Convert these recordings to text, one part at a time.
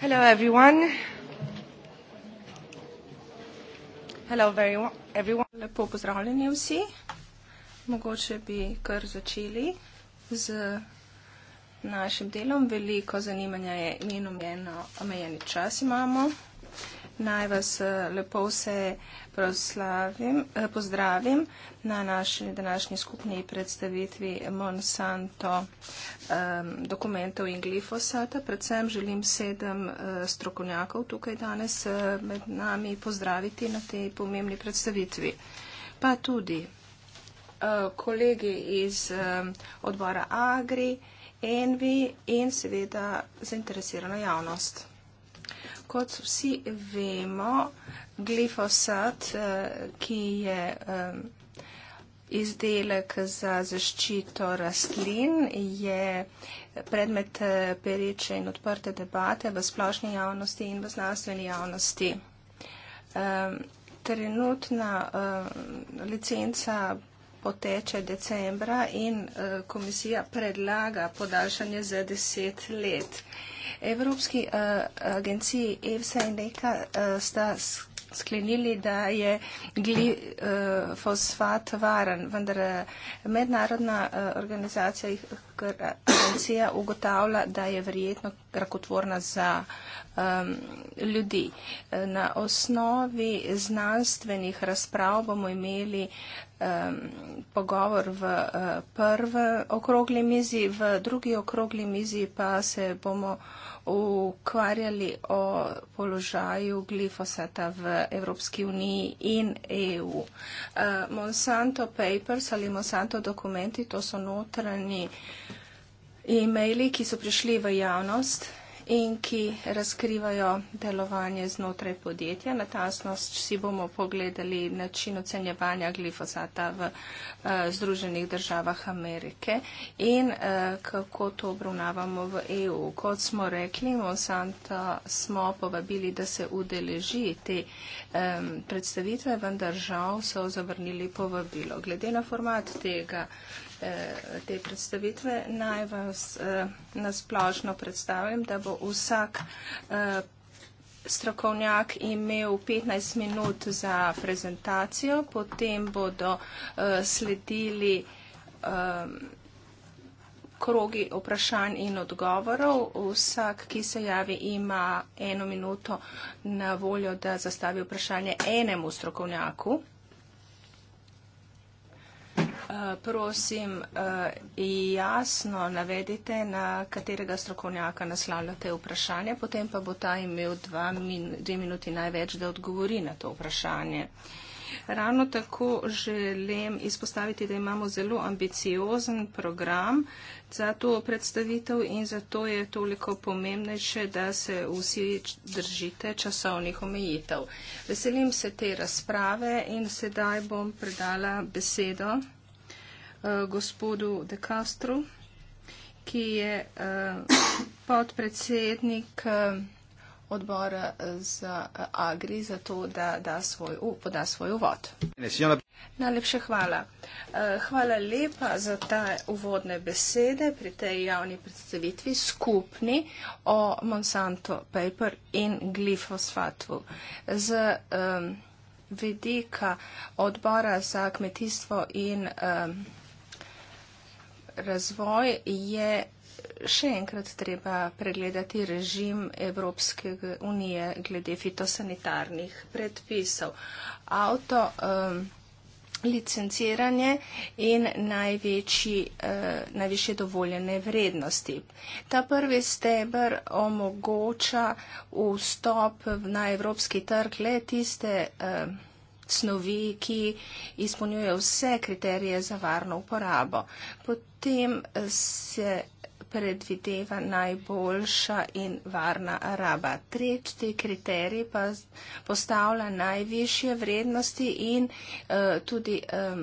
Hello, everyone. Hello, everyone. Lepo pozdravljeni vsi. Mogoče bi kar začeli z našim delom. Veliko zanimanja je, menom je, omejeni čas imamo. Naj vas eh, lepo vse eh, pozdravim na naši današnji skupni predstavitvi Monsanto dokumentov in glifosata. Predvsem želim sedem eh, strokovnjakov tukaj danes med nami pozdraviti na tej pomembni predstavitvi. Pa tudi kolegi iz odbora Agri, Envi in seveda zainteresirana javnost kot vsi vemo, glifosat, eh, ki je eh, izdelek za zaščito rastlin, je predmet eh, pereče in odprte debate v splošni javnosti in v znanstveni javnosti. Trenutna licenca poteče decembra in eh, komisija predlaga podaljšanje za deset let. Evropski eh, agenciji EFSA in NECA eh, sta sklenili, da je glifosfat varen, vendar mednarodna organizacija in agencija ugotavlja, da je verjetno rakotvorna za um, ljudi. Na osnovi znanstvenih razprav bomo imeli uh, um, pogovor v uh, prvi okrogli mizi, v drugi okrogli mizi pa se bomo ukvarjali o položaju glifosata v Evropski uniji in EU. Uh, eh, Monsanto papers ali Monsanto dokumenti, to so notranji e-maili, ki so prišli v javnost in ki razkrivajo delovanje znotraj podjetja. Natasno si bomo pogledali način ocenjevanja glifosata v eh, Združenih državah Amerike in eh, kako to obravnavamo v EU. Kot smo rekli, Monsanto smo povabili, da se udeleži te predstavitve, vendar žal so zavrnili povabilo. Glede na format tega Eh, te predstavitve. Naj vas eh, nasplošno predstavim, da bo vsak eh, strokovnjak imel 15 minut za prezentacijo, potem bodo sledili krogi vprašanj in odgovorov. Vsak, ki se javi, ima eno minuto na voljo, da zastavi vprašanje enemu strokovnjaku. Eh, prosim, eh, jasno navedite, na katerega strokovnjaka naslavljate vprašanje, potem pa bo ta imel dva, dve minuti največ, da odgovori na to vprašanje. Ravno tako želim izpostaviti, da imamo zelo ambiciozen program za to predstavitev in zato je toliko pomembnejše, da se vsi držite časovnih omejitev. Veselim se te razprave in sedaj bom predala besedo. Eh, gospodu De Castru, ki je eh, podpredsednik eh, odbora za Agri, za to, da da svoj, poda svoj uvod. Najlepša hvala. Hvala lepa za ta uvodne besede pri tej javni predstavitvi skupni o Monsanto Paper in glifosfatu. Z um, vedika odbora za kmetijstvo in um, razvoj, je še enkrat treba pregledati režim Evropske unije glede fitosanitarnih predpisov. Avto um, licenciranje in največji, eh, najviše dovoljene vrednosti. Ta prvi steber omogoča vstop na evropski trg le tiste. Eh, snovi, ki izpolnjujejo vse kriterije za varno uporabo. Potem eh, se predvideva najboljša in varna raba. Tretji kriterij pa postavlja najvišje vrednosti in uh, tudi um,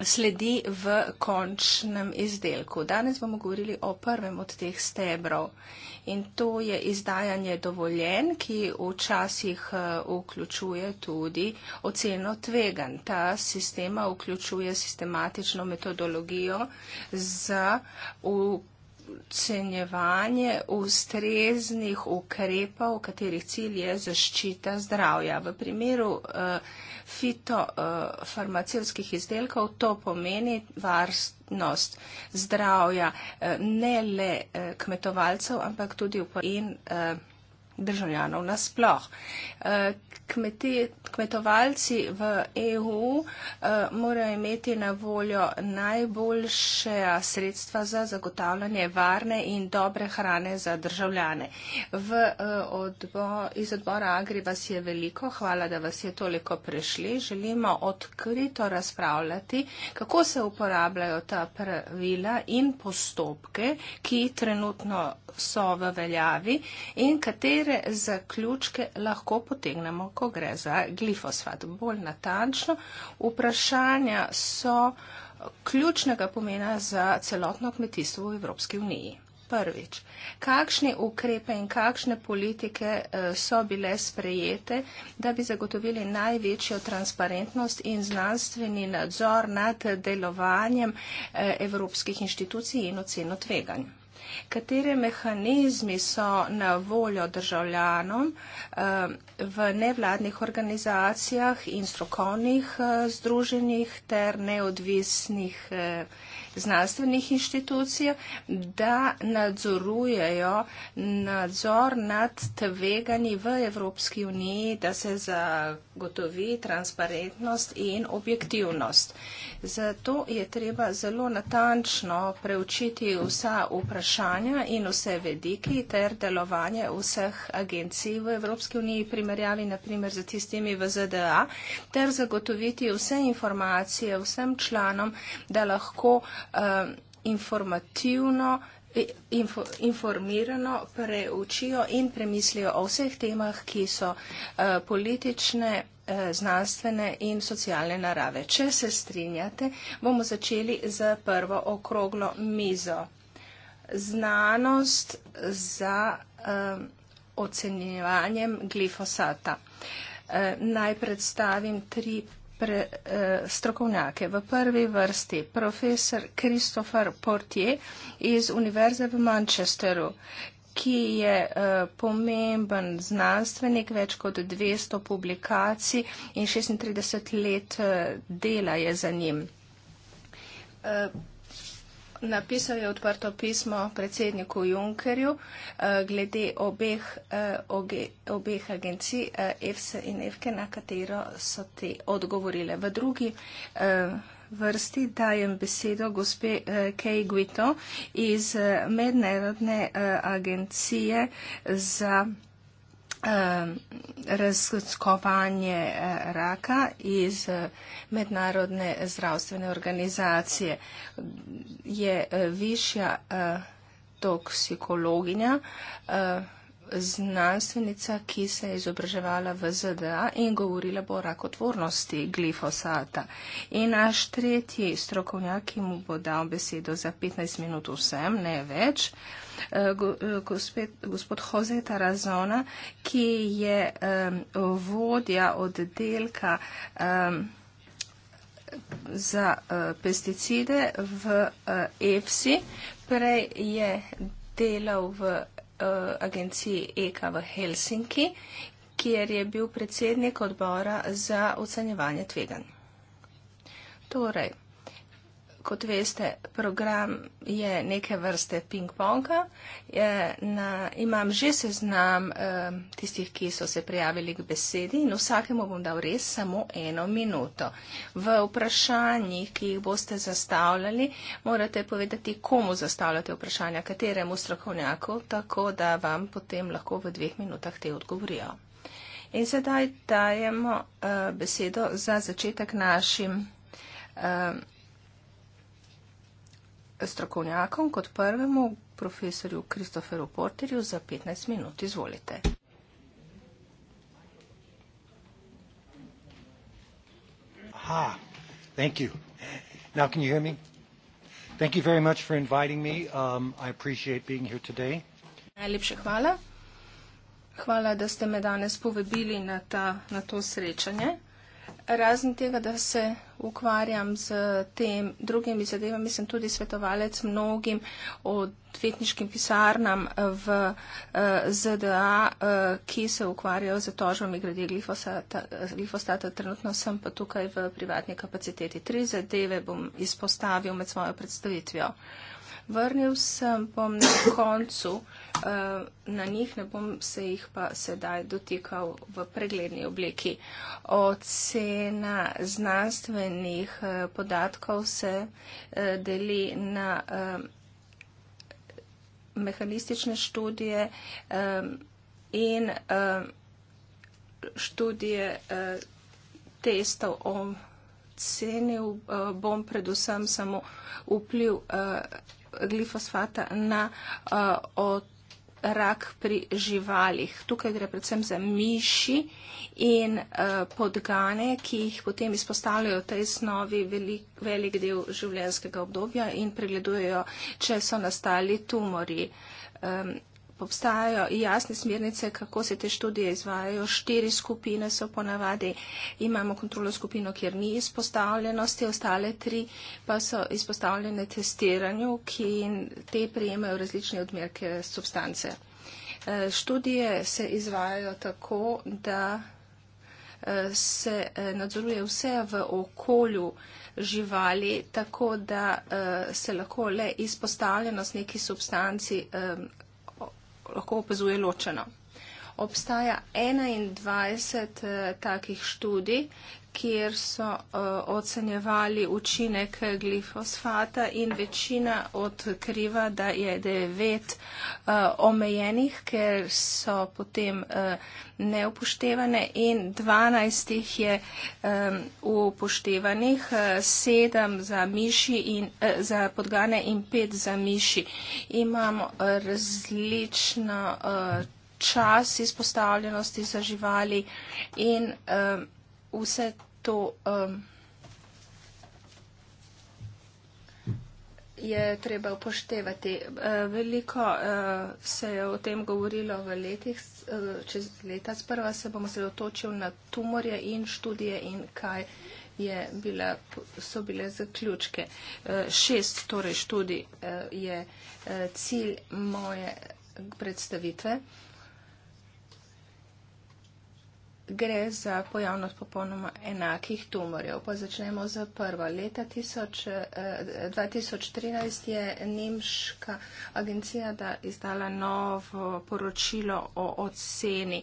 sledi v končnem izdelku. Danes bomo govorili o prvem od teh stebrov. Uh, in to je izdajanje dovoljen, ki včasih eh, vključuje tudi oceno tvegan. Ta sistema vključuje sistematično metodologijo za vključevanje ocenjevanje ustreznih ukrepov, katerih cilj je zaščita zdravja. V primeru uh, eh, fitofarmacijskih uh, eh, izdelkov to pomeni varnost zdravja uh, ne le uh, kmetovalcev, ampak tudi uporabnikov državljanov nasploh. Eh, kmeti, kmetovalci v EU eh, morajo imeti na voljo najboljše sredstva za zagotavljanje varne in dobre hrane za državljane. V, eh, odbo, iz odbora Agri vas je veliko, hvala, da vas je toliko prišli. Želimo odkrito razpravljati, kako se uporabljajo ta pravila in postopke, ki trenutno so v veljavi in katere katere zaključke lahko potegnemo, ko gre za glifosfat. Bolj natančno, vprašanja so ključnega pomena za celotno kmetijstvo v Evropski uniji. Prvič, kakšne ukrepe in kakšne politike eh, so bile sprejete, da bi zagotovili največjo transparentnost in znanstveni nadzor nad delovanjem eh, evropskih inštitucij in oceno tveganj? katere mehanizmi so na voljo državljanom eh, v nevladnih organizacijah in strokovnih eh, združenjih ter neodvisnih eh, znanstvenih inštitucij, da nadzorujejo nadzor nad tveganji v Evropski uniji, da se zagotovi transparentnost in objektivnost. Zato je treba zelo natančno preučiti vsa vprašanja, vprašanja in vse vediki ter delovanje vseh agencij v Evropski uniji, primerjavi naprimer z tistimi v ZDA, ter zagotoviti vse informacije vsem članom, da lahko uh, informativno, info, informirano preučijo in premislijo o vseh temah, ki so uh, politične eh, znanstvene in socialne narave. Če se strinjate, bomo začeli z prvo okroglo mizo znanost za um, ocenjevanjem glifosata. E, naj predstavim tri pre, e, strokovnjake. V prvi vrsti profesor Christopher Portier iz Univerze v Manchesteru, ki je e, pomemben znanstvenik, več kot 200 publikacij in 36 let e, dela je za njim. E, napisal je odprto pismo predsedniku Junkerju eh, glede obeh, eh, obeh agencij, EFSA eh, in EFKE, na katero so te odgovorile. V drugi vrsti dajem besedo gospe Kej Guito iz Mednarodne agencije za razkopanje eh, raka iz eh, mednarodne zdravstvene organizacije je eh, višja toksikologinja znanstvenica, ki se je izobraževala v ZDA in govorila bo o rakotvornosti glifosata. In naš tretji strokovnjak, ki mu bo dal besedo za 15 minut vsem, ne več, eh, eh, gospod Jose Tarazona, ki je vodja oddelka za eh, pesticide v EFSI. Prej je delal v Eh, agenciji EKA v Helsinki, kjer je bil predsednik odbora za ocenjevanje tveganj. Torej, kot veste, program je neke vrste ping-ponga. Imam že seznam tistih, ki so se prijavili k besedi in vsakemu bom dal res samo eno minuto. V vprašanjih, ki jih boste zastavljali, morate povedati, komu zastavljate vprašanja, kateremu strokovnjaku, tako da vam potem lahko v dveh minutah te odgovorijo. In sedaj dajemo eh, besedo za začetek našim strokovnjakom, kot prvemu profesorju Kristoferu Porterju za 15 minut. Izvolite. Aha, thank you. Now can you hear me? Thank you very much for inviting me. Um, I appreciate being here today. Najlepše hvala. Hvala, da ste me danes povedili na, ta, na to srečanje. Razen tega, da se ukvarjam z tem drugimi zadevami, sem tudi svetovalec mnogim odvetniškim pisarnam v uh, eh, ZDA, uh, eh, ki se ukvarjajo z tožbami glede glifosata. Trenutno sem pa tukaj v privatni kapaciteti. Tri zadeve bom izpostavil med svojo predstavitvijo. Vrnil sem bom na koncu uh, Eh, na njih ne bom se jih pa sedaj dotikal v pregledni obliki. Ocena znanstvenih eh, podatkov se eh, deli na mehanistične študije in študije testov o cenil bom predvsem samo vpliv glifosfata na otroke rak pri živalih. Tukaj gre predvsem za miši in eh, podgane, ki jih potem izpostavljajo tej snovi velik, velik del življenjskega obdobja in pregledujejo, če so nastali tumori obstajajo jasne smernice, kako se te študije izvajajo. Štiri skupine so ponavadi. Imamo kontrolno skupino, kjer ni izpostavljenosti, ostale tri pa so izpostavljene testiranju, ki te prijemajo različne odmerke substance. Eh, študije se izvajajo tako, da eh, se eh, nadzoruje vse v okolju živali, tako da se lahko le izpostavljenost neki substanci lahko opazuje ločeno. Obstaja 21 eh, takih študij, kjer so uh, ocenjevali učinek glifosfata in večina odkriva, da je devet uh, omejenih, ker so potem uh, neupoštevane in dvanajstih je um, upoštevanih, sedem uh, za miši in uh, za podgane in pet za miši. Imamo uh, različno uh, čas izpostavljenosti za živali in uh, vse to um, je treba upoštevati. Uh, veliko uh, se je o tem govorilo v letih, uh, čez leta sprva se bomo sredotočili na tumorje in študije in kaj je bila, so bile zaključke. Uh, šest torej študij je cilj moje predstavitve gre za pojavnost popolnoma enakih tumorjev. Pa začnemo z prvo. Leta tisoč, eh, 2013 je nemška agencija izdala novo poročilo o oceni.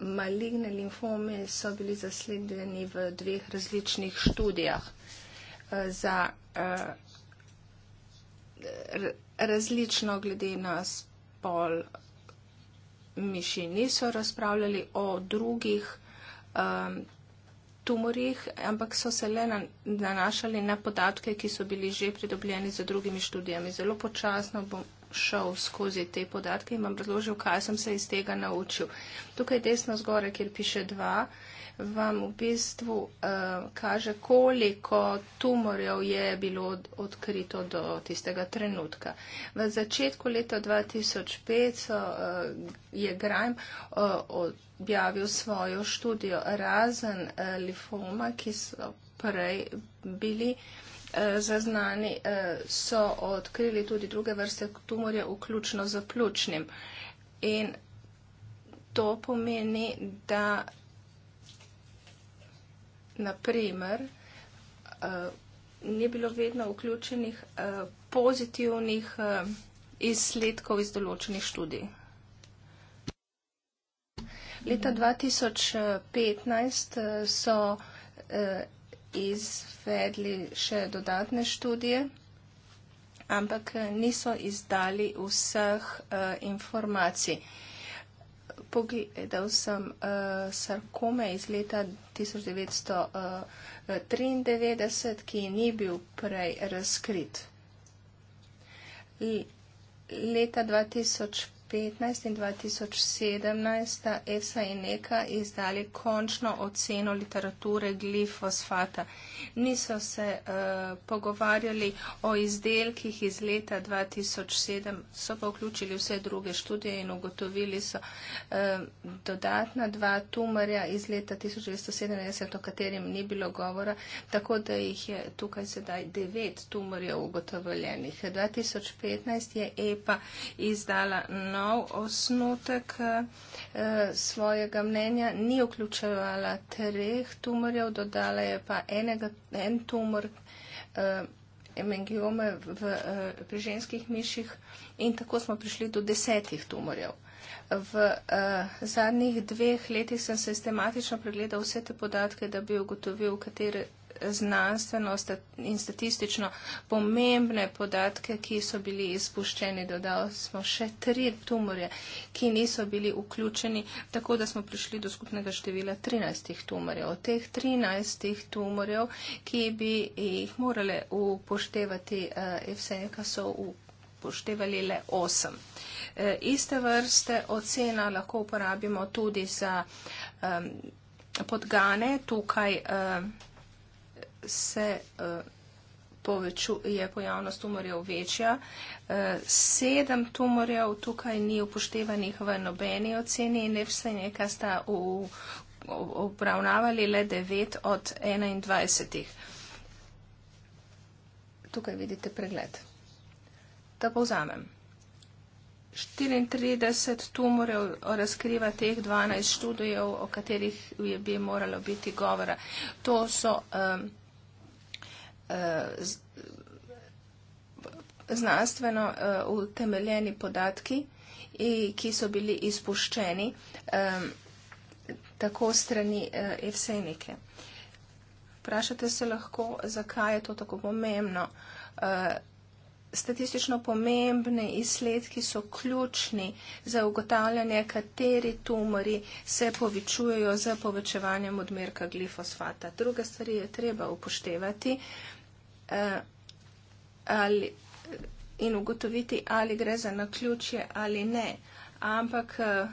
Maligne linfome so bili zasledeni v dveh različnih študijah eh, za eh, različno glede na spol miši niso razpravljali o drugih um, tumorjih, ampak so se le na, nanašali na podatke, ki so bili že pridobljeni z drugimi študijami. Zelo počasno bom, šel skozi te podatke in vam razložil, kaj sem se iz tega naučil. Tukaj desno zgore, kjer piše 2, vam v bistvu uh, kaže, koliko tumorjev je bilo odkrito do tistega trenutka. V začetku leta 2005 so, uh, je Grime uh, objavil svojo študijo razen uh, lifoma, ki so prej bili. Uh, Eh, zaznani, eh, so odkrili tudi druge vrste tumorja, vključno z pljučnim. In to pomeni, da naprimer eh, ni bilo vedno vključenih pozitivnih izsledkov iz določenih študij. Leta 2015 so izvedli še dodatne študije, ampak niso izdali vseh uh, informacij. Pogledal sem uh, sarkome iz leta 1993, eh, ki ni bil prej razkrit. L leta 2005. 2015 in 2017 sta ESA in NECA izdali končno oceno literature glifosfata. Niso se uh, pogovarjali o izdelkih iz leta 2007, so pa vključili vse druge študije in ugotovili so uh, dodatna dva tumorja iz leta 1997, o katerim ni bilo govora, tako da jih je tukaj sedaj devet tumorjev ugotovljenih. 2015 je EPA izdala no prav osnotek eh, svojega mnenja, ni vključevala treh tumorjev, dodala je pa enega, en tumor eh, emengiome v, eh, pri ženskih miših in tako smo prišli do desetih tumorjev. V uh, zadnjih dveh letih sem sistematično pregledal vse te podatke, da bi ugotovil, katere znanstveno in statistično pomembne podatke, ki so bili izpuščeni. Dodali smo še tri tumorje, ki niso bili vključeni, tako da smo prišli do skupnega števila 13 tumorjev. Od teh 13 tumorjev, ki bi jih morali upoštevati eh, vse, kar so vključeni poštevali le 8. E, eh, iste vrste ocena lahko uporabimo tudi za um, podgane. Tukaj um, se uh, eh, povečuje pojavnost tumorjev večja. Uh, sedem tumorjev tukaj ni upoštevanih v nobeni oceni in ne vse nekaj sta v, v, obravnavali le devet od 21. Tukaj vidite pregled. Da povzamem. 34 tumorjev razkriva teh 12 študijev, o katerih je bi moralo biti govora. To so um, Eh, znanstveno eh, utemeljeni podatki, ki so bili izpuščeni eh, tako strani Evsenike. Vprašate se lahko, zakaj je to tako pomembno. Statistično pomembne izsledki so ključni za ugotavljanje, kateri tumori se povečujejo z povečevanjem odmerka glifosfata. Druga stvari je treba upoštevati. Uh, eh, ali, in ugotoviti, ali gre za naključje ali ne. Ampak eh,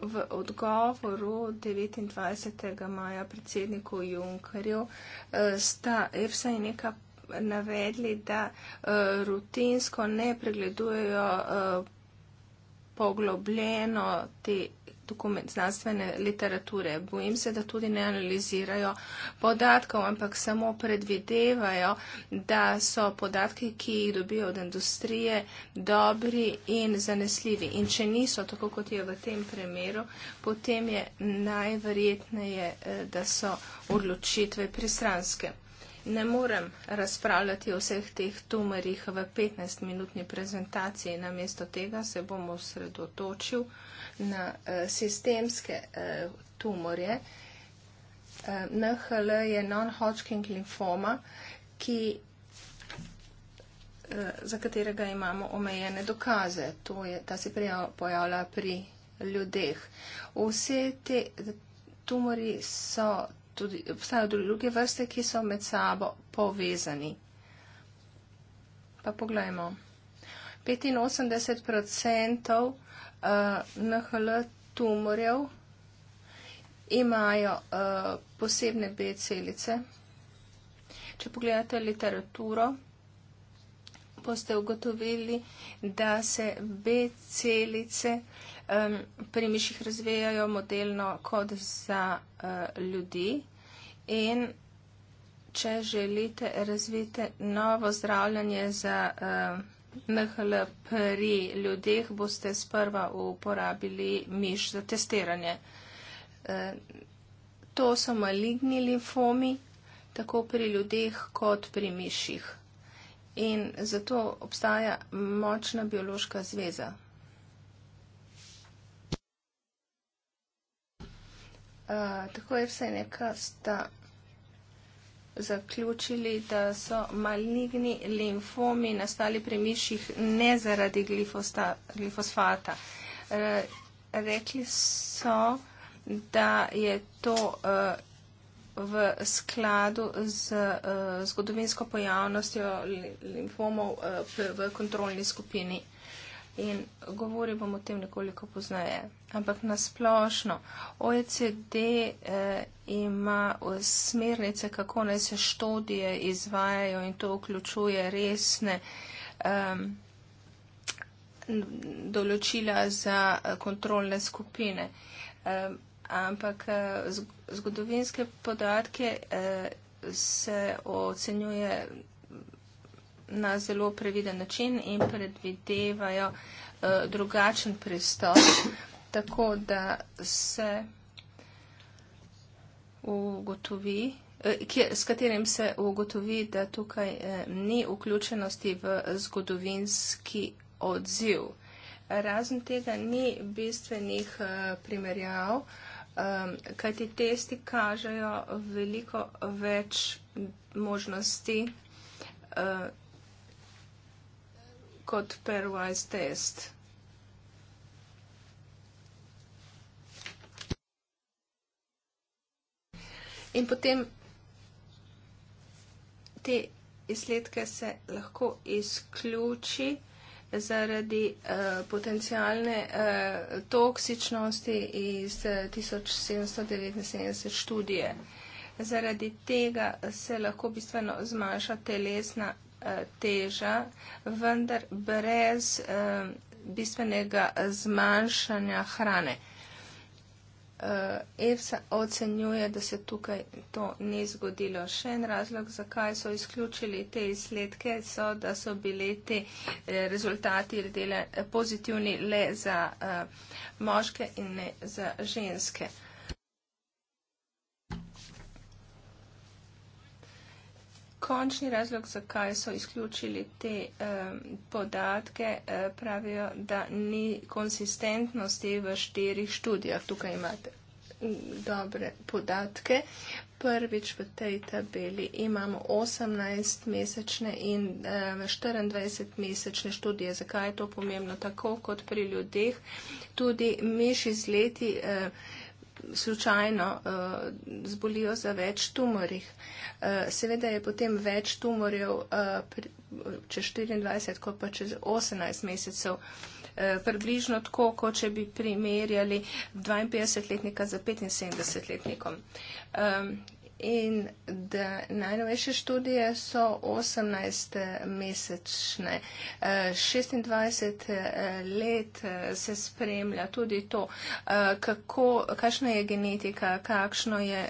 v odgovoru 29. maja predsedniku Junkerju eh, sta EFSA in neka navedli, da eh, rutinsko ne pregledujejo poglobljeno te dokument znanstvene literature. Bojim se, da tudi ne analizirajo podatkov, ampak samo predvidevajo, da so podatki, ki jih dobijo od industrije, dobri in zanesljivi. In če niso, tako kot je v tem primeru, potem je najverjetneje, eh, da so odločitve pristranske ne morem razpravljati o vseh teh tumorjih v 15-minutni prezentaciji. Namesto tega se bom osredotočil na uh, sistemske uh, tumorje. Uh, eh, NHL je non-Hodgkin limfoma, ki, uh, za katerega imamo omejene dokaze. To je, da se pojavlja pri ljudeh. Vse te tumori so tudi, obstajajo tudi druge vrste, ki so med sabo povezani. Pa poglejmo. 85% eh, NHL tumorjev imajo eh, posebne B celice. Če pogledate literaturo, boste ugotovili, da se B celice um, pri miših razvijajo modelno kot za uh, ljudi in če želite razvite novo zdravljanje za uh, eh, NHL pri ljudeh, boste sprva uporabili miš za testiranje. Uh, to so maligni linfomi, tako pri ljudeh kot pri miših. In zato obstaja močna biološka zveza. tako je vse neka sta zaključili, da so maligni limfomi nastali pri miših ne zaradi glifosta, glifosfata. Re, rekli so, da je to uh, v skladu z uh, zgodovinsko pojavnostjo limfomov uh, v kontrolni skupini in govoril bom o tem nekoliko poznaje. Ampak nasplošno, OECD eh, ima smernice, kako naj se študije izvajajo in to vključuje resne eh, določila za eh, kontrolne skupine. Eh, ampak eh, zgodovinske podatke. Eh, se ocenjuje na zelo previden način in predvidevajo uh, drugačen pristop, tako da se ugotovi, eh, s katerim se ugotovi, da tukaj eh, ni vključenosti v zgodovinski odziv. Razen tega ni bistvenih primerjav, ehm, kajti testi kažejo veliko več možnosti kot pairwise test. In potem te izsledke se lahko izključi zaradi eh, potencijalne eh, toksičnosti iz 1779 eh, študije. Zaradi tega se lahko bistveno zmanjša telesna teža, vendar brez eh, bistvenega zmanjšanja hrane. Eh, EFSA ocenjuje, da se tukaj to ni zgodilo. Še en razlog, zakaj so izključili te izsledke, so, da so bili ti eh, rezultati pozitivni le za moške in ne za ženske. končni razlog, zakaj so izključili te eh, podatke, eh, pravijo, da ni konsistentnosti v štirih študijah. Tukaj imate dobre podatke. Prvič v tej tabeli imamo 18-mesečne in e, 24-mesečne študije. Zakaj je to pomembno? Tako kot pri ljudeh, tudi miši z leti. E, slučajno uh, zbolijo za več tumorjih. Uh, seveda je potem več tumorjev uh, pri, čez 24, kot pa čez 18 mesecev. Uh, približno tako, kot če bi primerjali 52-letnika za 75-letnikom. Uh, in da najnovejše študije so 18 mesečne. 26 eh, eh, let eh, se spremlja tudi to, kako, kakšna je genetika, kakšno je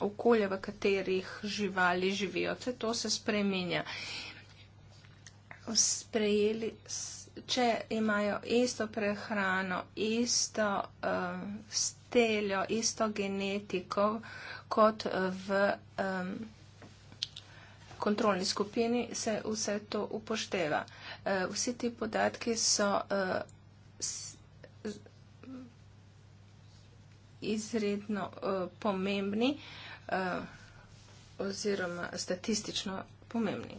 okolje, v katerih živali živijo. Vse to se spreminja. Sprejeli, če imajo isto prehrano, isto uh, celjo, isto genetiko kot v um, kontrolni skupini, se vse to upošteva. Uh, vsi ti podatki so uh, izredno uh, pomembni uh, oziroma statistično pomembni.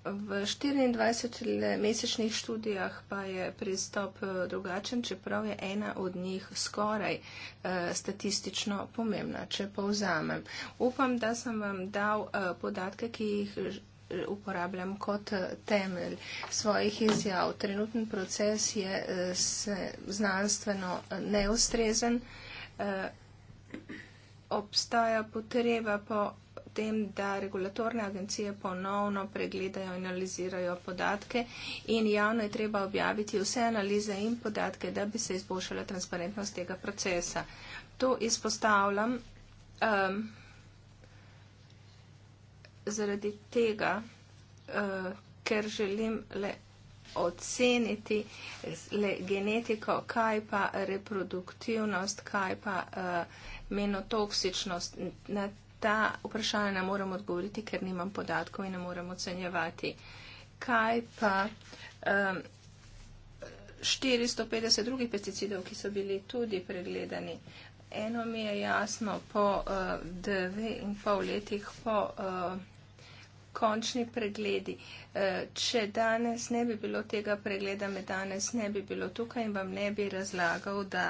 V 24-mesečnih študijah pa je pristop eh, drugačen, čeprav je ena od njih skoraj eh, statistično pomembna, če povzamem. Upam, da sem vam dal eh, podatke, ki jih uporabljam kot temelj svojih izjav. Trenutni proces je znanstveno neustrezen. Obstaja potreba po tem, da regulatorne agencije ponovno pregledajo in analizirajo podatke in javno je treba objaviti vse analize in podatke, da bi se izboljšala transparentnost tega procesa. To izpostavljam um, zaradi tega, uh, ker želim le oceniti le genetiko, kaj pa reproduktivnost, kaj pa uh, menotoksičnost. Na ta vprašanja ne moram odgovoriti, ker nimam podatkov in ne moram ocenjevati. Kaj pa um, 450 drugih pesticidov, ki so bili tudi pregledani? Eno mi je jasno, po uh, dve in pol letih po uh, končni pregledi. E, če danes ne bi bilo tega pregleda, me danes ne bi bilo tukaj in vam ne bi razlagal, da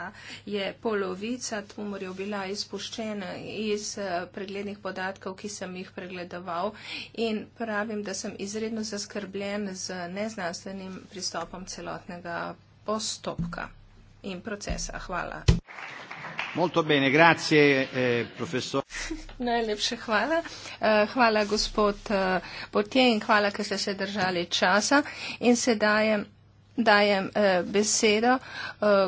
je polovica tumorjev bila izpuščena iz e, preglednih podatkov, ki sem jih pregledoval in pravim, da sem izredno zaskrbljen z neznanstvenim pristopom celotnega postopka in procesa. Hvala. Molto bene, grazie, eh, profesor. Najlepše hvala. Eh, hvala, gospod eh, Potje, in hvala, ker ste se držali časa. In sedaj dajem eh, besedo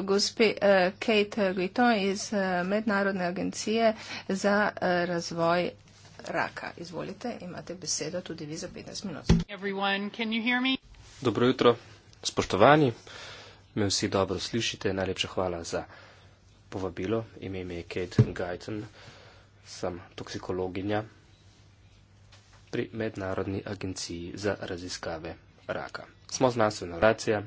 gospe Kate Guiton iz Mednarodne agencije za razvoj raka. Izvolite, imate besedo tudi vi za 15 minut. Dobro jutro, spoštovani me vsi dobro slišite. Najlepša hvala za povabilo. Ime mi je Kate Guyton, sem toksikologinja pri Mednarodni agenciji za raziskave raka. Smo znanstvena racija,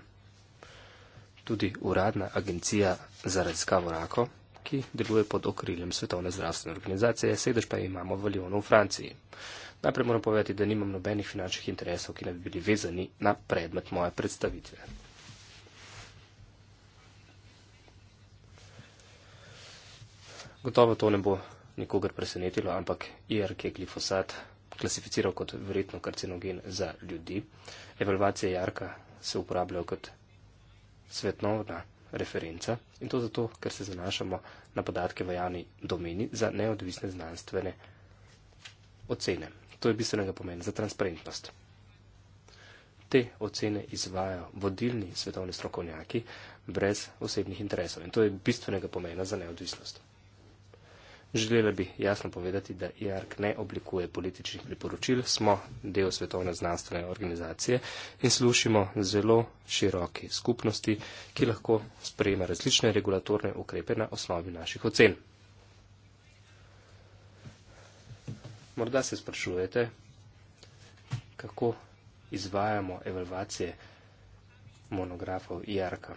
tudi uradna agencija za raziskavo rako, ki deluje pod okriljem Svetovne zdravstvene organizacije, sedež pa imamo v Lijonu v Franciji. Najprej moram povedati, da nimam nobenih finančnih interesov, ki ne bi bili vezani na predmet moje predstavitve. Gotovo to ne bo nikogar presenetilo, ampak IRK glifosat klasificiral kot verjetno karcinogen za ljudi. Evalvacija jarka se uporabljajo kot svetnovna referenca in to zato, ker se zanašamo na podatke v javni domeni za neodvisne znanstvene ocene. To je bistvenega pomena za transparentnost. Te ocene izvajajo vodilni svetovni strokovnjaki brez osebnih interesov in to je bistvenega pomena za neodvisnost. Želela bi jasno povedati, da IARC ne oblikuje političnih priporočil, smo del svetovne znanstvene organizacije in slušimo zelo široki skupnosti, ki lahko sprejema različne regulatorne ukrepe na osnovi naših ocen. Morda se sprašujete, kako izvajamo evalvacije monografov IARC-a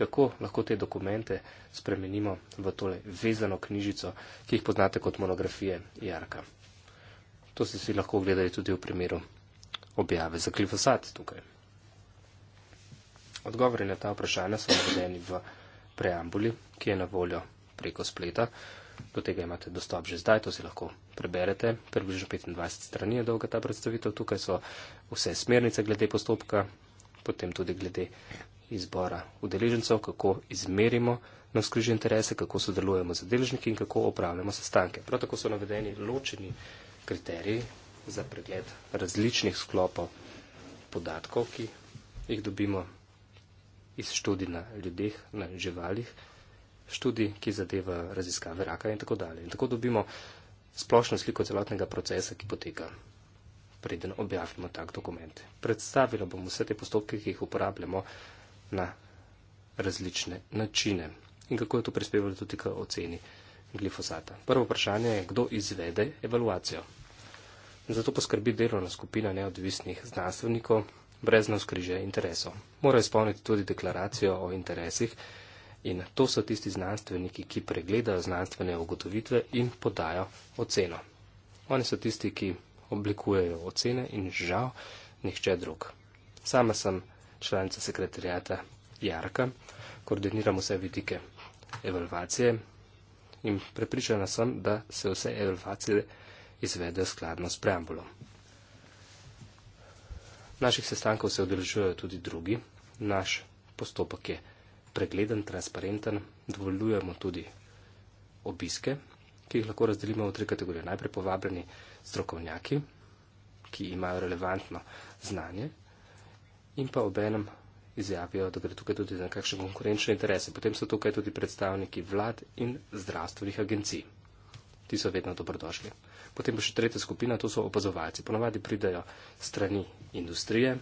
kako lahko te dokumente spremenimo v tole vezano knjižico, ki jih poznate kot monografije Jarka. To ste si lahko ogledali tudi v primeru objave za glifosat tukaj. Odgovori na ta vprašanja so navedeni v preambuli, ki je na voljo preko spleta. Do tega imate dostop že zdaj, to si lahko preberete. Približno 25 strani je dolga ta predstavitev. Tukaj so vse smernice glede postopka potem tudi glede izbora udeležencev, kako izmerimo navskrižje interese, kako sodelujemo z deležniki in kako opravljamo sestanke. Prav tako so navedeni ločeni kriteriji za pregled različnih sklopov podatkov, ki jih dobimo iz študij na ljudeh, na živalih, študij, ki zadeva raziskave raka in tako dalje. In tako dobimo splošno sliko celotnega procesa, ki poteka preden objavimo tak dokument. Predstavila bom vse te postopke, ki jih uporabljamo na različne načine in kako je to prispevalo tudi k oceni glifosata. Prvo vprašanje je, kdo izvede evaluacijo. Zato poskrbi delovna skupina neodvisnih znanstvenikov brez navskrižja interesov. Mora izpolniti tudi deklaracijo o interesih in to so tisti znanstveniki, ki pregledajo znanstvene ugotovitve in podajo oceno. Oni so tisti, ki oblikujejo ocene in žal nihče drug. Sama sem članica sekretarijata Jarka, koordiniram vse vidike evalvacije in prepričana sem, da se vse evalvacije izvedejo skladno s preambulom. Naših sestankov se odeležujejo tudi drugi, naš postopek je pregleden, transparenten, dovoljujemo tudi obiske, ki jih lahko razdelimo v tri kategorije. Najprej povabljeni strokovnjaki, ki imajo relevantno znanje in pa obenem izjavijo, da gre tukaj tudi za kakšne konkurenčne interese. Potem so tukaj tudi predstavniki vlad in zdravstvenih agencij. Ti so vedno dobrodošli. Potem pa še tretja skupina, to so opazovalci. Ponavadi pridajo strani industrije.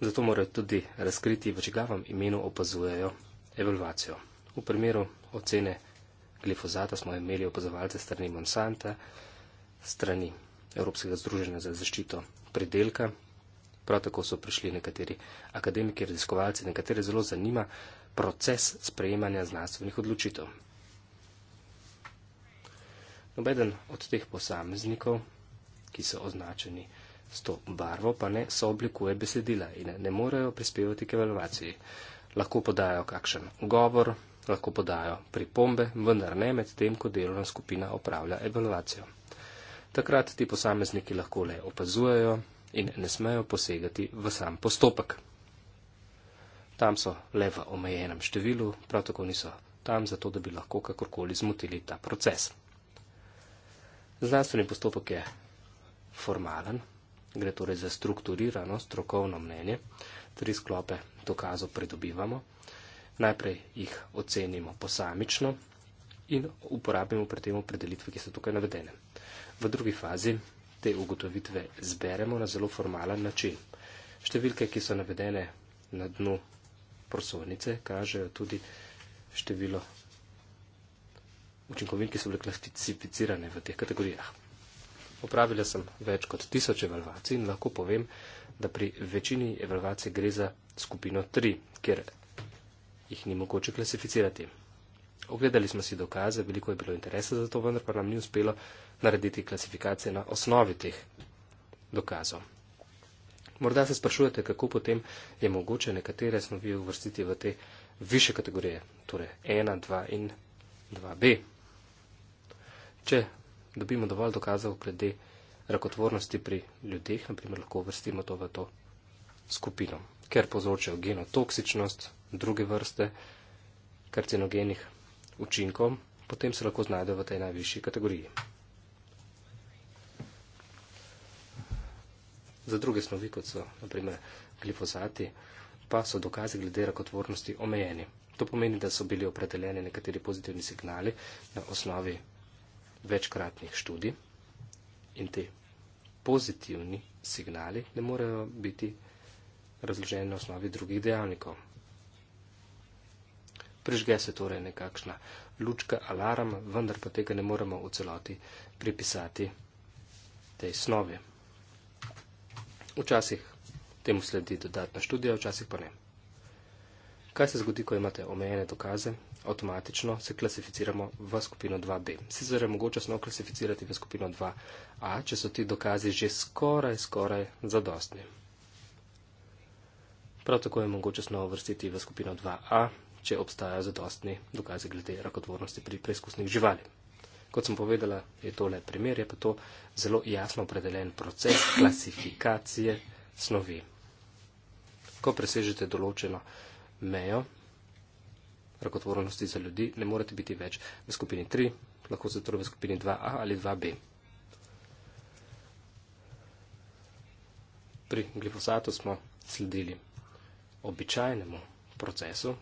Zato morajo tudi razkriti, v čigavem imenu opazujejo evolvacijo. V primeru ocene glifozata smo imeli opazovalce strani Monsanta, strani Evropskega združenja za zaščito predelka. Prav tako so prišli nekateri akademiki, raziskovalci, nekatere zelo zanima proces sprejemanja znanstvenih odločitev. Nobeden od teh posameznikov, ki so označeni s to barvo, pa ne sooblikuje besedila in ne morejo prispevati k evaluaciji. Lahko podajo kakšen govor, lahko podajo pripombe, vendar ne med tem, ko delovna skupina opravlja evaluacijo. Takrat ti posamezniki lahko le opazujejo in ne smejo posegati v sam postopek. Tam so le v omejenem številu, prav tako niso tam zato, da bi lahko kakorkoli zmotili ta proces. Znanstveni postopek je formalen, gre torej za strukturirano strokovno mnenje, tri sklope dokazov pridobivamo najprej jih ocenimo posamično in uporabimo pri tem opredelitve, ki so tukaj navedene. V drugi fazi te ugotovitve zberemo na zelo formalen način. Številke, ki so navedene na dnu prosovnice, kažejo tudi število učinkovin, ki so bile klasificirane v teh kategorijah. Opravila sem več kot tisoč evalvacij in lahko povem, da pri večini evalvacij gre za skupino 3, kjer jih ni mogoče klasificirati. Ogledali smo si dokaze, veliko je bilo interesa za to, vendar pa nam ni uspelo narediti klasifikacije na osnovi teh dokazov. Morda se sprašujete, kako potem je mogoče nekatere snovi uvrstiti v te više kategorije, torej 1, 2 in 2b. Če dobimo dovolj dokazov glede rakotvornosti pri ljudeh, naprimer lahko uvrstimo to v to skupino ker povzročajo genotoksičnost druge vrste karcinogenih učinkov, potem se lahko znajdejo v tej najvišji kategoriji. Za druge snovi, kot so naprimer glifosati, pa so dokazi glede rakotvornosti omejeni. To pomeni, da so bili opredeljeni nekateri pozitivni signali na osnovi večkratnih študij in te pozitivni signali ne morejo biti razložene na osnovi drugih dejavnikov. Prižge se torej nekakšna lučka, alarm, vendar pa tega ne moremo v celoti pripisati tej snovi. Včasih temu sledi dodatna študija, včasih pa ne. Kaj se zgodi, ko imate omejene dokaze? Automatično se klasificiramo v skupino 2b. Sicer je mogoče snov klasificirati v skupino 2a, če so ti dokazi že skoraj, skoraj zadostni. Prav tako je mogoče snovo vrstiti v skupino 2A, če obstajajo zadostni dokazi glede rakotvornosti pri preizkusnih živali. Kot sem povedala, je tole primer, je pa to zelo jasno opredeljen proces klasifikacije snovi. Ko presežete določeno mejo rakotvornosti za ljudi, ne morete biti več v skupini 3, lahko se torej v skupini 2A ali 2B. Pri glifosatu smo sledili običajnemu procesu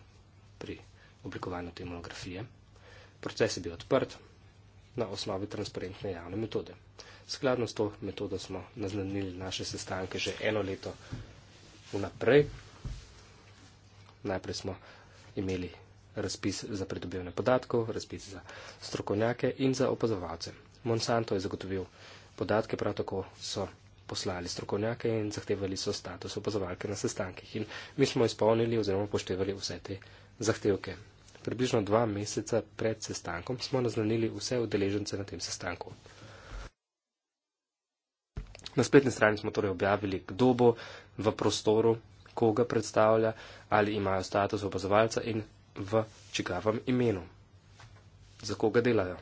pri oblikovanju te monografije, proces je bil odprt na osnovi transparentne javne metode. Skladno s to metodo smo naznanili naše sestanke že eno leto vnaprej. Najprej smo imeli razpis za pridobivanje podatkov, razpis za strokovnjake in za opazovalce. Monsanto je zagotovil podatke, prav tako so poslali strokovnjake in zahtevali so status opazovalke na sestankih. In mi smo izpolnili oziroma poštevali vse te zahtevke. Približno dva meseca pred sestankom smo naznanili vse udeležence na tem sestanku. Na spletni strani smo torej objavili, kdo bo v prostoru, koga predstavlja, ali imajo status opazovalca in v čigavem imenu. Za koga delajo?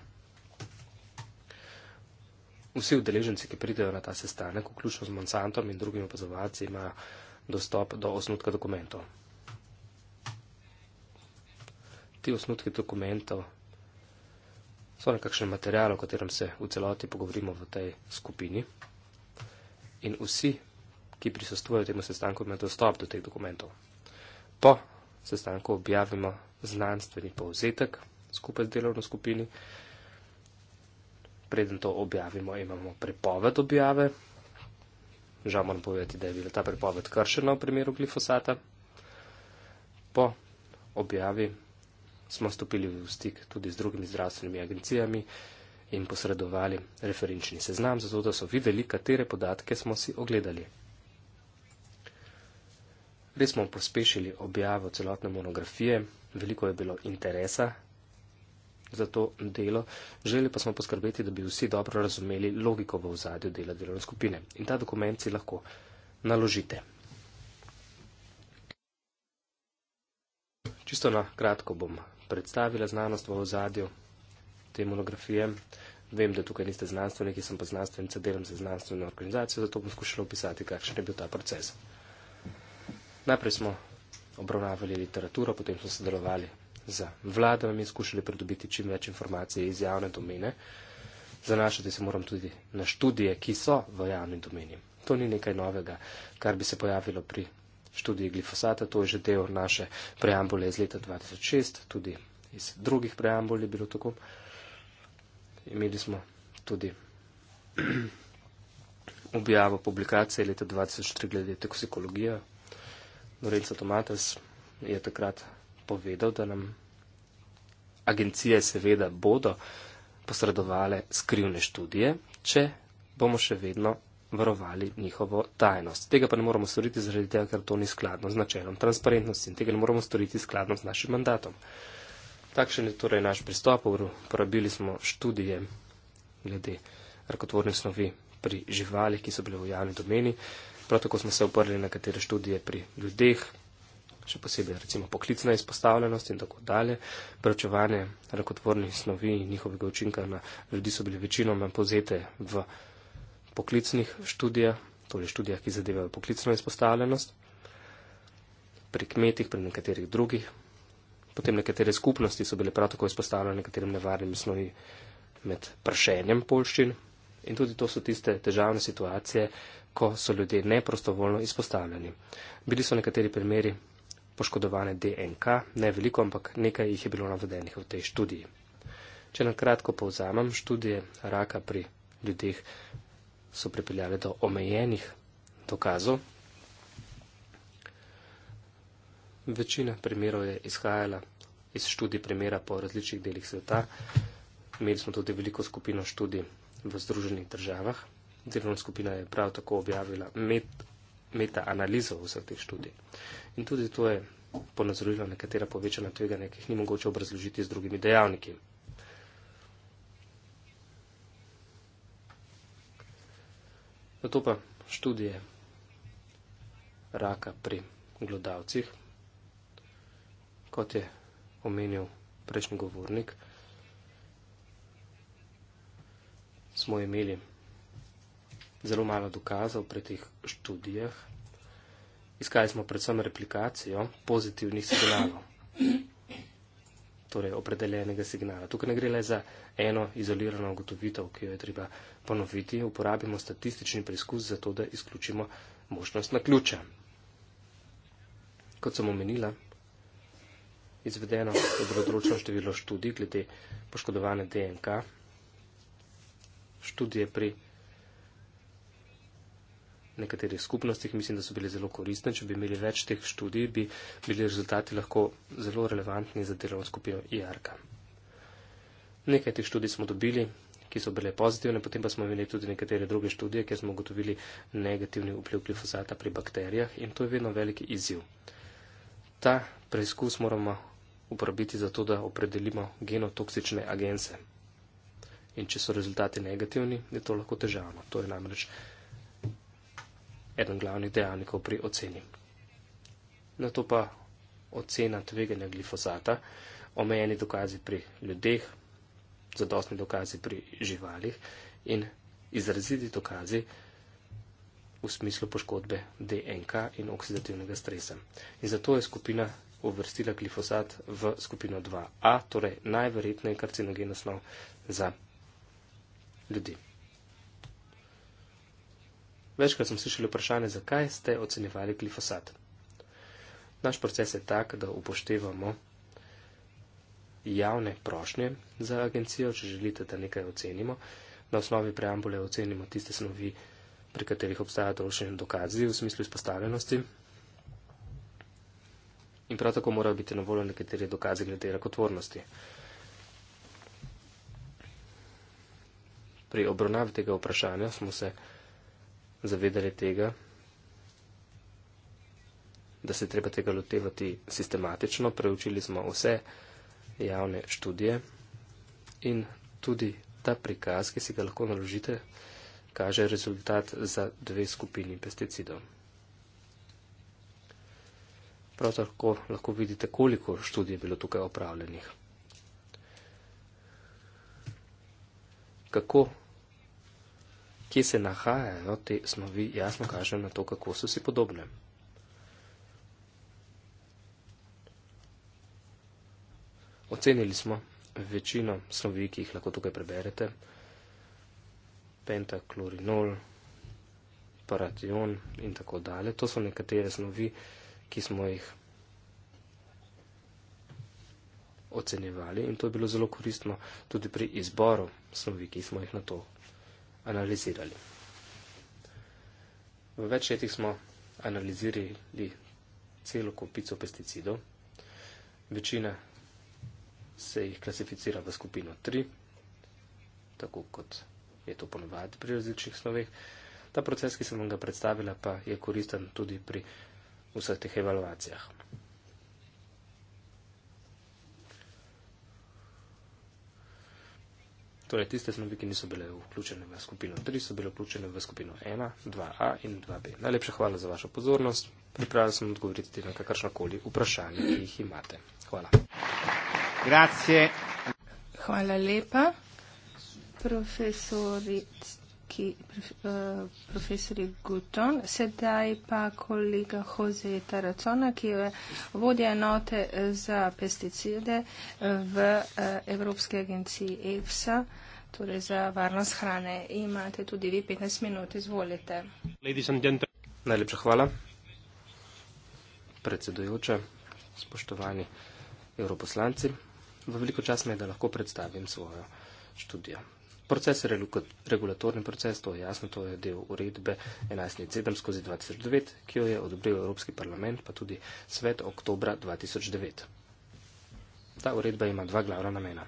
vsi udeleženci, ki pridejo na ta sestanek, vključno z Monsantom in drugimi opazovalci, imajo dostop do osnutka dokumentov. Ti osnutki dokumentov so nekakšen material, o katerem se v celoti pogovorimo v tej skupini. In vsi, ki prisostvujejo temu sestanku, imajo dostop do teh dokumentov. Po sestanku objavimo znanstveni povzetek skupaj z delovno skupino preden to objavimo, imamo prepoved objave. Žal moram povedati, da je bila ta prepoved kršena v primeru glifosata. Po objavi smo stopili v stik tudi z drugimi zdravstvenimi agencijami in posredovali referenčni seznam, zato da so videli, katere podatke smo si ogledali. Res smo pospešili objavo celotne monografije, veliko je bilo interesa za to delo. Želeli pa smo poskrbeti, da bi vsi dobro razumeli logiko v ozadju dela delovne skupine. In ta dokument si lahko naložite. Čisto na kratko bom predstavila znanost v ozadju te monografije. Vem, da tukaj niste znanstveniki, sem pa znanstvenica, delam za znanstveno organizacijo, zato bom skušala opisati, kakšen je bil ta proces. Najprej smo obravnavali literaturo, potem smo sodelovali za vlado, mi skušali pridobiti čim več informacij iz javne domene. Zanašati se moram tudi na študije, ki so v javni domeni. To ni nekaj novega, kar bi se pojavilo pri študiji glifosata, to je že del naše preambule iz leta 2006, tudi iz drugih preambul je bilo tako. Imeli smo tudi objavo publikacije leta 2004 glede toksikologije. Lorenzo Tomates je takrat povedal, da nam agencije seveda bodo posredovale skrivne študije, če bomo še vedno varovali njihovo tajnost. Tega pa ne moramo storiti zaradi tega, ker to ni skladno z načelom transparentnosti in tega ne moramo storiti skladno z našim mandatom. Takšen je torej naš pristop, uporabili smo študije glede rakotvornih snovi pri živalih, ki so bile v javni domeni. Prav tako smo se oprli na nekatere študije pri ljudeh, še posebej recimo poklicna izpostavljenost in tako dalje. Preučevanje rakotvornih snovi in njihovega učinka na ljudi so bile večinoma povzete v poklicnih študijah, torej študijah, ki zadevajo poklicno izpostavljenost, pri kmetih, pri nekaterih drugih. Potem nekatere skupnosti so bile prav tako izpostavljene nekaterim nevarnim snovi med prašenjem polščin. In tudi to so tiste težavne situacije, ko so ljudje neprostovoljno izpostavljeni. Bili so nekateri primeri poškodovane DNK, ne veliko, ampak nekaj jih je bilo navedenih v tej študiji. Če na kratko povzamem, študije raka pri ljudeh so pripeljale do omejenih dokazov. Večina primerov je izhajala iz študij primera po različnih delih sveta. Imeli smo tudi veliko skupino študij v Združenih državah. Delovna skupina je prav tako objavila metaanalizo vseh teh študij. In tudi to je ponazorilo nekatera povečana tveganja, ki jih ni mogoče obrazložiti z drugimi dejavniki. Zato pa študije raka pri glodavcih, kot je omenil prejšnji govornik, smo imeli zelo malo dokazov pri teh študijah. Iskali smo predvsem replikacijo pozitivnih signalov, torej opredeljenega signala. Tukaj ne gre le za eno izolirano ugotovitev, ki jo je treba ponoviti. Uporabimo statistični preizkus za to, da izključimo možnost na ključa. Kot sem omenila, izvedeno je bilo določeno število študij glede poškodovane DNK. Študije pri nekaterih skupnostih, mislim, da so bili zelo koristne. Če bi imeli več teh študij, bi bili rezultati lahko zelo relevantni za delovno skupino IARK. Nekaj teh študij smo dobili, ki so bile pozitivne, potem pa smo imeli tudi nekatere druge študije, kjer smo ugotovili negativni vpliv glifosata pri bakterijah in to je vedno veliki izziv. Ta preizkus moramo uporabiti zato, da opredelimo genotoksične agence. In če so rezultati negativni, je to lahko težavno. To je namreč eden glavnih dejavnikov pri oceni. Na to pa ocena tveganja glifosata, omejeni dokazi pri ljudeh, zadostni dokazi pri živalih in izraziti dokazi v smislu poškodbe DNK in oksidativnega stresa. In zato je skupina uvrstila glifosat v skupino 2A, torej najverjetnejši karcinogen osnov za ljudi. Večkrat smo slišali vprašanje, zakaj ste ocenjevali glifosat. Naš proces je tak, da upoštevamo javne prošnje za agencijo, če želite, da nekaj ocenimo. Na osnovi preambule ocenimo tiste snovi, pri katerih obstajajo določeni dokazi v smislu izpostavljenosti. In prav tako morajo biti na voljo nekateri dokazi glede rakotvornosti. Pri obravnavi tega vprašanja smo se zavedali tega, da se treba tega lotevati sistematično. Preučili smo vse javne študije in tudi ta prikaz, ki si ga lahko naložite, kaže rezultat za dve skupini pesticidov. Prav tako lahko vidite, koliko študij je bilo tukaj opravljenih. Kako kje se nahajajo te snovi, jasno kaže na to, kako so si podobne. Ocenili smo večino snovi, ki jih lahko tukaj preberete. Pentaklorinol, paration in tako dalje. To so nekatere snovi, ki smo jih ocenjevali in to je bilo zelo koristno tudi pri izboru snovi, ki smo jih na to analizirali. V več letih smo analizirali celo kopico pesticidov. Večina se jih klasificira v skupino 3, tako kot je to ponovadi pri različnih sloveh. Ta proces, ki sem vam ga predstavila, pa je koristen tudi pri vseh teh evalvacijah. Torej, tiste znamke, ki niso bile vključene v skupino 3, so bile vključene v skupino 1, 2a in 2b. Najlepša hvala za vašo pozornost. Pripravljam sem odgovoriti na kakršnakoli vprašanje, ki jih imate. Hvala. Grazie. Hvala lepa. Profesoriki, eh, profesori Guton, sedaj pa kolega Jose Taracona, ki je vodja enote za pesticide v eh, Evropske agenciji EFSA torej za varnost hrane. Imate tudi vi 15 minut, izvolite. Najlepša hvala. Predsedujoča, spoštovani europoslanci, v veliko čas me je, da lahko predstavim svojo študijo. Proces je regulatorni proces, to je jasno, to je del uredbe 11.7 skozi 2009, ki jo je odobril Evropski parlament, pa tudi svet oktobra 2009. Ta uredba ima dva glavna namena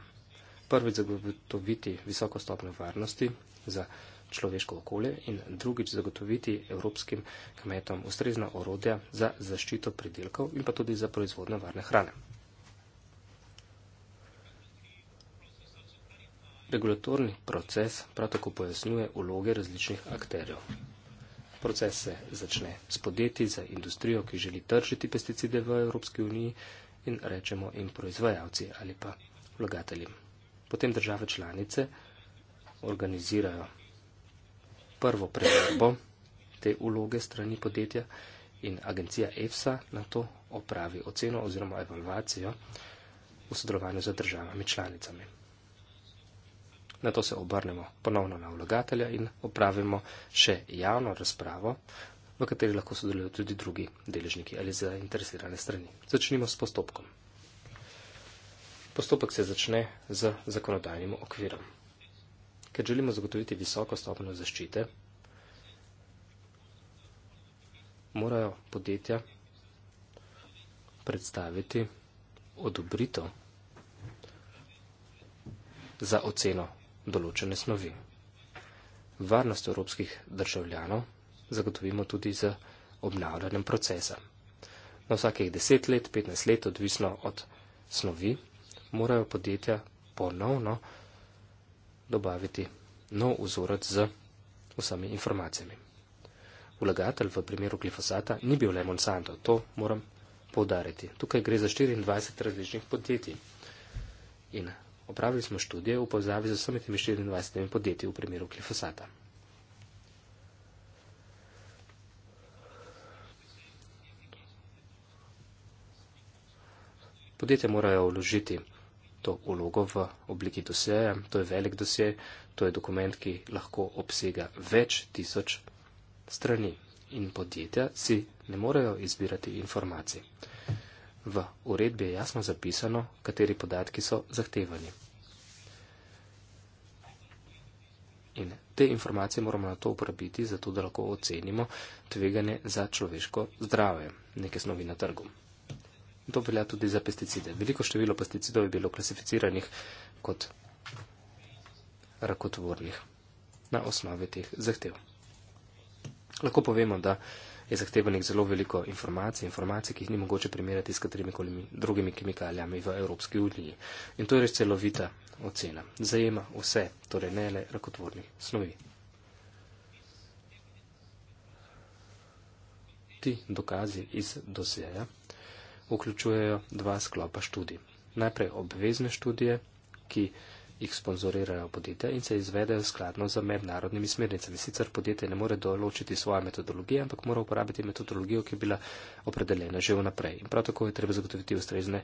prvič zagotoviti visoko stopno varnosti za človeško okolje in drugič zagotoviti evropskim kmetom ustrezna orodja za zaščito pridelkov in pa tudi za proizvodno varne hrane. Regulatorni proces prav tako pojasnjuje vloge različnih akterjev. Proces se začne s podjetji za industrijo, ki želi tržiti pesticide v Evropski uniji in rečemo jim proizvajalci ali pa vlagateljem potem države članice organizirajo prvo preverbo te uloge strani podjetja in agencija EFSA na to opravi oceno oziroma evalvacijo v sodelovanju z državami članicami. Na to se obrnemo ponovno na vlagatelja in opravimo še javno razpravo, v kateri lahko sodelujo tudi drugi deležniki ali zainteresirane strani. Začnimo s postopkom. Postopek se začne z zakonodajnim okvirom. Ker želimo zagotoviti visoko stopno zaščite, morajo podjetja predstaviti odobrito za oceno določene snovi. Varnost evropskih državljanov zagotovimo tudi z obnavljanjem procesa. Na vsakih 10 let, 15 let, odvisno od snovi, morajo podjetja ponovno dobaviti nov vzorec z vsemi informacijami. Vlagatelj v primeru glifosata ni bil le Monsanto, to moram povdariti. Tukaj gre za 24 različnih podjetij. In opravili smo študije v povezavi z vsemi temi 24 podjetji v primeru glifosata. Podjetje morajo vložiti to ulogo v obliki doseja, to je velik dosej, to je dokument, ki lahko obsega več tisoč strani in podjetja si ne morejo izbirati informacij. V uredbi je jasno zapisano, kateri podatki so zahtevani. In te informacije moramo na to uporabiti, zato da lahko ocenimo tveganje za človeško zdrave neke snovi na trgu. To velja tudi za pesticide. Veliko število pesticidov je bilo klasificiranih kot rakotvornih na osnovi teh zahtev. Lahko povemo, da je zahtevanih zelo veliko informacij, informacij, ki jih ni mogoče primerjati s katerimi koli drugimi kemikalijami v Evropski uniji. In to je res celovita ocena. Zajema vse, torej ne le rakotvornih snovi. Ti dokazi iz dosjeja vključujejo dva sklopa študij. Najprej obvezne študije, ki jih sponzorirajo podjetja in se izvedejo skladno za mednarodnimi smernicami. Sicer podjetje ne more določiti svoje metodologije, ampak mora uporabiti metodologijo, ki je bila opredeljena že vnaprej. In prav tako je treba zagotoviti ustrezne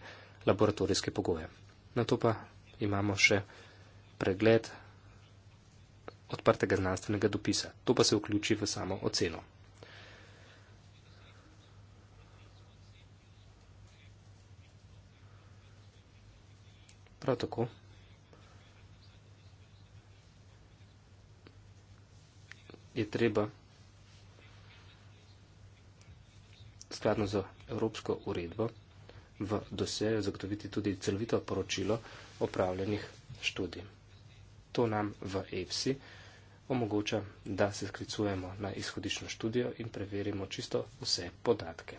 laboratorijske pogoje. Na to pa imamo še pregled odprtega znanstvenega dopisa. To pa se vključi v samo oceno. prav tako. Je treba skladno z Evropsko uredbo v dosejo zagotoviti tudi celovito poročilo opravljenih študij. To nam v EPSI omogoča, da se sklicujemo na izhodično študijo in preverimo čisto vse podatke.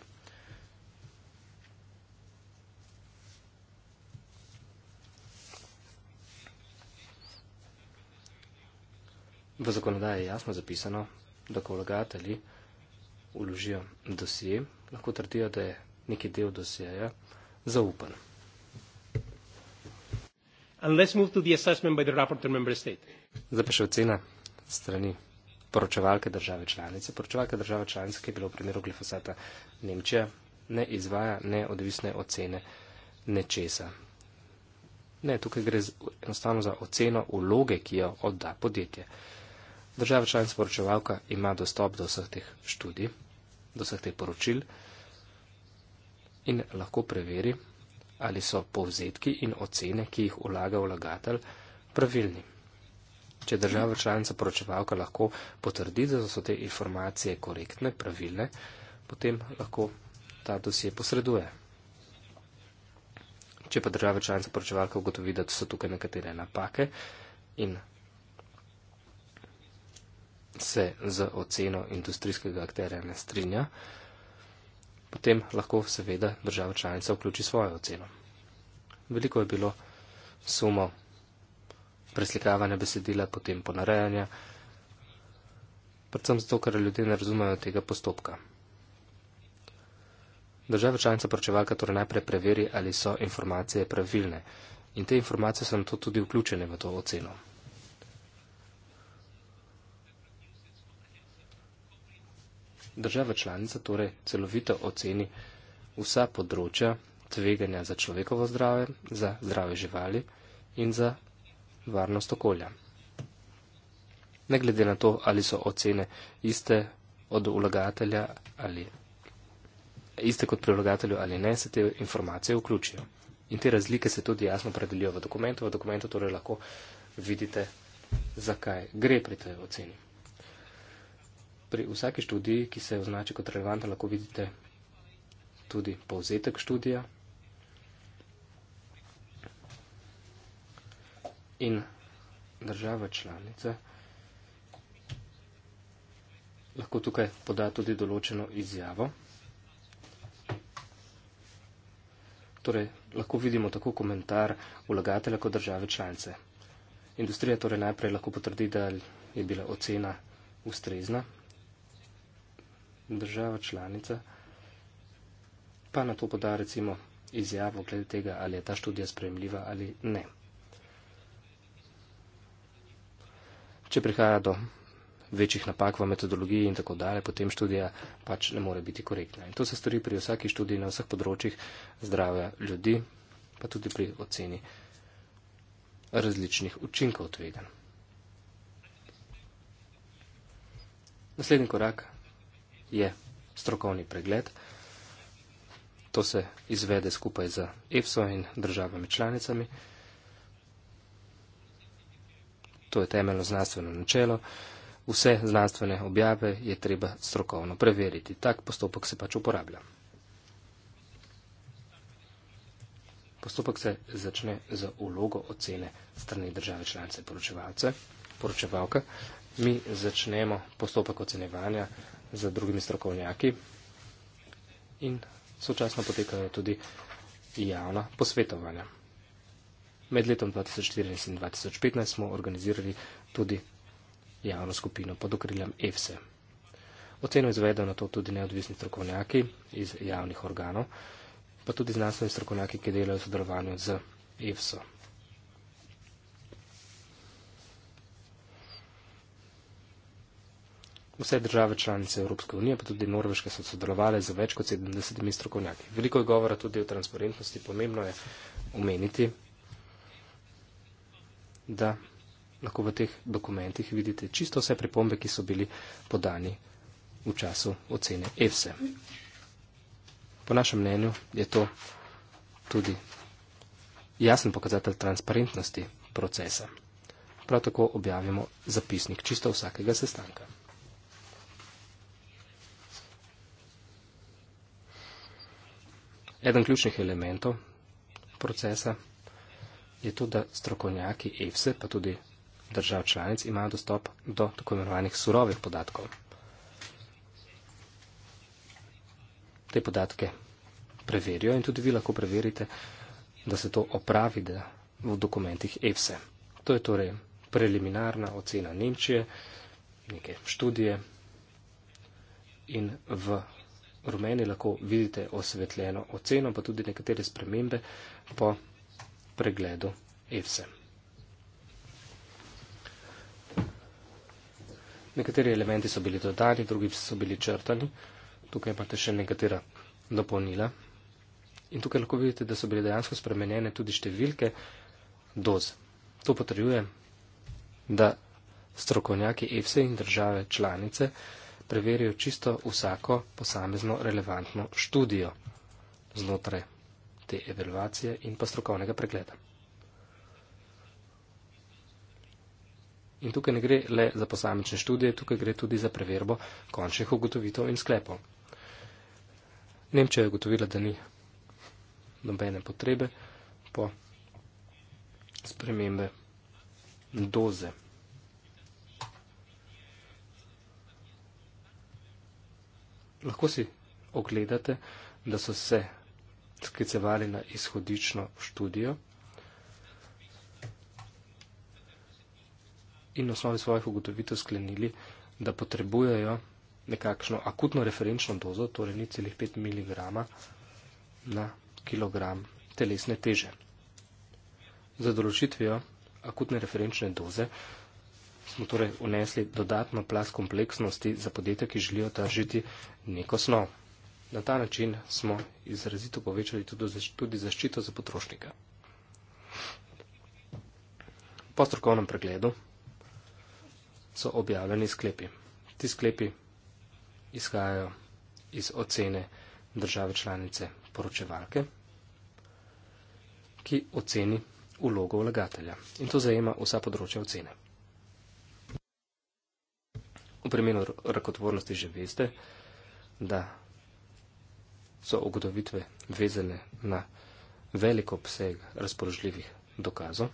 V zakonodaji je jasno zapisano, da ko vlagatelji uložijo dosje, lahko trdijo, da je neki del dosjeja zaupan. Zdaj pa še ocena strani poročevalke države članice. Poročevalka države članice, ki je bila v primeru glifosata Nemčija, ne izvaja neodvisne ocene nečesa. Ne, tukaj gre enostavno za oceno vloge, ki jo odda podjetje. Država članica poročevalka ima dostop do vseh teh študij, do vseh teh poročil in lahko preveri, ali so povzetki in ocene, ki jih ulaga vlagatelj, pravilni. Če država članica poročevalka lahko potrdi, da so te informacije korektne, pravilne, potem lahko ta dosje posreduje. Če pa država članica poročevalka ugotovi, da so tukaj nekatere napake in se z oceno industrijskega akterja ne strinja, potem lahko seveda država članica vključi svojo oceno. Veliko je bilo sumo preslikavanja besedila, potem ponarejanja, predvsem zato, ker ljudje ne razumejo tega postopka. Država članica poročevalka torej najprej preveri, ali so informacije pravilne in te informacije so na to tudi vključene v to oceno. država članica torej celovito oceni vsa področja tveganja za človekovo zdrave, za zdrave živali in za varnost okolja. Ne glede na to, ali so ocene iste od vlagatelja ali iste kot pri vlagatelju ali ne, se te informacije vključijo. In te razlike se tudi jasno predelijo v dokumentu. V dokumentu torej lahko vidite, zakaj gre pri tej oceni pri vsaki študiji, ki se označi kot relevantna, lahko vidite tudi povzetek študija. In država članica lahko tukaj poda tudi določeno izjavo. Torej, lahko vidimo tako komentar vlagatelja kot države članice. Industrija torej najprej lahko potrdi, da je bila ocena ustrezna, država članica, pa na to poda recimo izjavo glede tega, ali je ta študija sprejemljiva ali ne. Če prihaja do večjih napak v metodologiji in tako dalje, potem študija pač ne more biti korektna. In to se stori pri vsaki študiji na vseh področjih zdravja ljudi, pa tudi pri oceni različnih učinkov tveganj. Naslednji korak je strokovni pregled. To se izvede skupaj z EFSO in državami članicami. To je temeljno znanstveno načelo. Vse znanstvene objave je treba strokovno preveriti. Tak postopek se pač uporablja. Postopek se začne z ulogo ocene strani države članice poročevalce, poročevalka. Mi začnemo postopek ocenevanja z drugimi strokovnjaki in sočasno potekajo tudi javna posvetovanja. Med letom 2014 in 2015 smo organizirali tudi javno skupino pod okriljem EFSE. Oceno izvedo na to tudi neodvisni strokovnjaki iz javnih organov, pa tudi znanstveni strokovnjaki, ki delajo v sodelovanju z EFSO. Vse države članice Evropske unije, pa tudi Norveške, so sodelovali z več kot 70 strokovnjaki. Veliko je govora tudi o transparentnosti, pomembno je omeniti, da lahko v teh dokumentih vidite čisto vse pripombe, ki so bili podani v času ocene EFSE. Po našem mnenju je to tudi jasen pokazatelj transparentnosti procesa. Prav tako objavimo zapisnik čisto vsakega sestanka. eden ključnih elementov procesa je to, da strokovnjaki EFSE, pa tudi držav članic, imajo dostop do tako imenovanih surovih podatkov. Te podatke preverijo in tudi vi lahko preverite, da se to opravi da v dokumentih EFSE. To je torej preliminarna ocena Nemčije, neke študije in v rumeni lahko vidite osvetljeno oceno, pa tudi nekatere spremembe po pregledu EFSE. Nekateri elementi so bili dodani, drugi so bili črtani. Tukaj imate še nekatera dopolnila. In tukaj lahko vidite, da so bile dejansko spremenjene tudi številke doz. To potrjuje, da strokovnjaki EFSE in države članice preverijo čisto vsako posamezno relevantno študijo znotraj te evaluacije in pa strokovnega pregleda. In tukaj ne gre le za posamične študije, tukaj gre tudi za preverbo končnih ugotovitev in sklepov. Nemčija je ugotovila, da ni nobene potrebe po spremembe doze. lahko si ogledate, da so se skicevali na izhodično študijo in na osnovi svojih ugotovitev sklenili, da potrebujejo nekakšno akutno referenčno dozo, torej 0,5 mg na kilogram telesne teže. Za določitvijo akutne referenčne doze smo torej unesli dodatno plas kompleksnosti za podjetja, ki želijo tržiti neko snov. Na ta način smo izrazito povečali tudi zaščito za potrošnika. Po strokovnem pregledu so objavljeni sklepi. Ti sklepi izhajajo iz ocene države članice poročevalke, ki oceni vlogo vlagatelja. In to zajema vsa področja ocene. V primeru rakotvornosti že veste, da so ugotovitve vezane na veliko obseg razpoložljivih dokazov.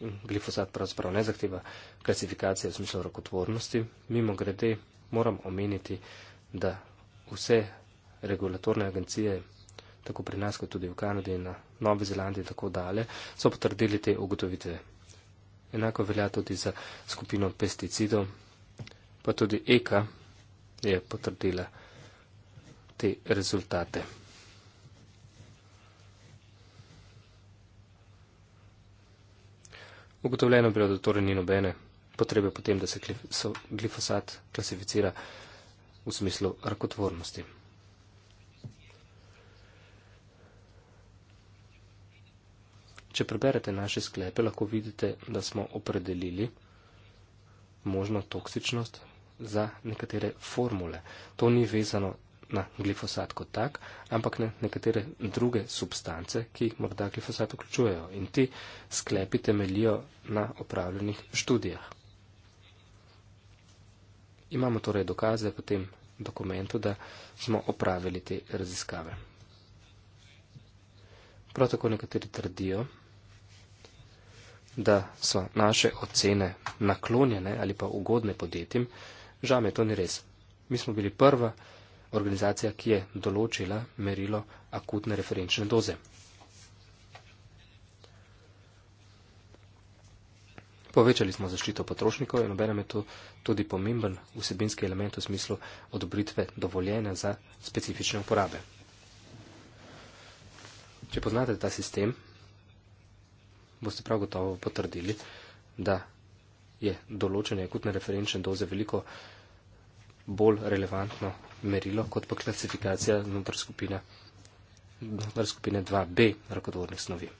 Glifosat pravzaprav ne zahteva klasifikacije v smislu rakotvornosti. Mimo grede moram omeniti, da vse regulatorne agencije, tako pri nas, kot tudi v Kanadi, na Novi Zelandiji in tako dalje, so potrdili te ugotovitve. Enako velja tudi za skupino pesticidov, pa tudi EKA je potrdila te rezultate. Ugotovljeno je bilo, da torej ni nobene potrebe potem, da se glifosat klasificira v smislu rakotvornosti. Če preberete naše sklepe, lahko vidite, da smo opredelili možno toksičnost za nekatere formule. To ni vezano na glifosat kot tak, ampak na nekatere druge substance, ki jih morda glifosat vključujejo. In ti sklepi temelijo na opravljenih študijah. Imamo torej dokaze v tem dokumentu, da smo opravili te raziskave. Prav tako nekateri trdijo, da so naše ocene naklonjene ali pa ugodne podjetjem. Žal mi je to ni res. Mi smo bili prva organizacija, ki je določila merilo akutne referenčne doze. Povečali smo zaščito potrošnikov in obenem je to tudi pomemben vsebinski element v smislu odobritve dovoljene za specifične uporabe. Če poznate ta sistem, boste prav gotovo potrdili, da je določene akutne referenčne doze veliko bolj relevantno merilo kot pa klasifikacija znotraj skupine, znotraj skupine 2B rakotvornih snovi.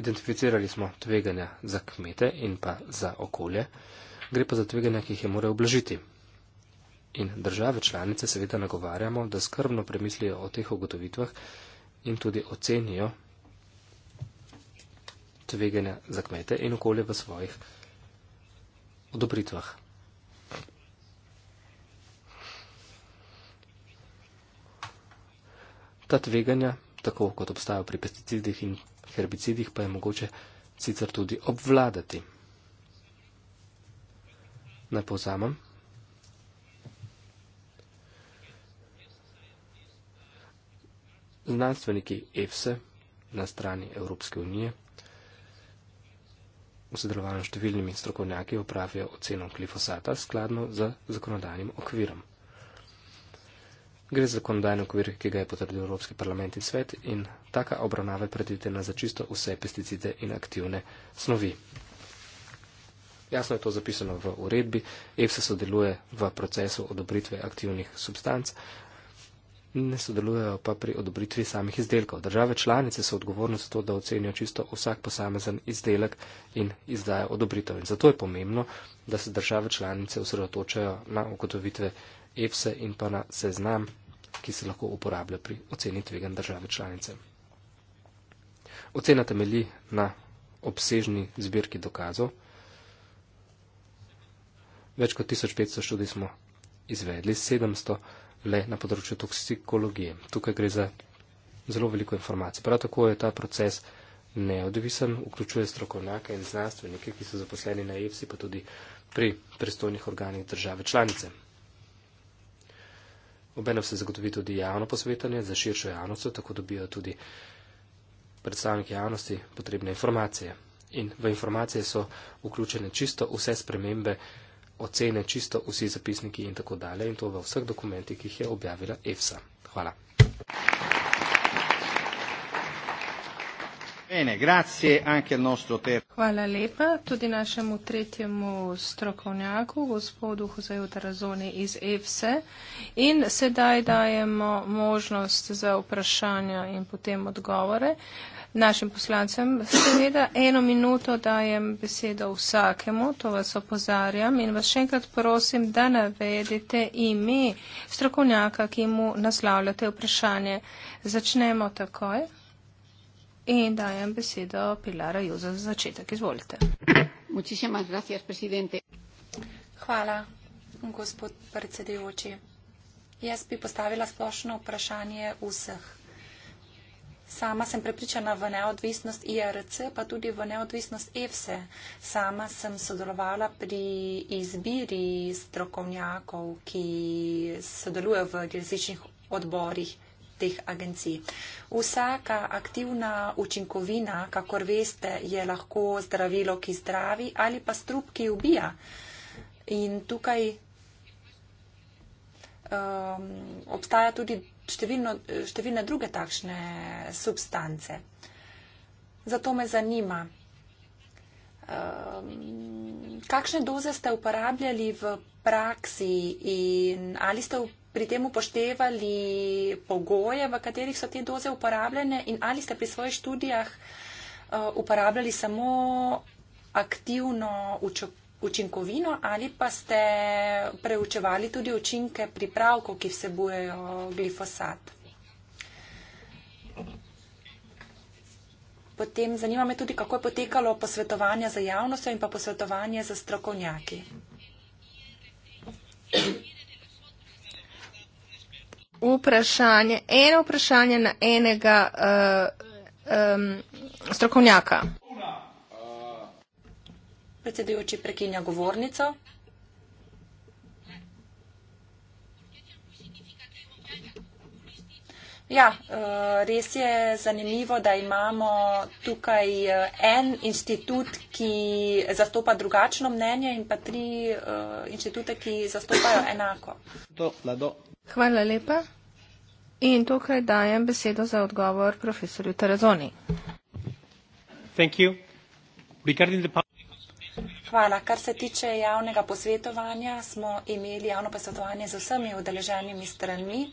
Identificirali smo tveganja za kmete in pa za okolje, gre pa za tveganja, ki jih je morajo oblažiti. In države članice seveda nagovarjamo, da skrbno premislijo o teh ugotovitvah in tudi ocenijo, tveganja za kmete in okolje v svojih odobritvah. Ta tveganja, tako kot obstajajo pri pesticidih in herbicidih, pa je mogoče sicer tudi obvladati. Naj povzamem. Znanstveniki EFSE na strani Evropske unije v sodelovanju s številnimi strokovnjaki opravijo oceno glifosata skladno z zakonodajnim okvirom. Gre za zakonodajni okvir, ki ga je potrdil Evropski parlament in svet in taka obravnava predvidena za čisto vse pesticide in aktivne snovi. Jasno je to zapisano v uredbi, EPSA sodeluje v procesu odobritve aktivnih substanc, ne sodelujejo pa pri odobritvi samih izdelkov. Države članice so odgovorne za to, da ocenijo čisto vsak posamezen izdelek in izdajo odobritev. In zato je pomembno, da se države članice usredotočajo na ugotovitve EFSE in pa na seznam, ki se lahko uporablja pri oceni tvegan države članice. Ocena temelji na obsežni zbirki dokazov. Več kot 1500 študij smo izvedli, 700 le na področju toksikologije. Tukaj gre za zelo veliko informacij. Prav tako je ta proces neodvisen, vključuje strokovnjake in znanstvenike, ki so zaposleni na EFSI, pa tudi pri pristojnih organih države članice. Obenem se zagotovi tudi javno posvetanje za širšo javnost, tako dobijo tudi predstavniki javnosti potrebne informacije. In v informacije so vključene čisto vse spremembe, ocene, čisto vsi zapisniki in tako dalje in to v vseh dokumentih, ki jih je objavila EFSA. Hvala. Hvala lepa tudi našemu tretjemu strokovnjaku, gospodu Hoseju Tarazoni iz EFSE. In sedaj dajemo možnost za vprašanja in potem odgovore. Uh, našim poslancem. Seveda eno minuto dajem besedo vsakemu, to vas opozarjam in vas še enkrat prosim, da navedete ime strokovnjaka, ki mu naslavljate vprašanje. Začnemo takoj in dajem besedo Pilara Juza za začetek. Izvolite. Hvala, gospod predsedujoči. Jaz bi postavila splošno vprašanje vseh. Sama sem prepričana v neodvisnost IRC, pa tudi v neodvisnost EFSE. E. Sama sem sodelovala pri izbiri strokovnjakov, ki sodelujejo v različnih odborih teh agencij. Vsaka aktivna učinkovina, kakor veste, je lahko zdravilo, ki zdravi ali pa strup, ki ubija. In tukaj um, obstaja tudi številno, številne druge takšne substance. Zato me zanima, ehm, kakšne doze ste uporabljali v praksi in ali ste pri tem upoštevali pogoje, v katerih so te doze uporabljene in ali ste pri svojih študijah eh, uporabljali samo aktivno učinkovitost učinkovino ali pa ste preučevali tudi učinke pripravkov, ki vsebujejo glifosat. Potem zanima me tudi, kako je potekalo posvetovanje za javnostjo in pa posvetovanje za strokovnjaki. Vprašanje, eno vprašanje na enega uh, um, strokovnjaka. Predsedujoči prekinja govornico. Ja, eh, res je zanimivo, da imamo tukaj eh, en institut, ki zastopa drugačno mnenje in pa tri eh, institute, ki zastopajo enako. Hvala lepa. In tukaj dajem besedo za odgovor profesorju Terezoni. Thank you. Regarding the Hvala. Kar se tiče javnega posvetovanja, smo imeli javno posvetovanje z vsemi udeleženimi stranmi.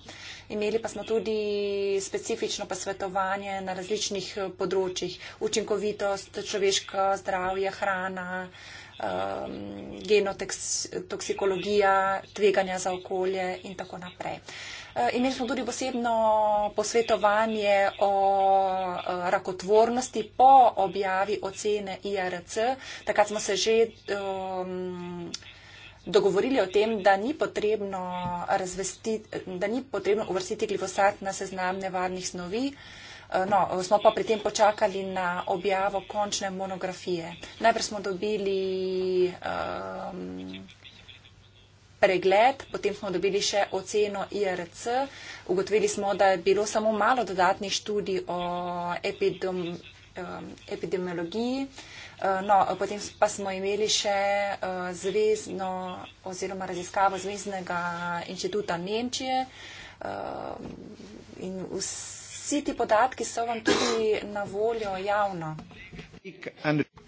Imeli pa smo tudi specifično posvetovanje na različnih področjih. Učinkovitost, človeško zdravje, hrana, um, genotoksikologija, tveganja za okolje in tako naprej. Eh, imeli smo tudi posebno posvetovanje o eh, rakotvornosti po objavi ocene IRC. Takrat smo se že um, dogovorili o tem, da ni potrebno, da ni potrebno uvrstiti glifosat na seznam nevarnih snovi. Eh, no, smo pa pri tem počakali na objavo končne monografije. Najprej smo dobili. Um, pregled, potem smo dobili še oceno IRC. Ugotovili smo, da je bilo samo malo dodatnih študij o epidem, epidemiologiji. Eh, no, potem pa smo imeli še eh, zvezno oziroma raziskavo Zvezdnega inštituta Nemčije. Eh, in vsi ti podatki so vam tudi na voljo javno.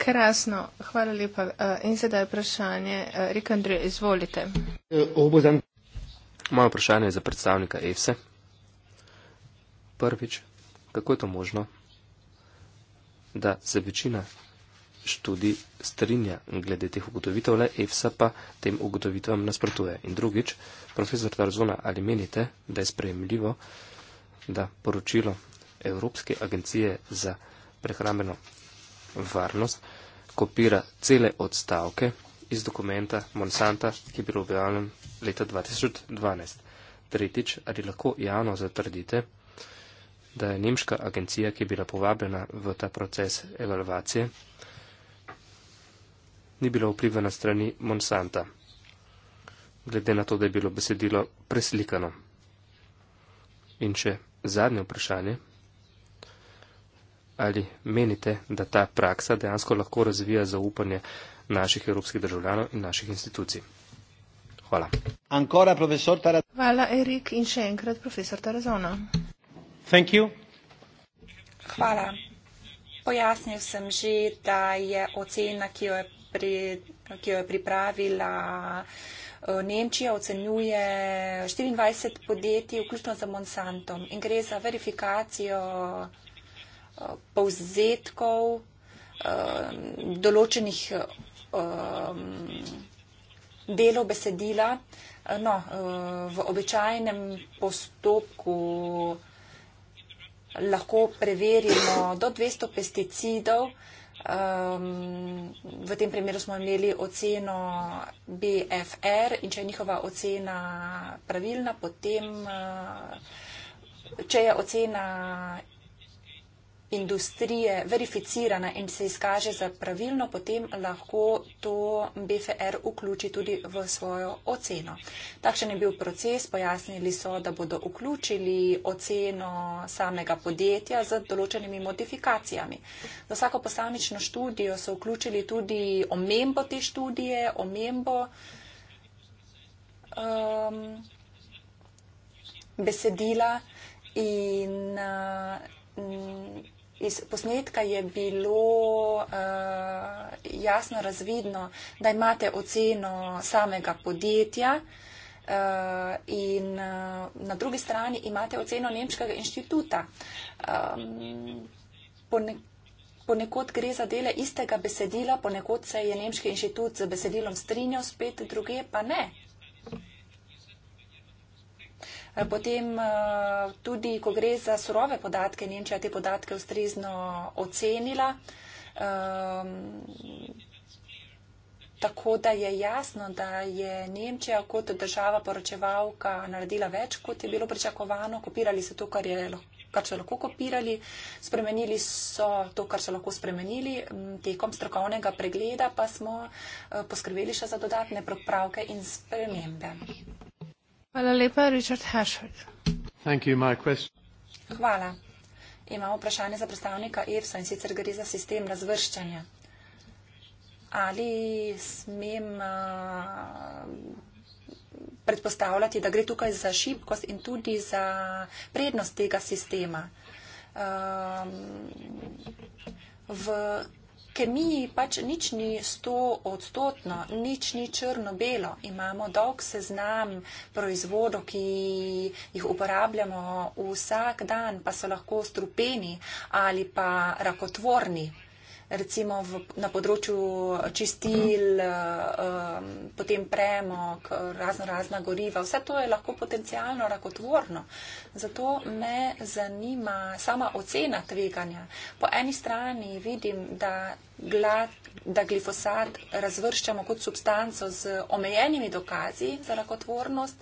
Krasno, hvala lepa. In sedaj vprašanje. Rik Andrej, izvolite. Obozen. Moje vprašanje je za predstavnika EFSE. Prvič, kako je to možno, da se večina študij strinja glede teh ugotovitev, le EFSA pa tem ugotovitvam nasprotuje. In drugič, profesor Tarzuna, ali menite, da je sprejemljivo, da poročilo Evropske agencije za prehrambeno varnost kopira cele odstavke iz dokumenta Monsanta, ki je bilo objavljen leta 2012. Tretjič, ali lahko javno zatrdite, da je nemška agencija, ki je bila povabljena v ta proces evalvacije, ni bila vplivana strani Monsanta, glede na to, da je bilo besedilo preslikano. In še zadnje vprašanje, ali menite, da ta praksa dejansko lahko razvija zaupanje naših evropskih državljanov in naših institucij. Hvala. Ancora, Hvala, Erik, in še enkrat, profesor Tarazona. Hvala. Pojasnil sem že, da je ocena, ki jo je, pri, ki jo je pripravila eh, Nemčija, ocenjuje 24 podjetij, vključno za Monsantom. In gre za verifikacijo eh, povzetkov eh, določenih um, delo besedila. No, uh, v običajnem postopku lahko preverimo do 200 pesticidov. Um, v tem primeru smo imeli oceno BFR in če je njihova ocena pravilna, potem, uh, če je ocena industrije verificirana in se izkaže za pravilno, potem lahko to BFR vključi tudi v svojo oceno. Takšen je bil proces, pojasnili so, da bodo vključili oceno samega podjetja z določenimi modifikacijami. Za vsako posamično študijo so vključili tudi omembo te študije, omembo um, besedila in uh, Iz posnetka je bilo uh, jasno razvidno, da imate oceno samega podjetja uh, in uh, na drugi strani imate oceno Nemškega inštituta. Um, pone, ponekod gre za dele istega besedila, ponekod se je Nemški inštitut z besedilom strinjal, spet druge pa ne. Eh, potem eh, tudi, ko gre za surove podatke, Nemčija te podatke ustrezno ocenila. Ehm, tako da je jasno, da je Nemčija kot država poročevalka naredila več, kot je bilo pričakovano. Kopirali so to, kar, je, kar so lahko kopirali, spremenili so to, kar so lahko spremenili. Mm, tekom strokovnega pregleda pa smo eh, poskrbeli še za dodatne popravke in spremembe. Hvala. Imamo vprašanje za predstavnika EFSA in sicer gre za sistem razvrščanja. Ali smem a, predpostavljati, da gre tukaj za šibkost in tudi za prednost tega sistema? A, v kemiji pač nič ni sto odstotno, nič ni črno-belo. Imamo dolg seznam proizvodov, ki jih uporabljamo vsak dan, pa so lahko strupeni ali pa rakotvorni recimo v, na področju čistil, uh eh, -huh. Eh, potem premog, razno razna goriva, vse to je lahko potencijalno rakotvorno. Zato me zanima sama ocena tveganja. Po eni strani vidim, da, glad, da glifosat razvrščamo kot substanco z omejenimi dokazi za rakotvornost,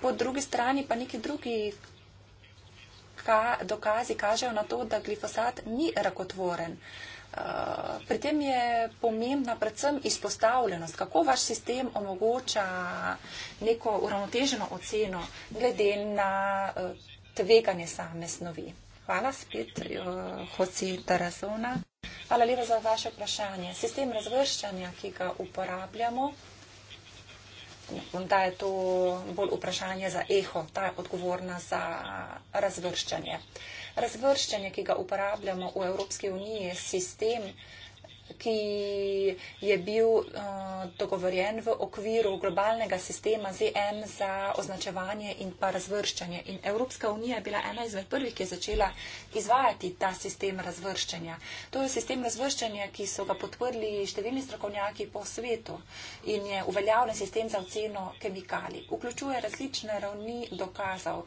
po drugi strani pa neki drugi. Ka, dokazi kažejo na to, da glifosat ni rakotvoren. Uh, Eh, pri tem je pomembna predvsem izpostavljenost, kako vaš sistem omogoča neko uravnoteženo oceno glede na eh, tveganje same snovi. Hvala spet, eh, Hoci Tarazona. Hvala lepa za vaše vprašanje. Sistem razvrščanja, ki ga uporabljamo, da je to bolj vprašanje za eho, ta je odgovorna za razvrščanje. Uh, razvrščanje, ki ga uporabljamo v Evropski uniji, je sistem, ki je bil uh, dogovorjen v okviru globalnega sistema ZM za označevanje in pa razvrščanje. In Evropska unija je bila ena izmed prvih, ki je začela izvajati ta sistem razvrščanja. To je sistem razvrščanja, ki so ga podprli številni strokovnjaki po svetu in je uveljavljen sistem za oceno kemikali. Vključuje različne ravni dokazov.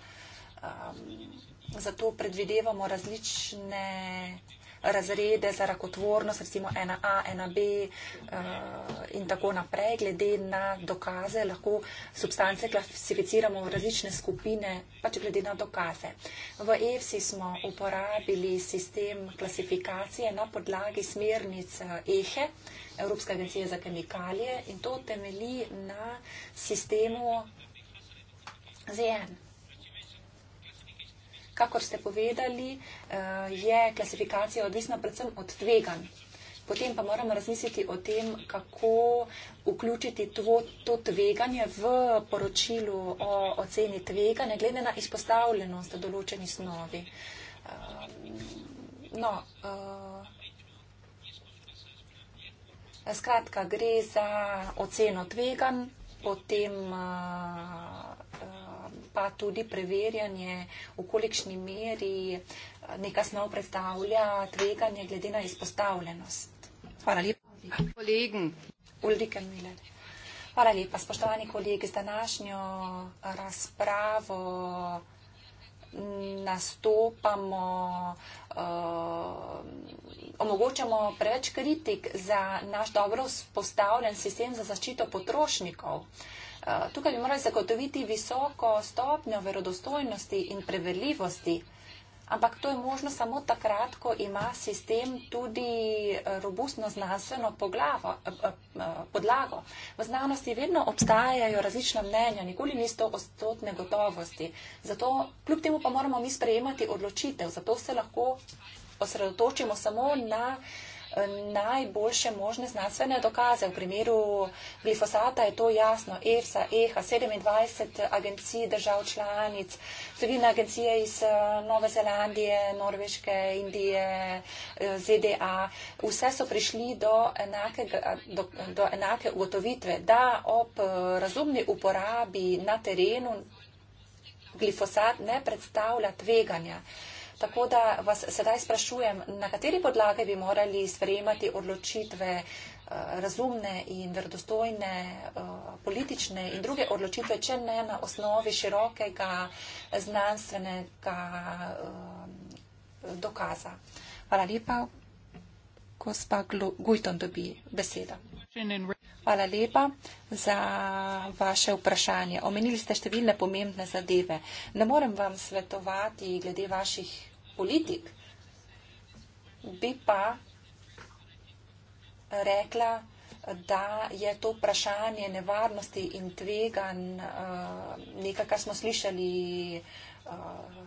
Um, zato predvidevamo različne razrede za rakotvornost, recimo 1A, 1B eh, in tako naprej, glede na dokaze, lahko substance klasificiramo v različne skupine, pač glede na dokaze. V EFSI smo uporabili sistem klasifikacije na podlagi smernic EHE, e Evropska agencija za kemikalije, in to temeli na sistemu ZN. Kakor ste povedali, eh, je klasifikacija odvisna predvsem od tveganj. Potem pa moramo razmisliti o tem, kako vključiti to, to tveganje v poročilo o oceni tveganja, glede na izpostavljenost določeni snovi. Eh, no, eh, skratka, gre za oceno tveganj, potem pa tudi preverjanje, v kolikšni meri eh, neka snov predstavlja tveganje glede na izpostavljenost. Hvala lepa. Kolegen. Ulrike Miller. Hvala lepa, spoštovani kolegi, z današnjo eh, razpravo mm, nastopamo, uh, omogočamo preveč kritik za naš dobro vzpostavljen sistem za zaščito potrošnikov. Uh, Eh, tukaj bi morali zagotoviti visoko stopnjo verodostojnosti in preverljivosti, ampak to je možno samo takrat, ko ima sistem tudi eh, robustno znanstveno poglavo, eh, podlago. V znanosti vedno obstajajo različna mnenja, nikoli ni sto odstotne gotovosti. Zato kljub temu pa moramo mi sprejemati odločitev, zato se lahko osredotočimo samo na uh, najboljše možne znanstvene dokaze. V primeru glifosata je to jasno. EFSA, EHA, 27 agencij držav članic, številne agencije iz eh, Nove Zelandije, Norveške, Indije, eh, ZDA. Vse so prišli do, enakega, do, do enake ugotovitve, da ob eh, razumni uporabi na terenu glifosat ne predstavlja tveganja. Tako da vas sedaj sprašujem, na kateri podlagi bi morali sprejemati odločitve eh, razumne in verodostojne eh, politične in druge odločitve, če ne na osnovi širokega znanstvenega eh, dokaza. Hvala lepa. Gospa Gujton dobi besedo. Hvala lepa za vaše vprašanje. Omenili ste številne pomembne zadeve. Ne morem vam svetovati glede vaših politik, bi pa rekla, da je to vprašanje nevarnosti in tvegan eh, nekaj, kar smo slišali eh,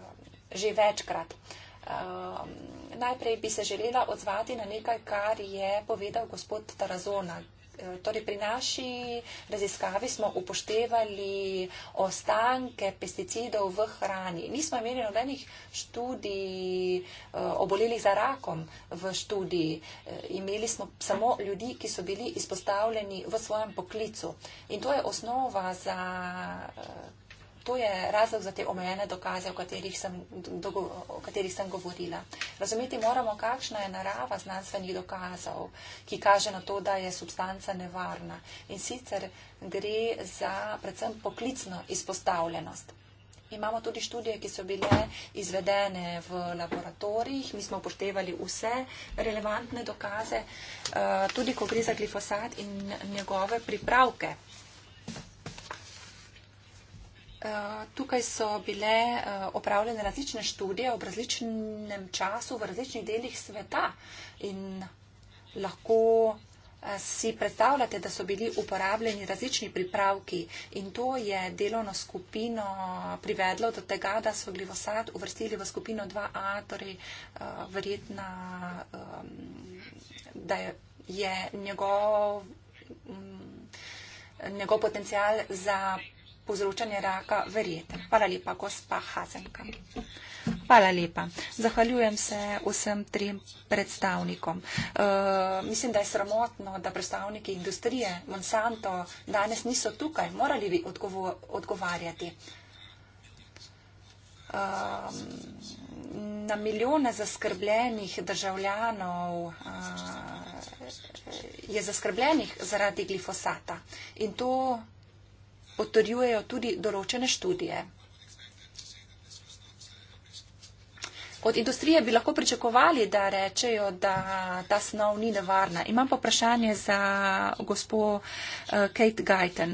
že večkrat. Eh, najprej bi se želela odzvati na nekaj, kar je povedal gospod Tarazona, Eh, torej pri naši raziskavi smo upoštevali ostanke pesticidov v hrani. Nismo imeli nobenih študij eh, obolelih za rakom v študiji. Eh, imeli smo samo ljudi, ki so bili izpostavljeni v svojem poklicu. In to je osnova za to je razlog za te omejene dokaze, o katerih sem, dogo, o katerih sem govorila. Razumeti moramo, kakšna je narava znanstvenih dokazov, ki kaže na to, da je substanca nevarna. In sicer gre za predvsem poklicno izpostavljenost. Imamo tudi študije, ki so bile izvedene v laboratorijih, mi smo upoštevali vse relevantne dokaze, eh, tudi ko gre za glifosat in njegove pripravke. Eh, tukaj so bile eh, opravljene različne študije ob različnem času v različnih delih sveta in lahko eh, si predstavljate, da so bili uporabljeni različni pripravki in to je delovno skupino privedlo do tega, da so glivosad uvrstili v skupino 2A, torej verjetna, da je njegov, mm, njegov potencial za povzročanje raka verjeten. Hvala lepa, gospa Hazenka. Hvala lepa. Zahvaljujem se vsem trim predstavnikom. E, mislim, da je sramotno, da predstavniki industrije Monsanto danes niso tukaj. Morali bi odgovo odgovarjati. E, na milijone zaskrbljenih državljanov e, je zaskrbljenih zaradi glifosata. In to potrjujejo tudi določene študije. Od industrije bi lahko pričakovali, da rečejo, da ta snov ni nevarna. Imam pa vprašanje za eh, gospod eh, Kate Guyton.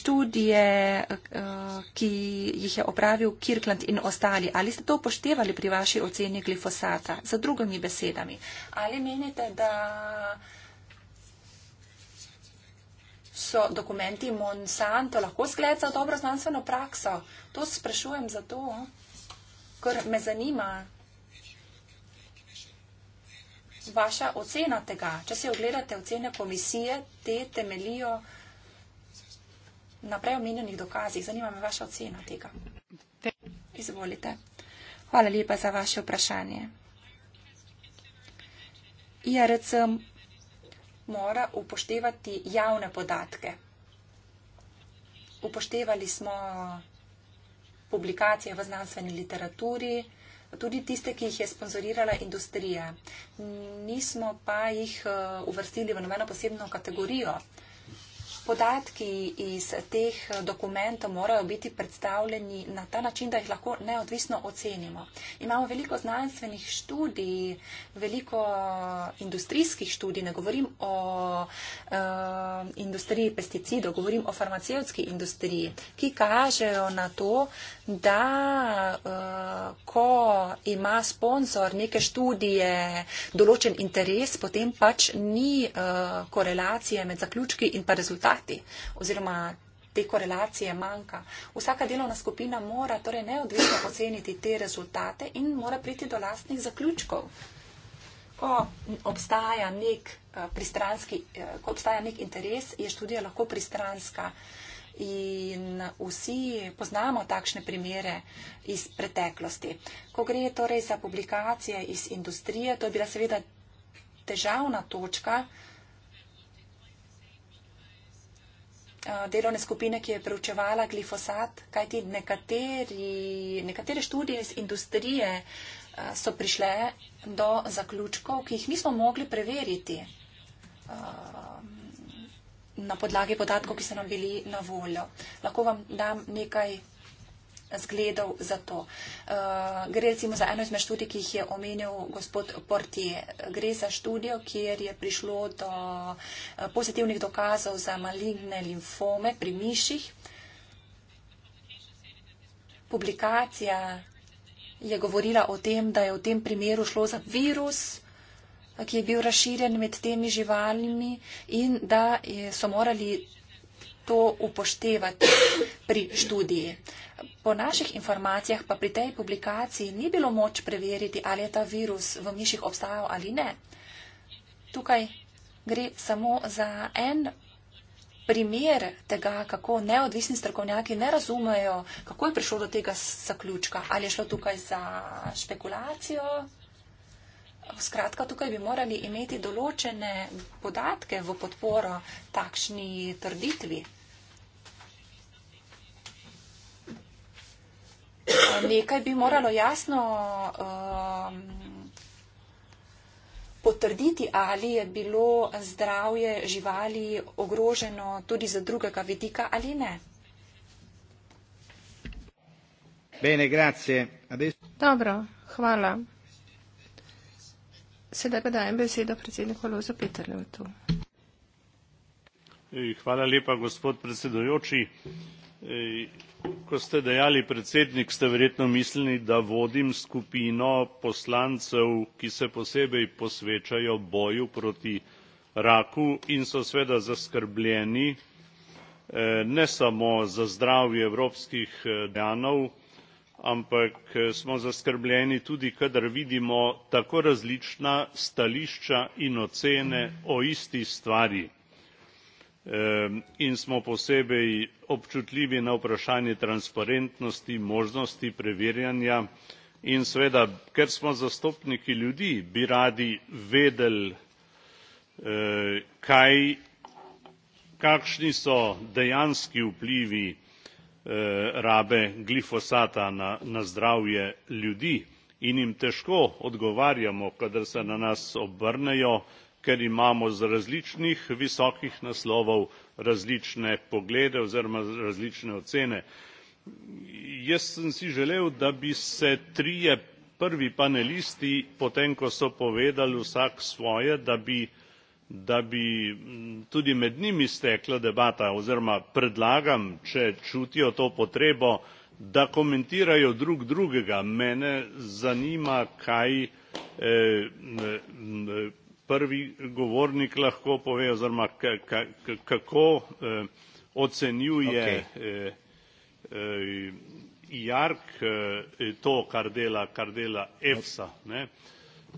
Študije, eh, ki jih je opravil Kirkland in ostali, ali ste to upoštevali pri vaši oceni glifosata? Za drugimi besedami, ali menite, da so dokumenti Monsanto lahko zgled za dobro znanstveno prakso? To sprašujem zato, ker me zanima vaša ocena tega. Če si ogledate ocene komisije, te temelijo na preomenjenih dokazih. Zanima me vaša ocena tega. Izvolite. Hvala lepa za vaše vprašanje. Ja, IRC mora upoštevati javne podatke. Upoštevali smo publikacije v znanstveni literaturi, tudi tiste, ki jih je sponzorirala industrija. Nismo pa jih eh, uvrstili v nobeno posebno kategorijo podatki iz teh dokumentov morajo biti predstavljeni na ta način, da jih lahko neodvisno ocenimo. Imamo veliko znanstvenih študij, veliko industrijskih študij, ne govorim o uh, industriji pesticidov, govorim o farmacevtski industriji, ki kažejo na to, da uh, ko ima sponsor neke študije določen interes, potem pač ni uh, korelacije med zaključki in pa rezultati oziroma te korelacije manjka. Vsaka delovna skupina mora torej neodvisno oceniti te rezultate in mora priti do lastnih zaključkov. Ko obstaja nek, uh, ko obstaja nek interes, je študija lahko pristranska. Uh, in vsi poznamo takšne primere iz preteklosti. Ko gre torej za publikacije iz industrije, to je bila seveda težavna točka. Eh, delovne skupine, ki je preučevala glifosat, kajti nekateri, nekatere študije iz industrije eh, so prišle do zaključkov, ki jih nismo mogli preveriti. Um, na podlagi podatkov, ki so nam bili na voljo. Lahko vam dam nekaj zgledov za to. Eh, gre recimo za eno izmed študij, ki jih je omenil gospod Portije. Gre za študijo, kjer je prišlo do eh, pozitivnih dokazov za maligne limfome pri miših. Publikacija je govorila o tem, da je v tem primeru šlo za virus, ki je bil razširjen med temi živalmi in da je, so morali to upoštevati pri študiji. Po naših informacijah pa pri tej publikaciji ni bilo moč preveriti, ali je ta virus v miših obstajal ali ne. Tukaj gre samo za en primer tega, kako neodvisni strokovnjaki ne razumejo, kako je prišlo do tega zaključka. Ali je šlo tukaj za špekulacijo? Skratka, tukaj bi morali imeti določene podatke v podporo takšni trditvi. Nekaj bi moralo jasno um, potrditi, ali je bilo zdravje živali ogroženo tudi za drugega vidika ali ne. Bene, Adesso... Dobro, hvala. Sedaj pa dajem besedo predsedniku Lozo Peterlevu tu. Hvala lepa, gospod predsedujoči. Ko ste dejali predsednik, ste verjetno mislili, da vodim skupino poslancev, ki se posebej posvečajo boju proti raku in so seveda zaskrbljeni eh, ne samo za zdravje evropskih eh, državljanov, ampak eh, smo zaskrbljeni tudi, kadar vidimo tako različna stališča in ocene o isti stvari. In smo posebej občutljivi na vprašanje transparentnosti, možnosti preverjanja in seveda, ker smo zastopniki ljudi, bi radi vedeli, eh, kaj, kakšni so dejanski vplivi Eh, rabe glifosata na, na zdravje ljudi in jim težko odgovarjamo, kadar se na nas obrnejo, ker imamo z različnih visokih naslovov različne poglede oziroma različne ocene. Jaz sem si želel, da bi se trije prvi panelisti, potem ko so povedali vsak svoje, da bi da bi mm, tudi med njimi stekla debata oziroma predlagam, če čutijo to potrebo, da komentirajo drug drugega. Mene zanima, kaj eh, prvi govornik lahko pove oziroma kako eh, ocenjuje okay. eh, eh, Jark eh, to, kar dela, kar dela EFSA. Okay.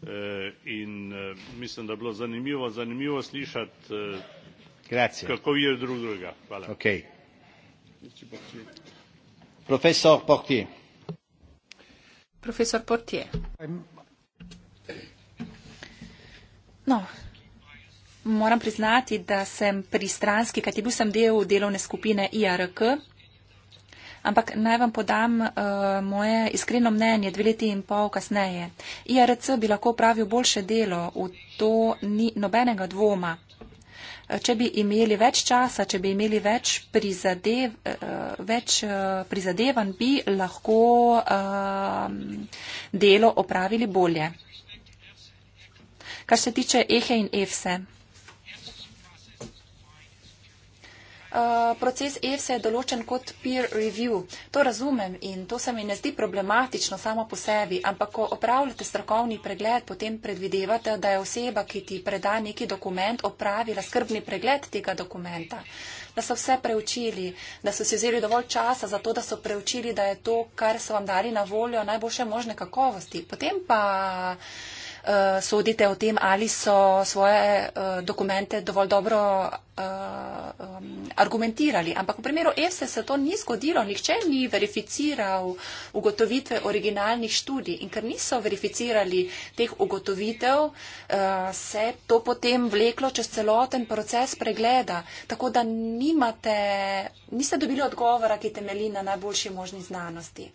Eh, in eh, mislim, da je bilo zanimivo, zanimivo slišati, eh, Grazie. kako vidijo drug drugega. Hvala. Okay. Profesor Portier. Profesor Portier. No, moram priznati, da sem pristranski, kajti bil sem del delovne skupine IRK, Ampak naj vam podam uh, moje iskreno mnenje dve leti in pol kasneje. IRC bi lahko upravil boljše delo, v to ni nobenega dvoma. Eh, če bi imeli več časa, če bi imeli več, prizadev, eh, več prizadevanj, bi lahko delo opravili bolje. Kar se tiče Ehe in Efse. Eh, proces EFSA e je določen kot peer review. To razumem in to se mi ne zdi problematično samo po sebi, ampak ko opravljate strokovni pregled, potem predvidevate, da je oseba, ki ti preda neki dokument, opravila skrbni pregled tega dokumenta. Da so vse preučili, da so si vzeli dovolj časa za to, da so preučili, da je to, kar so vam dali na voljo, najboljše možne kakovosti. Potem pa. Eh, sodite o tem, ali so svoje eh, dokumente dovolj dobro eh, argumentirali. Ampak v primeru EFSE se to ni zgodilo, nihče ni verificiral ugotovitve originalnih študij in ker niso verificirali teh ugotovitev, se to potem vleklo čez celoten proces pregleda. Tako da nimate, niste dobili odgovora, ki temelji na najboljši možni znanosti.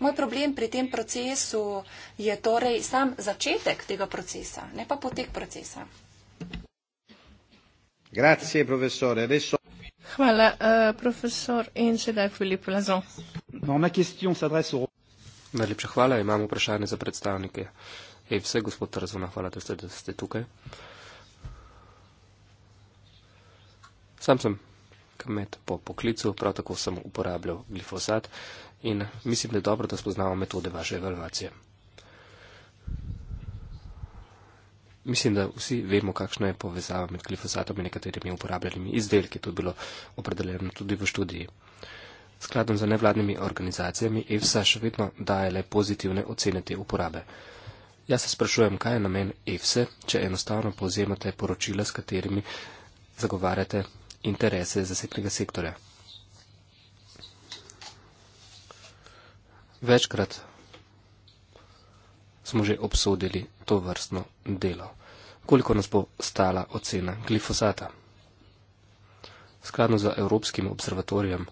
Moj problem pri tem procesu je torej sam začetek tega procesa, ne pa potek procesa. Grazie, profesore. Adesso... Hvala, uh, profesor. In sedaj Filip Lazon. No, ma question s'adresse au... Najlepša hvala, imamo vprašanje za predstavnike. Ej, vse, gospod Tarazona, hvala, da ste, da ste tukaj. Sam sem kmet po poklicu, prav tako sem uporabljal glifosat in mislim, da je dobro, da spoznamo metode vaše evalvacije. Mislim, da vsi vemo, kakšna je povezava med glifosatom in nekaterimi uporabljenimi izdelki. To je bilo opredeljeno tudi v študiji. Skladom za nevladnimi organizacijami EFSA še vedno daje le pozitivne ocene te uporabe. Jaz se sprašujem, kaj je namen EFSE, če enostavno povzemate poročila, s katerimi zagovarjate interese zasebnega sektorja. Večkrat smo že obsodili to vrstno delo. Koliko nas bo stala ocena glifosata? Skladno z Evropskim observatorijem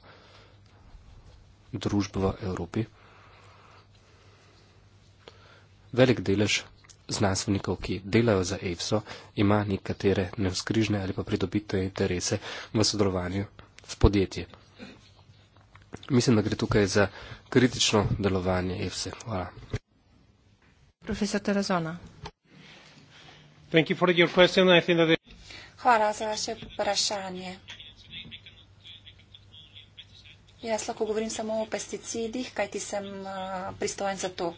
družb v Evropi, velik delež znanstvenikov, ki delajo za EFSO, ima nekatere nevzkrižne ali pa pridobitne interese v sodelovanju s podjetji. Mislim, da gre tukaj za kritično delovanje EFSE. E. Hvala. Profesor Terazona. Hvala za vaše vprašanje. Jaz lahko govorim samo o pesticidih, kaj ti sem pristojen za to.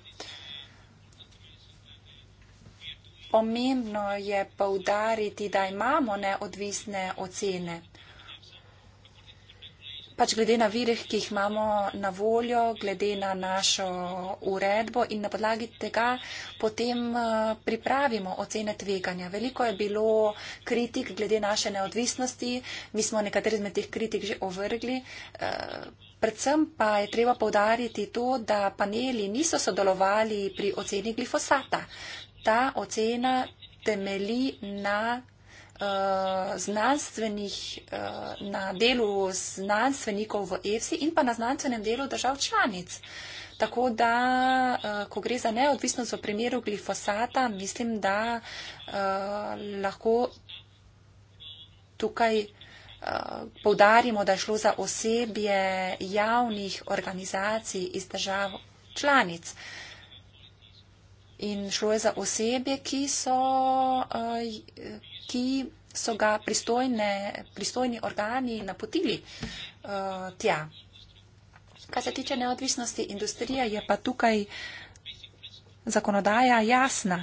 Pomembno je poudariti, da imamo neodvisne ocene pač glede na vire, ki jih imamo na voljo, glede na našo uredbo in na podlagi tega potem eh, pripravimo ocene tveganja. Veliko je bilo kritik glede naše neodvisnosti, mi smo nekateri izmed teh kritik že ovrgli. Eh, predvsem pa je treba povdariti to, da paneli niso sodelovali pri oceni glifosata. Ta ocena temeli na Eh, znanstvenih, uh, na delu znanstvenikov v EFSI in pa na znanstvenem delu držav članic. Tako da, eh, ko gre za neodvisnost v primeru glifosata, mislim, da uh, lahko tukaj uh, povdarimo, da je šlo za osebje javnih organizacij iz držav članic. In šlo je za osebje, ki so. Uh, ki so ga pristojne, pristojni organi napotili uh, tja. Kar se tiče neodvisnosti industrije, je pa tukaj zakonodaja jasna.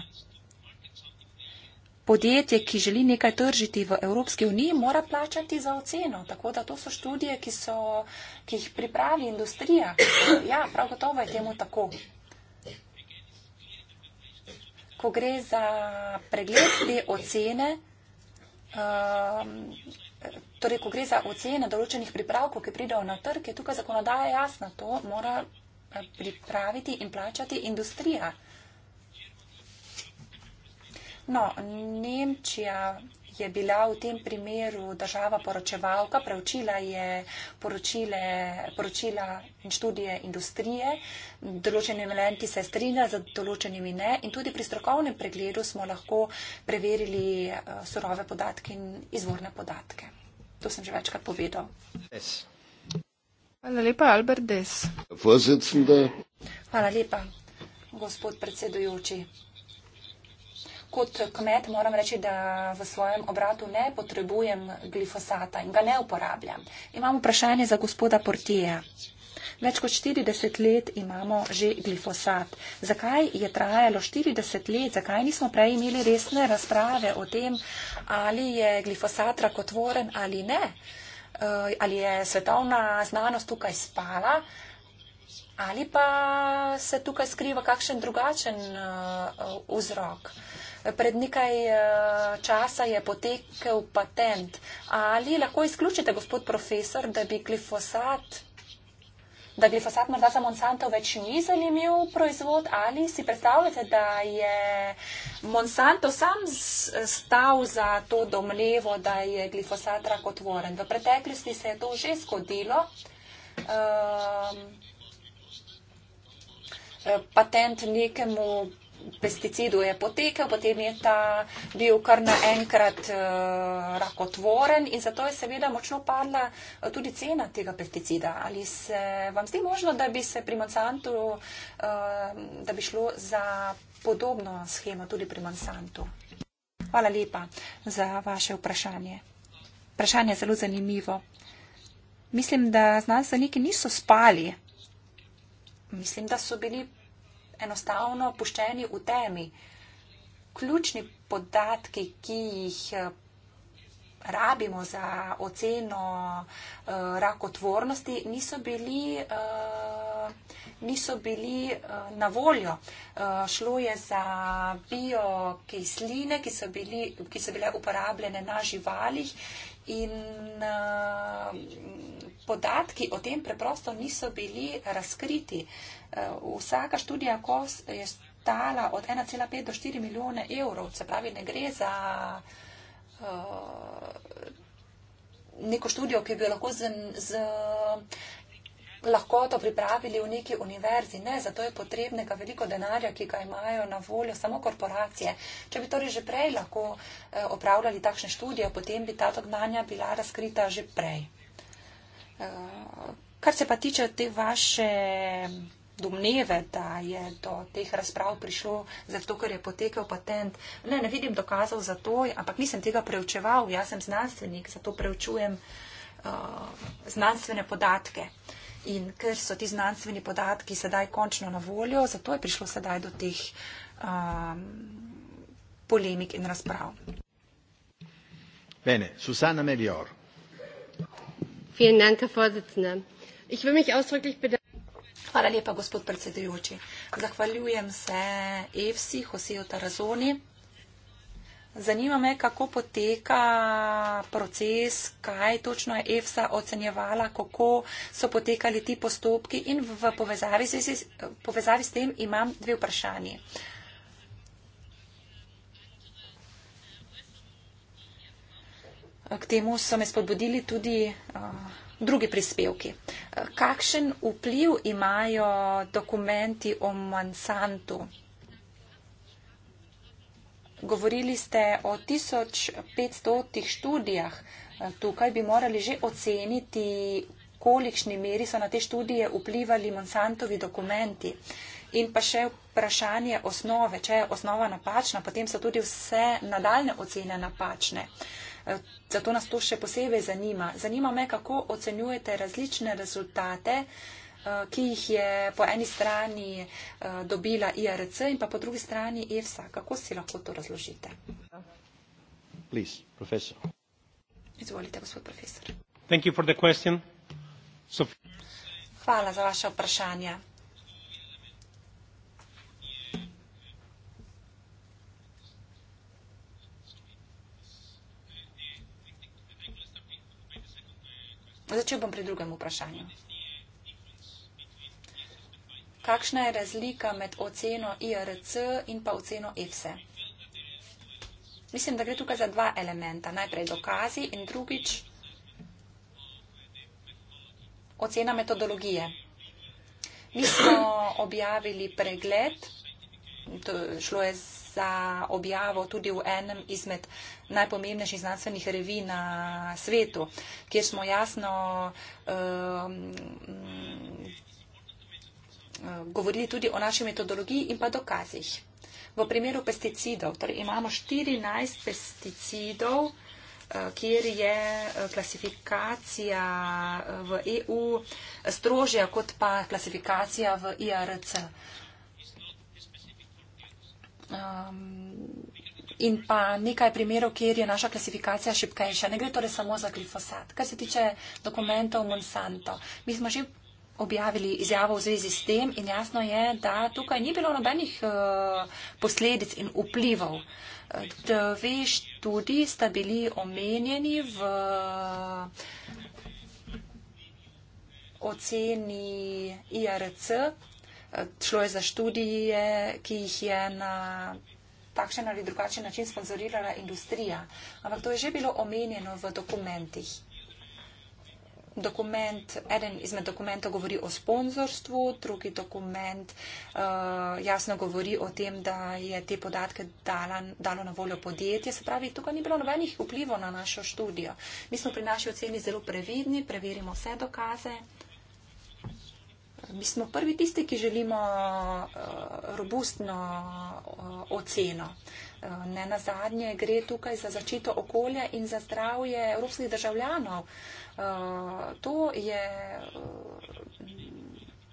Podjetje, ki želi nekaj tržiti v Evropski uniji, mora plačati za oceno. Tako da to so študije, ki, so, ki jih pripravi industrija. Ja, prav gotovo je temu tako. Ko gre za pregled te ocene, Ehm, torej, ko gre za ocene določenih pripravkov, ki pridejo na trg, je tukaj zakonodaja jasna. To mora eh, pripraviti in plačati industrija. No, Nemčija je bila v tem primeru država poročevalka, preučila je poročile, poročila in študije industrije, določeni elementi se strinja, z določenimi ne in tudi pri strokovnem pregledu smo lahko preverili eh, surove podatke in izvorne podatke. To sem že večkrat povedal. Yes. Hvala lepa, Albert Des. Hvala lepa, gospod predsedujoči. Kot kmet moram reči, da v svojem obratu ne potrebujem glifosata in ga ne uporabljam. Imam vprašanje za gospoda Portija. Več kot 40 let imamo že glifosat. Zakaj je trajalo 40 let, zakaj nismo prej imeli resne razprave o tem, ali je glifosat rakotvoren ali ne? Eh, ali je svetovna znanost tukaj spala ali pa se tukaj skriva kakšen drugačen eh, vzrok? Uh, Pred nekaj eh, časa je potekel patent. Ali lahko izključite, gospod profesor, da bi glifosat, da glifosat morda za Monsanto več ni zanimiv proizvod? Ali si predstavljate, da je Monsanto sam stal za to domnevo, da je glifosat rakotvoren? V preteklosti se je to že zgodilo. Um, patent nekemu pesticidu je potekel, potem je ta bil kar naenkrat uh, rakotvoren in zato je seveda močno padla eh, tudi cena tega pesticida. Ali se vam zdi možno, da bi se pri Monsantu, uh, da bi šlo za podobno schemo tudi pri Monsantu? Hvala lepa za vaše vprašanje. Vprašanje je zelo zanimivo. Mislim, da znanstveniki niso spali. Mislim, da so bili enostavno puščeni v temi. Ključni podatki, ki jih eh, rabimo za oceno eh, rakotvornosti, niso bili, eh, niso bili na voljo. Šlo je za biokisline, ki, ki so bile uporabljene na živalih in podatki o tem preprosto niso bili eh, razkriti. Eh, vsaka študija KOS je stala od 1,5 do 4 milijone evrov, se pravi, ne gre za eh, neko študijo, ki bi jo lahko z, z lahkoto pripravili v neki univerzi. Ne, zato je potrebnega veliko denarja, ki ga imajo na voljo samo korporacije. Če bi torej že prej lahko opravljali takšne študije, potem bi ta dognanja bila razkrita že prej. Kar se pa tiče te vaše domneve, da je do teh razprav prišlo zato, ker je potekel patent. Ne, ne vidim dokazov za to, ampak nisem tega preučeval. Jaz sem znanstvenik, zato preučujem uh, znanstvene podatke. In ker so ti znanstveni podatki sedaj končno na voljo, zato je prišlo sedaj do teh um, polemik in razprav. Bene, Susana Melior. Vielen Dank, Herr Vorsitzender. Ich will mich ausdrücklich bedanken. Hvala lepa, gospod predsedujoči. Zahvaljujem se EFSI, Hoseju Tarazoni. Zanima me, kako poteka proces, kaj točno je EFSA ocenjevala, kako so potekali ti postopki in v povezavi s tem imam dve vprašanje. K temu so me spodbudili tudi uh, drugi prispevki. Kakšen vpliv imajo dokumenti o Monsantu? Govorili ste o 1500 študijah. Tukaj bi morali že oceniti, kolikšni meri so na te študije vplivali Monsantovi dokumenti. In pa še vprašanje osnove. Če je osnova napačna, potem so tudi vse nadaljne ocene napačne. Uh, zato nas to še posebej zanima. Zanima me, kako ocenjujete različne rezultate, eh, ki jih je po eni strani eh, dobila IRC in pa po drugi strani EFSA. Kako si lahko to razložite? Izvolite, gospod profesor. Hvala za vaše vprašanje. Začel bom pri drugem vprašanju. Kakšna je razlika med oceno IRC in pa oceno EFSE? Mislim, da gre tukaj za dva elementa. Najprej dokazi in drugič ocena metodologije. Mi smo objavili pregled, šlo je z za objavo tudi v enem izmed najpomembnejših znanstvenih revij na svetu, kjer smo jasno uh, govorili tudi o naši metodologiji in pa dokazih. V primeru pesticidov, torej imamo 14 pesticidov, uh, kjer je uh, klasifikacija uh, v EU strožja kot pa klasifikacija v IRC. Um, in pa nekaj primerov, kjer je naša klasifikacija šipkejša. Ne gre torej samo za glifosat. Kar se tiče dokumentov Monsanto, mi smo že objavili izjavo v zvezi s tem in jasno je, da tukaj ni bilo nobenih uh, posledic in vplivov. Dve študiji sta bili omenjeni v eh, oceni IRC, šlo je za študije, ki jih je na takšen ali drugačen način sponzorirala industrija. Ampak to je že bilo omenjeno v dokumentih. Dokument, eden izmed dokumentov govori o sponzorstvu, drugi dokument uh, jasno govori o tem, da je te podatke dala, dalo na voljo podjetje. Se pravi, tukaj ni bilo nobenih vplivov na našo študijo. Mi smo pri naši oceni zelo previdni, preverimo vse dokaze. Mi smo prvi tisti, ki želimo eh, robustno eh, oceno. Eh, ne na zadnje gre tukaj za začito okolja in za zdravje evropskih državljanov. To je,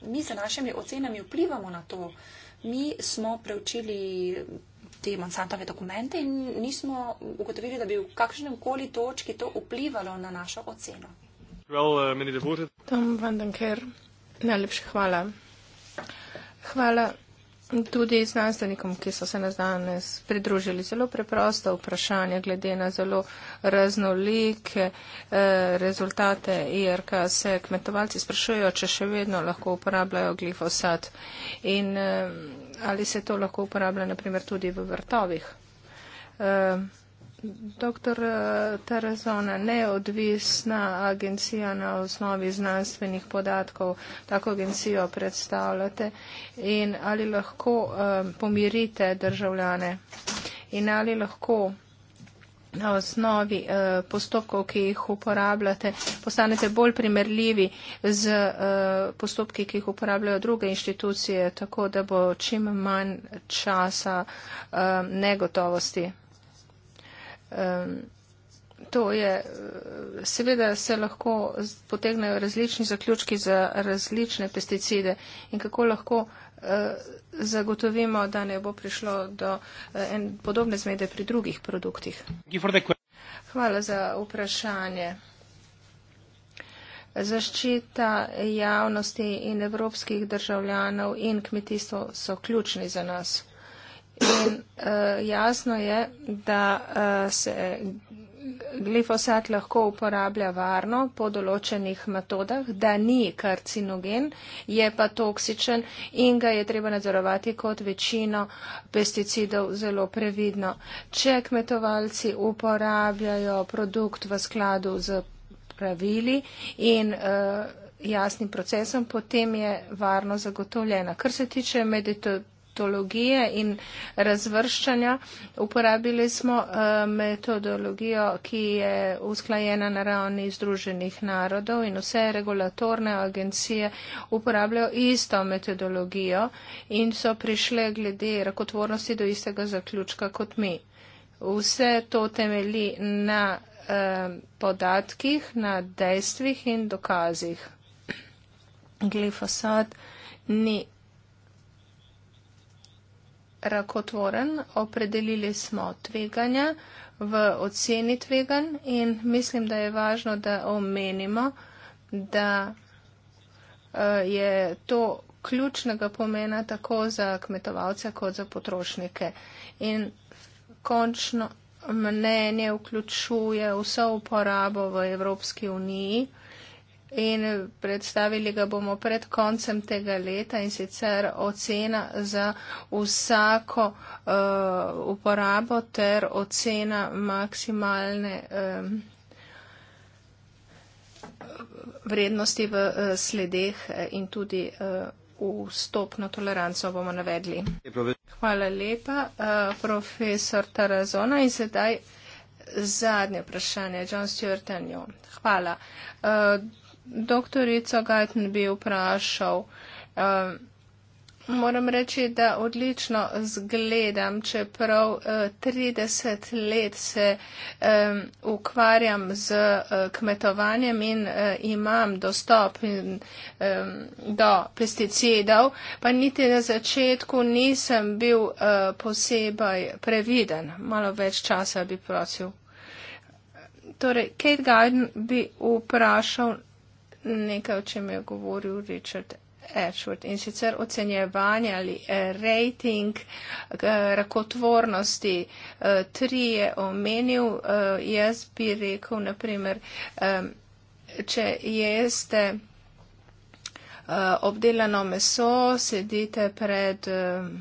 mi za našimi ocenami vplivamo na to. Mi smo preučili te Monsantove dokumente in nismo ugotovili, da bi v kakšnem koli točki to vplivalo na našo oceno. Well, uh, Tom Vandenker. Najlepša hvala. Hvala tudi znanstvenikom, ki so se nas danes pridružili. Zelo preprosta vprašanja glede na zelo raznolike eh, rezultate IRK se kmetovalci sprašujejo, če še vedno lahko uporabljajo glifosat in eh, ali se to lahko uporablja naprimer tudi v vrtovih. Eh, Doktor eh, Terezona, neodvisna agencija na osnovi znanstvenih podatkov, tako agencijo predstavljate in ali lahko eh, pomirite državljane in ali lahko na osnovi eh, postopkov, ki jih uporabljate, postanete bolj primerljivi z postopki, ki jih uporabljajo druge inštitucije, tako da bo čim manj časa negotovosti. Um, to je, eh, seveda se lahko potegnejo različni zaključki za različne pesticide in kako lahko uh, zagotovimo, da ne bo prišlo do uh, en, podobne zmede pri drugih produktih. Hvala za vprašanje. Zaščita javnosti in evropskih državljanov in kmetijstvo so ključni za nas. In uh, jasno je, da uh, se glifosat lahko uporablja varno po določenih metodah, da ni karcinogen, je pa toksičen in ga je treba nadzorovati kot večino pesticidov zelo previdno. Če kmetovalci uporabljajo produkt v skladu z pravili in. Uh, jasnim procesom, potem je varno zagotovljena. Kar se tiče meditov metodologije in razvrščanja. Uporabili smo eh, metodologijo, ki je usklajena na ravni Združenih narodov in vse regulatorne agencije uporabljajo isto metodologijo in so prišle glede rakotvornosti do istega zaključka kot mi. Vse to temeli na eh, podatkih, na dejstvih in dokazih. Glifosat ni rakotvoren, opredelili smo tveganja v oceni tveganj in mislim, da je važno, da omenimo, da eh, je to ključnega pomena tako za kmetovalce kot za potrošnike. In končno mnenje vključuje vso uporabo v Evropski uniji in predstavili ga bomo pred koncem tega leta in sicer ocena za vsako uh, uporabo ter ocena maksimalne uh, vrednosti v uh, sledeh eh, in tudi. Uh, vstopno toleranco bomo navedli. Hvala lepa, uh, profesor Tarazona. In sedaj zadnje vprašanje, John Stuart Anjo. Hvala. Uh, doktorico Gajten bi vprašal. Um, moram reči, da odlično zgledam, čeprav uh, eh, 30 let se um, ukvarjam z uh, kmetovanjem in uh, imam dostop in, um, do pesticidov, pa niti na začetku nisem bil uh, posebej previden. Malo več časa bi prosil. Torej, Kate Gajden bi vprašal nekaj, o čem je govoril Richard Ashford in sicer ocenjevanje ali eh, rejting eh, rakotvornosti. Eh, tri je omenil, jaz bi rekel, naprimer, če jeste obdelano meso, sedite pred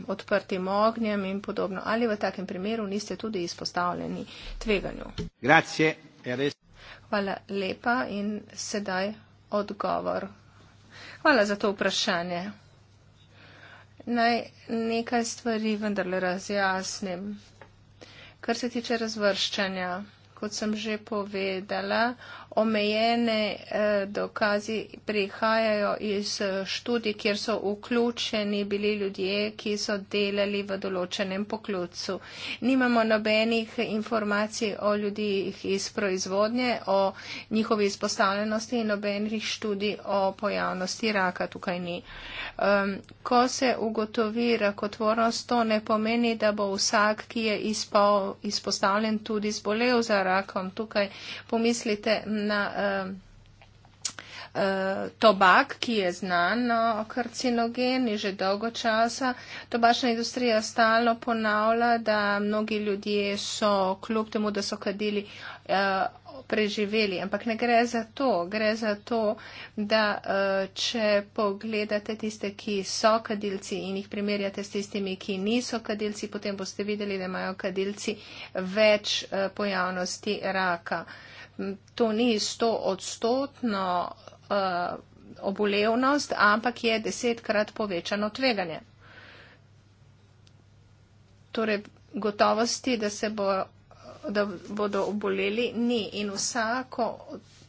odprtim ognjem in podobno, ali v takem primeru niste tudi izpostavljeni tveganju. E Hvala lepa in sedaj odgovor. Hvala za to vprašanje. Naj nekaj stvari vendarle razjasnim. Kar se tiče razvrščanja, kot sem že povedala, omejene eh, dokazi prihajajo iz eh, študij, kjer so vključeni bili ljudje, ki so delali v določenem poklucu. Nimamo nobenih informacij o ljudih iz proizvodnje, o njihovi izpostavljenosti in nobenih študij o pojavnosti raka tukaj ni. Um, ko se ugotovi rakotvornost, to ne pomeni, da bo vsak, ki je izpo, izpostavljen, tudi zbolel za rakom. Tukaj pomislite na uh, uh, tobak, ki je znan no, karcinogen in že dolgo časa. Tobačna industrija stalno ponavlja, da mnogi ljudje so kljub temu, da so kadili. Uh, Preživeli. Ampak ne gre za to, gre za to, da če pogledate tiste, ki so kadilci in jih primerjate s tistimi, ki niso kadilci, potem boste videli, da imajo kadilci več pojavnosti raka to ni 100 odstotno uh, eh, obolevnost, ampak je desetkrat povečano tveganje. Torej, gotovosti, da, bo, da bodo oboleli, ni in vsako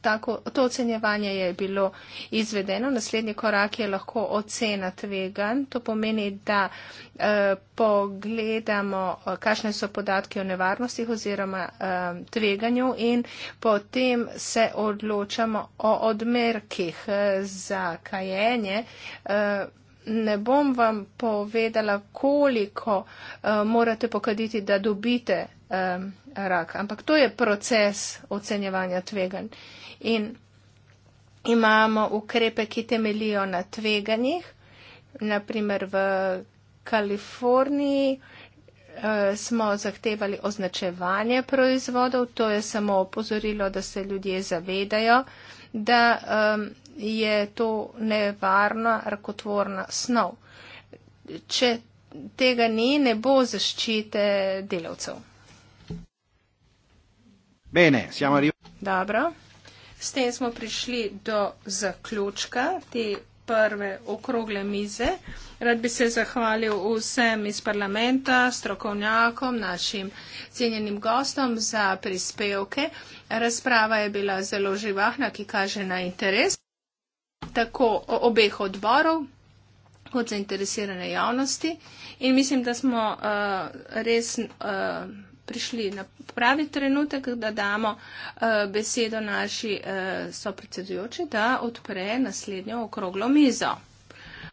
tako, to ocenjevanje je bilo izvedeno. Naslednji korak je lahko ocena tvegan. To pomeni, da eh, pogledamo, eh, kakšne so podatke o nevarnostih oziroma eh, tveganju in potem se odločamo o odmerkih eh, za kajenje. Eh, Ne bom vam povedala, koliko uh, morate pokaditi, da dobite um, rak. Ampak to je proces ocenjevanja tveganj. In imamo ukrepe, ki temelijo na tveganjih. Naprimer v Kaliforniji eh, smo zahtevali označevanje proizvodov. To je samo opozorilo, da se ljudje zavedajo, da eh, je to nevarna rakotvorna snov. Če tega ni, ne bo zaščite delavcev. Bene, siamo arrivati. Dobro, s tem smo prišli do zaključka te prve okrogle mize. Rad bi se zahvalil vsem iz parlamenta, strokovnjakom, našim cenjenim gostom za prispevke. Razprava je bila zelo živahna, ki kaže na interes tako obeh odborov kot zainteresirane javnosti. In mislim, da smo uh, res. Uh, prišli na pravi trenutek, da damo eh, besedo naši eh, sopredsedujoči, da odpre naslednjo okroglo mizo.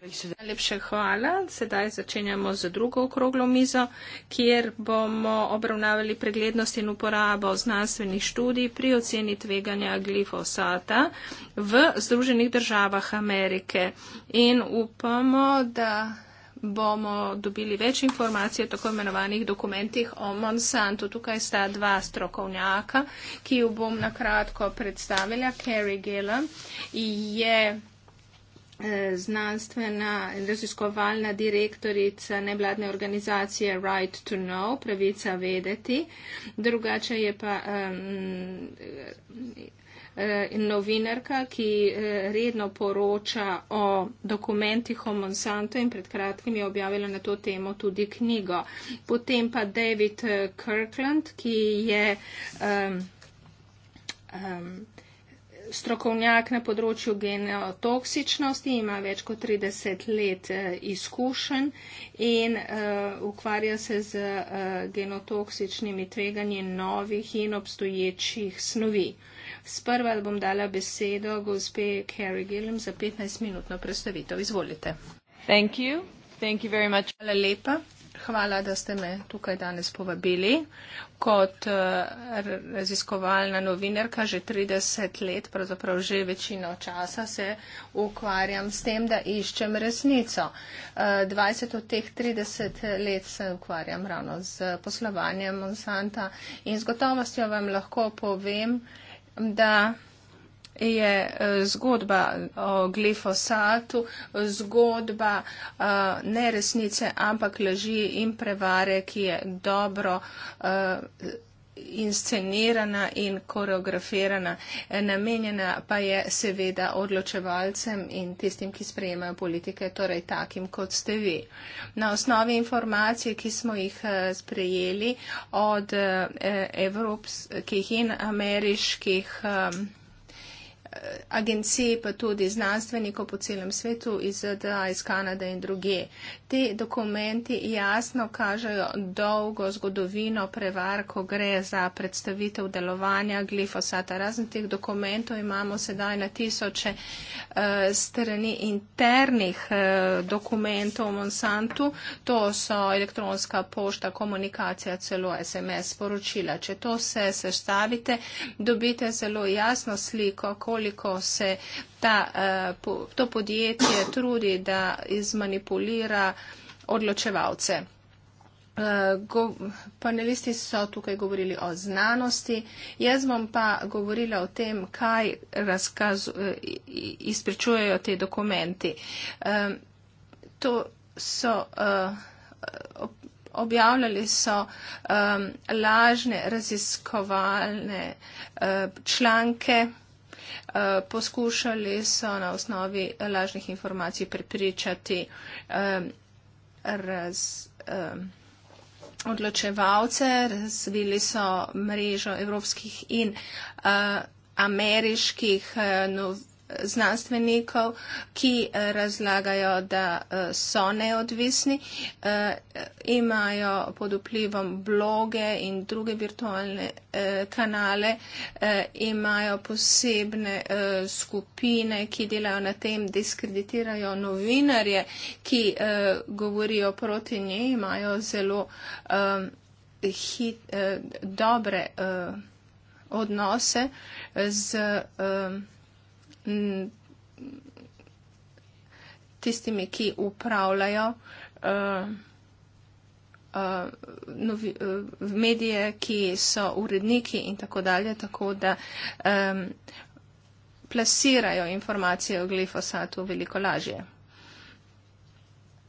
Najlepše hvala. Sedaj začenjamo z drugo okroglo mizo, kjer bomo obravnavali preglednost in uporabo znanstvenih študij pri oceni tveganja glifosata v Združenih državah Amerike. In upamo, da bomo dobili več informacij o tako imenovanih dokumentih o Monsantu. Tukaj sta dva strokovnjaka, ki ju bom nakratko predstavila. Carrie Gillam je eh, znanstvena in raziskovalna direktorica nevladne organizacije Right to Know, pravica vedeti. Drugače je pa um, in eh, novinarka, ki eh, redno poroča o dokumentih o Monsanto in pred kratkim je objavila na to temo tudi knjigo. Potem pa David eh, Kirkland, ki je um, um, strokovnjak na področju genotoksičnosti, ima več kot 30 let izkušen in uh, ukvarja se z uh, genotoksičnimi tveganji novih in obstoječih snovi. Sprva bom dala besedo gospe Carrie Gillam za 15-minutno predstavitev. Izvolite. Thank you. Thank you very much. Hvala lepa. Hvala, da ste me tukaj danes povabili. Kot eh, raziskovalna novinarka že 30 let, pravzaprav že večino časa se ukvarjam s tem, da iščem resnico. 20 eh, od teh 30 let se ukvarjam ravno z poslovanjem Monsanta in z gotovostjo vam lahko povem, da je e, zgodba o glifosatu, zgodba uh, ne resnice, ampak laži in prevare, ki je dobro uh, inscenirana in koreografirana, namenjena pa je seveda odločevalcem in tistim, ki sprejemajo politike, torej takim, kot ste vi. Na osnovi informacije, ki smo jih eh, sprejeli od eh, evropskih in ameriških eh, agencij, pa tudi znanstvenikov po celem svetu iz ZDA, iz Kanade in druge. Ti dokumenti jasno kažejo dolgo zgodovino prevar, ko gre za predstavitev delovanja glifosata. Razen teh dokumentov imamo sedaj na tisoče eh, strani internih eh, dokumentov v Monsantu. To so elektronska pošta, komunikacija, celo SMS sporočila. Če to vse sestavite, dobite zelo jasno sliko, koliko se ta, eh, to podjetje trudi, da izmanipulira odločevalce. Eh, go, panelisti so tukaj govorili o znanosti, jaz bom pa govorila o tem, kaj razkazu, eh, izpričujejo te dokumenti. To so, objavljali so lažne raziskovalne članke Eh, poskušali so na osnovi lažnih informacij prepričati eh, raz, eh, odločevalce, razvili so mrežo evropskih in ameriških nov, znanstvenikov, ki eh, razlagajo, da eh, so neodvisni, eh, imajo pod vplivom bloge in druge virtualne kanale, imajo posebne skupine, ki delajo na tem, diskreditirajo novinarje, ki govorijo proti njej, imajo zelo hit, dobre odnose z tistimi, ki upravljajo uh, uh, novi, uh, medije, ki so uredniki in tako dalje, tako da um, plasirajo informacije o glifosatu veliko lažje.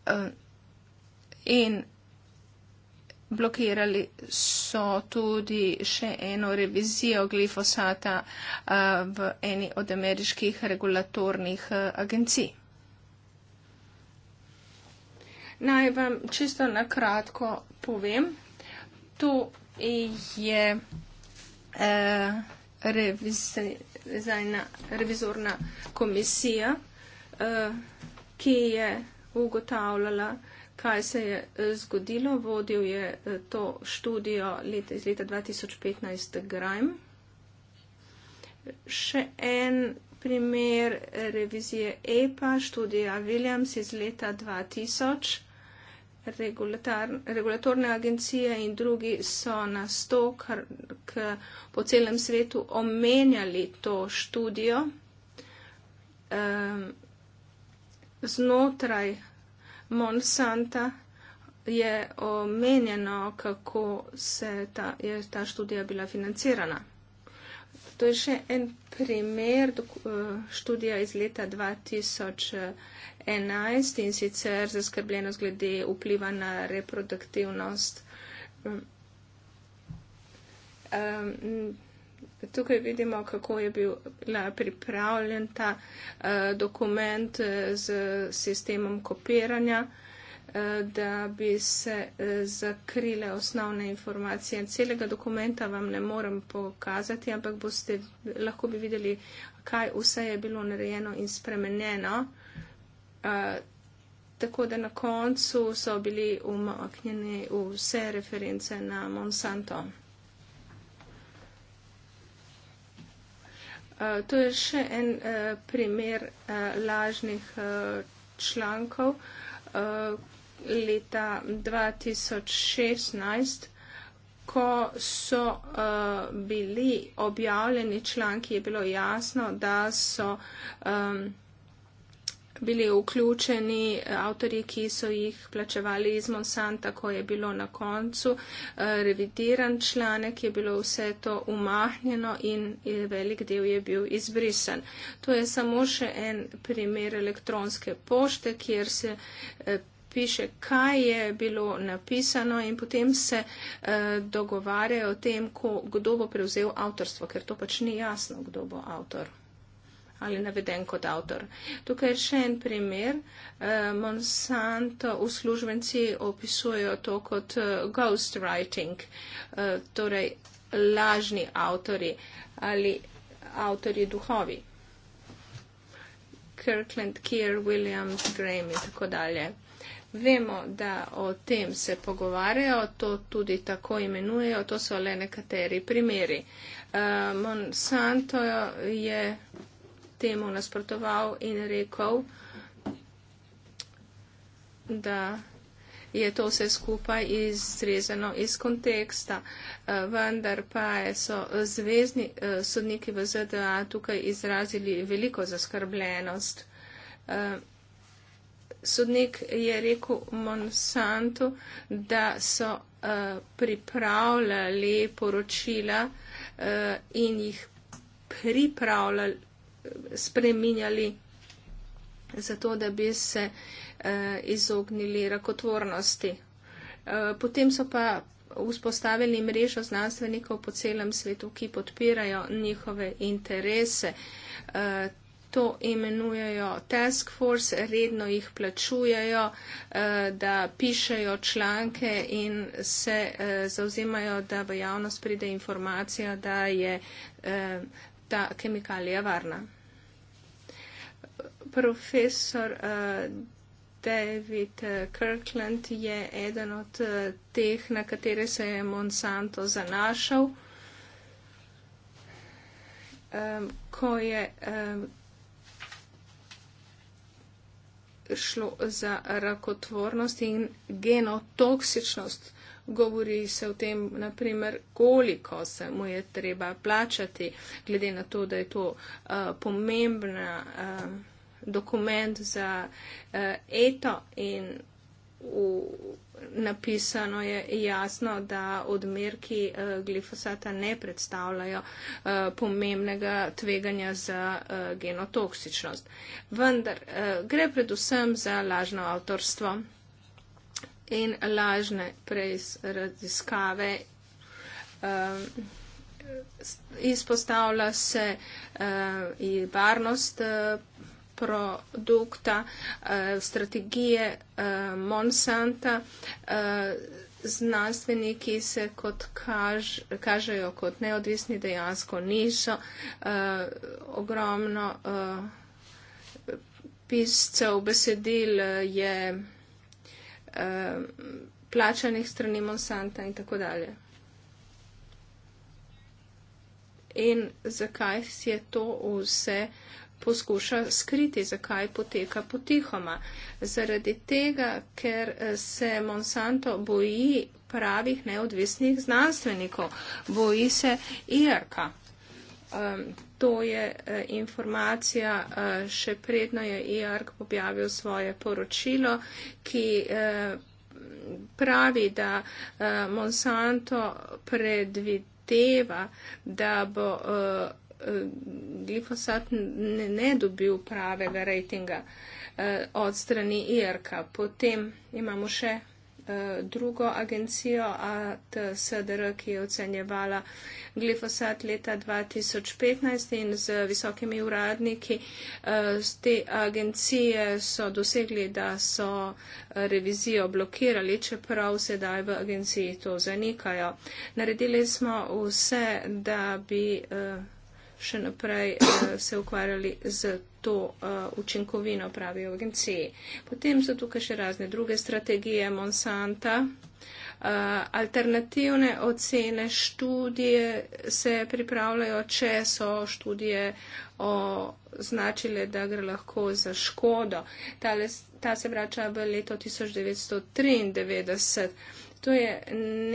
Uh, in blokirali so tudi še eno revizijo glifosata eh, v eni od ameriških regulatornih eh, agencij. Naj vam čisto na kratko povem. To je eh, revizijna revizorna komisija, ki je ugotavljala, kaj se je eh, zgodilo. Vodil je eh, to študijo let, iz leta 2015 Grime. Še en primer eh, revizije EPA, študija Williams iz leta 2000. Regulatorne agencije in drugi so na sto, kar k, po celem svetu omenjali to študijo. Um, znotraj Monsanta je omenjeno, kako se ta, je ta študija bila financirana. To je še en primer eh, študija iz leta 2011 in sicer zaskrbljenost glede vpliva na reproduktivnost. Um, Tukaj vidimo, kako je bil pripravljen ta eh, dokument eh, z sistemom kopiranja, eh, da bi se eh, zakrile osnovne informacije. Celega dokumenta vam ne morem pokazati, ampak boste lahko bi videli, kaj vse je bilo narejeno in spremenjeno. Eh, tako da na koncu so bili umaknjeni vse reference na Monsanto. Eh, to je še en uh, primer uh, lažnih uh, člankov. Uh, leta 2016, ko so uh, bili objavljeni članki, je bilo jasno, da so um, bili vključeni eh, avtori, ki so jih plačevali iz Monsanta, ko je bilo na koncu eh, revidiran članek, je bilo vse to umahnjeno in eh, velik del je bil izbrisan. To je samo še en primer elektronske pošte, kjer se piše, kaj je bilo napisano in potem se e, dogovarjajo o tem, ko, kdo bo prevzel avtorstvo, ker to pač ni jasno, kdo bo avtor ali naveden kot avtor. Tukaj je še en primer. Eh, Monsanto uslužbenci opisujejo to kot eh, ghostwriting, eh, torej lažni avtori ali avtori duhovi. Kirkland, Kier, Williams, Graham in tako dalje. Vemo, da o tem se pogovarjajo, to tudi tako imenujejo, to so le nekateri primeri. Uh, Monsanto je temu nasprotoval in rekel, da je to vse skupaj izrezano iz konteksta, eh, vendar pa so eh, zvezdni eh, sodniki v ZDA tukaj izrazili veliko zaskrbljenost. Sodnik je rekel Monsantu, da so pripravljali poročila in jih pripravljali spreminjali, zato da bi se eh, izognili rakotvornosti. Eh, potem so pa vzpostavili mrežo znanstvenikov po celem svetu, ki podpirajo njihove interese. Eh, to imenujejo task force, redno jih plačujejo, da pišejo članke in se zauzemajo, da v javnost pride informacija, da je ta kemikalija varna. Profesor uh, David Kirkland je eden od eh, teh, na katere se je Monsanto zanašal, um, ko je um, šlo za rakotvornost in genotoksičnost govori se o tem, naprimer, koliko se mu je treba plačati, glede na to, da je to uh, eh, pomembna uh, eh, dokument za uh, eto in v, napisano je jasno, da odmerki uh, glifosata ne predstavljajo uh, pomembnega tveganja za uh, genotoksičnost. Vendar uh, gre predvsem za lažno avtorstvo in lažne preiziskave. Um, izpostavlja se uh, in varnost uh, produkta, uh, strategije uh, Monsanta. Uh, Znanstveniki se kot kaž, kažejo kot neodvisni dejansko niso. Uh, ogromno uh, piscev besedil uh, je. Eh, plačanih strani Monsanta in tako dalje. In zakaj si je to vse poskuša skriti, zakaj poteka potihoma. Zaradi tega, ker eh, se Monsanto boji pravih neodvisnih znanstvenikov, boji se IRK. Um, to je eh, informacija eh, še predno je IARC e objavil svoje poročilo, ki eh, pravi, da eh, Monsanto predvideva, da bo eh, eh glifosat ne, ne dobil pravega rejtinga eh, od strani IARC-a. E Potem imamo še Eh, drugo agencijo ATSDR, ki je ocenjevala glifosat leta 2015 in z visokimi uradniki z eh, te agencije so dosegli, da so eh, revizijo blokirali, čeprav sedaj v agenciji to zanikajo. Naredili smo vse, da bi še naprej se ukvarjali z to uh, učinkovino, pravijo v agenciji. Potem so tukaj še razne druge strategije Monsanta. Uh, alternativne ocene študije se pripravljajo, če so študije označile, da gre lahko za škodo. Ta, les, ta se vrača v leto 1993. To je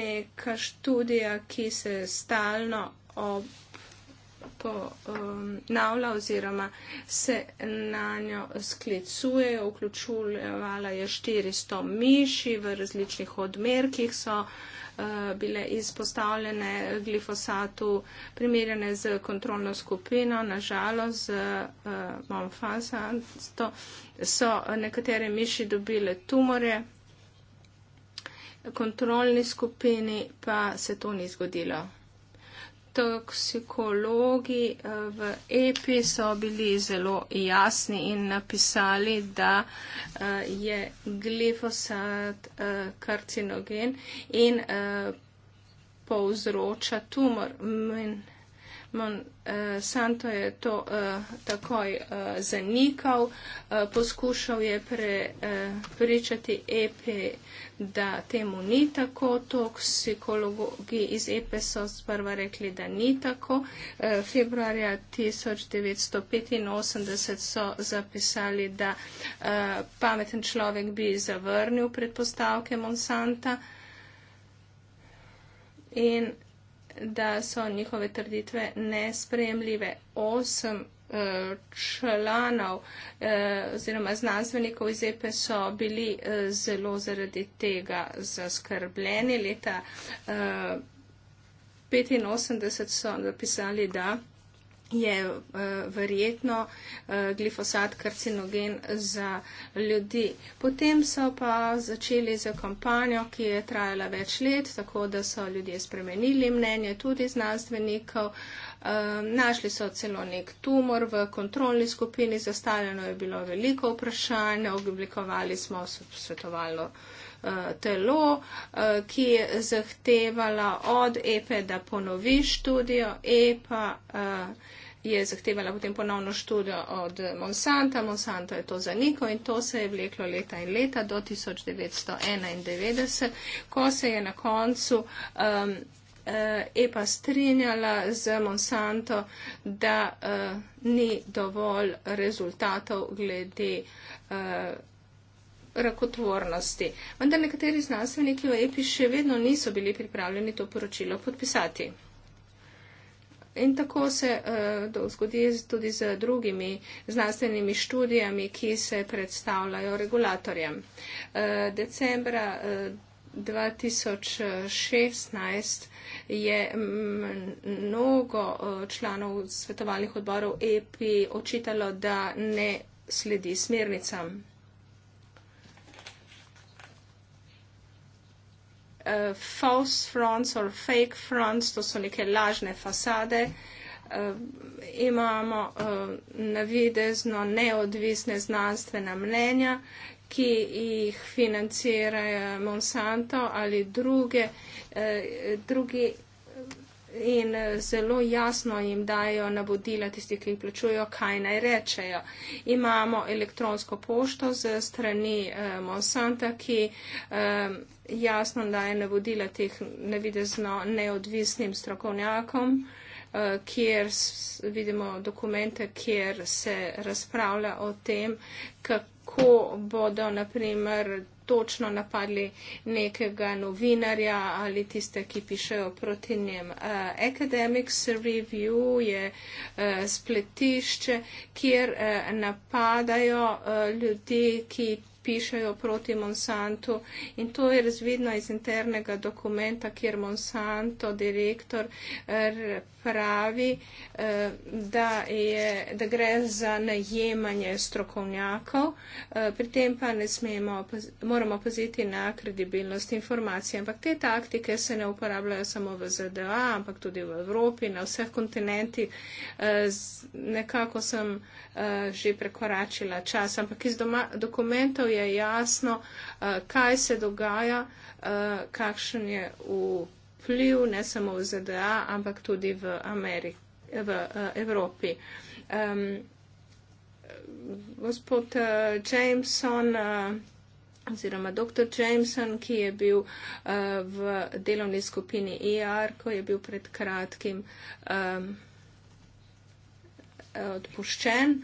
neka študija, ki se stalno ob, po, um, navla oziroma se na njo sklicujejo, vključujevala je 400 miši, v različnih odmerkih so uh, bile izpostavljene glifosatu, primerjene z kontrolno skupino, nažalost z uh, eh, Monfansanto so nekatere miši dobile tumore. Kontrolni skupini pa se to ni zgodilo toksikologi eh, v EPI so bili zelo jasni in napisali, da eh, je glifosat eh, karcinogen in povzroča tumor. Monsanto eh, je to uh, takoj uh, zanikal, uh, poskušal je prepričati uh, e EP, da temu ni tako, toksikologi iz EP so sprva rekli, da ni tako. Uh, februarja 1985 so zapisali, da uh, pameten človek bi zavrnil predpostavke Monsanta. In, uh, da so njihove trditve nesprejemljive. Osem uh, članov uh, oziroma znanstvenikov iz EPE so bili uh, zelo zaradi tega zaskrbljeni. Leta uh, 85 so napisali, da je eh, verjetno eh, glifosat karcinogen za ljudi. Potem so pa začeli z kampanjo, ki je trajala več let, tako da so ljudje spremenili mnenje tudi znanstvenikov. Eh, našli so celo nek tumor v kontrolni skupini, zastavljeno je bilo veliko vprašanj, oblikovali smo svetovalno Eh, telo, eh, ki je zahtevala od EPE, da ponovi študijo, EPA eh, je zahtevala potem ponovno študijo od Monsanta, Monsanto je to zanikal in to se je vleklo leta in leta do 1991, ko se je na koncu um, EPA e strinjala z Monsanto, da uh, ni dovolj rezultatov glede. Uh, rakotvornosti. Vendar nekateri znanstveniki v EPI še vedno niso bili pripravljeni to poročilo podpisati. In tako se uh, zgodi tudi z drugimi znanstvenimi študijami, ki se predstavljajo regulatorjem. Uh, decembra uh, eh, 2016 je mnogo uh, članov svetovalnih odborov EPI očitalo, da ne sledi smernicam. uh, false fronts or fake fronts, to so neke lažne fasade. Uh, imamo uh, navidezno neodvisne znanstvena mnenja, ki jih financirajo Monsanto ali druge, uh, drugi in eh, zelo jasno jim dajo navodila tisti, ki jih plačujo, kaj naj rečejo. Imamo elektronsko pošto z strani eh, Monsanta, ki eh, jasno daje navodila teh navidezno neodvisnim strokovnjakom, eh, kjer vidimo dokumente, kjer se razpravlja o tem, kako bodo naprimer točno napadli nekega novinarja ali tiste, ki pišejo proti njem. Uh, eh, Academics Review je uh, spletišče, kjer uh, napadajo uh, ljudi, ki pišejo proti Monsantu in to je razvidno iz internega dokumenta, kjer Monsanto direktor eh, pravi, eh, da, je, da gre za najemanje strokovnjakov, eh, pri tem pa ne smemo, moramo paziti na kredibilnost informacije. Ampak te taktike se ne uporabljajo samo v ZDA, ampak tudi v Evropi, na vseh kontinentih. Nekako sem že prekoračila čas, ampak iz doma, dokumentov je je jasno, eh, kaj se dogaja, eh, kakšen je vpliv ne samo v ZDA, ampak tudi v, Amerik v eh, Evropi. Um, gospod Jameson oziroma dr. Jameson, ki je bil v delovni skupini ER, ko je bil pred kratkim um, odpuščen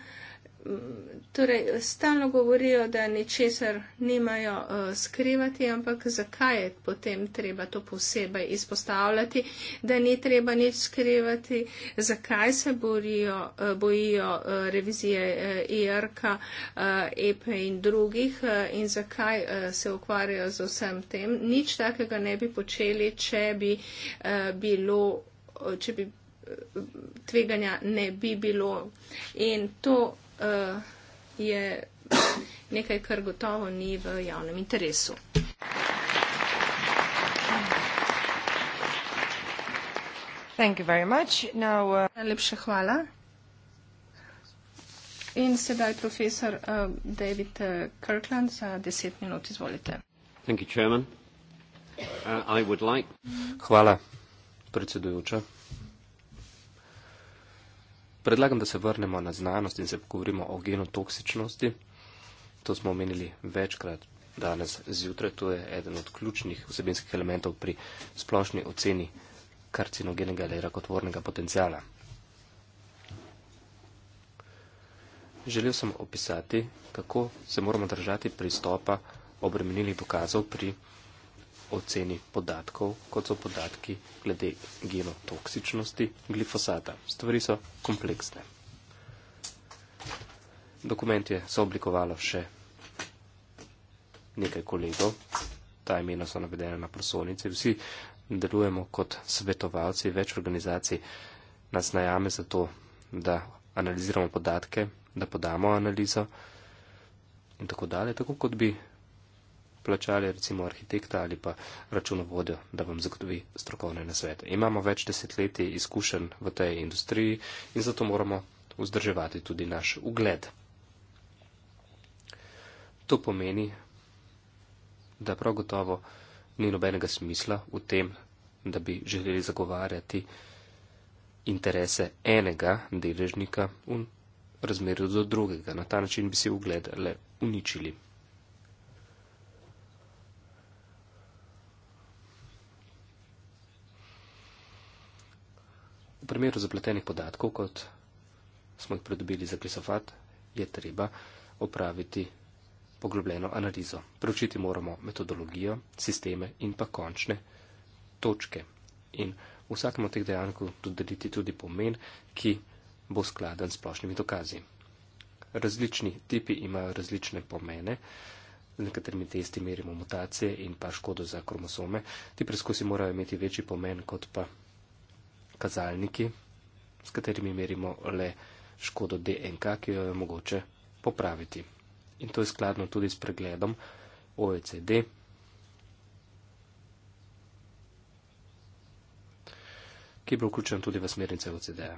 torej, stalno govorijo, da ničesar nimajo uh, skrivati, ampak zakaj je potem treba to posebej izpostavljati, da ni treba nič skrivati, zakaj se borijo, uh, bojijo uh, revizije uh, IRK, uh, EPE in drugih uh, in zakaj uh, se ukvarjajo z vsem tem. Nič takega ne bi počeli, če bi uh, bilo. Če bi, tveganja ne bi bilo. In to uh, je nekaj, kar gotovo ni v javnem interesu. Uh, Najlepša uh... hvala. In sedaj profesor uh, David uh, Kirkland za deset minut. Izvolite. You, uh, like... Hvala, predsedujoča predlagam, da se vrnemo na znanost in se pogovorimo o genotoksičnosti. To smo omenili večkrat danes zjutraj. To je eden od ključnih vsebinskih elementov pri splošni oceni karcinogenega ali rakotvornega potencijala. Želel sem opisati, kako se moramo držati pristopa obremenilih dokazov pri oceni podatkov, kot so podatki glede genotoksičnosti glifosata. Stvari so kompleksne. Dokument je sooblikovalo še nekaj kolegov, ta imena so navedena na prosovnici, vsi delujemo kot svetovalci več organizacij, nas najame za to, da analiziramo podatke, da podamo analizo in tako dalje, tako kot bi plačali recimo arhitekta ali pa računovodjo, da vam zagotovi strokovne nasvete. Imamo več desetletij izkušenj v tej industriji in zato moramo vzdrževati tudi naš ugled. To pomeni, da prav gotovo ni nobenega smisla v tem, da bi želeli zagovarjati interese enega deležnika v razmerju do drugega. Na ta način bi si ugled le uničili. primeru zapletenih podatkov, kot smo jih predobili za glisofat, je treba opraviti poglobljeno analizo. Preučiti moramo metodologijo, sisteme in pa končne točke. In vsakemu teh dejankov dodeliti tudi pomen, ki bo skladen s splošnimi dokazi. Različni tipi imajo različne pomene, z nekaterimi testi merimo mutacije in pa škodo za kromosome. Ti preskusi morajo imeti večji pomen kot pa kazalniki, s katerimi merimo le škodo DNK, ki jo je mogoče popraviti. In to je skladno tudi s pregledom OECD. ki je bil vključen tudi v smernice OCD-ja.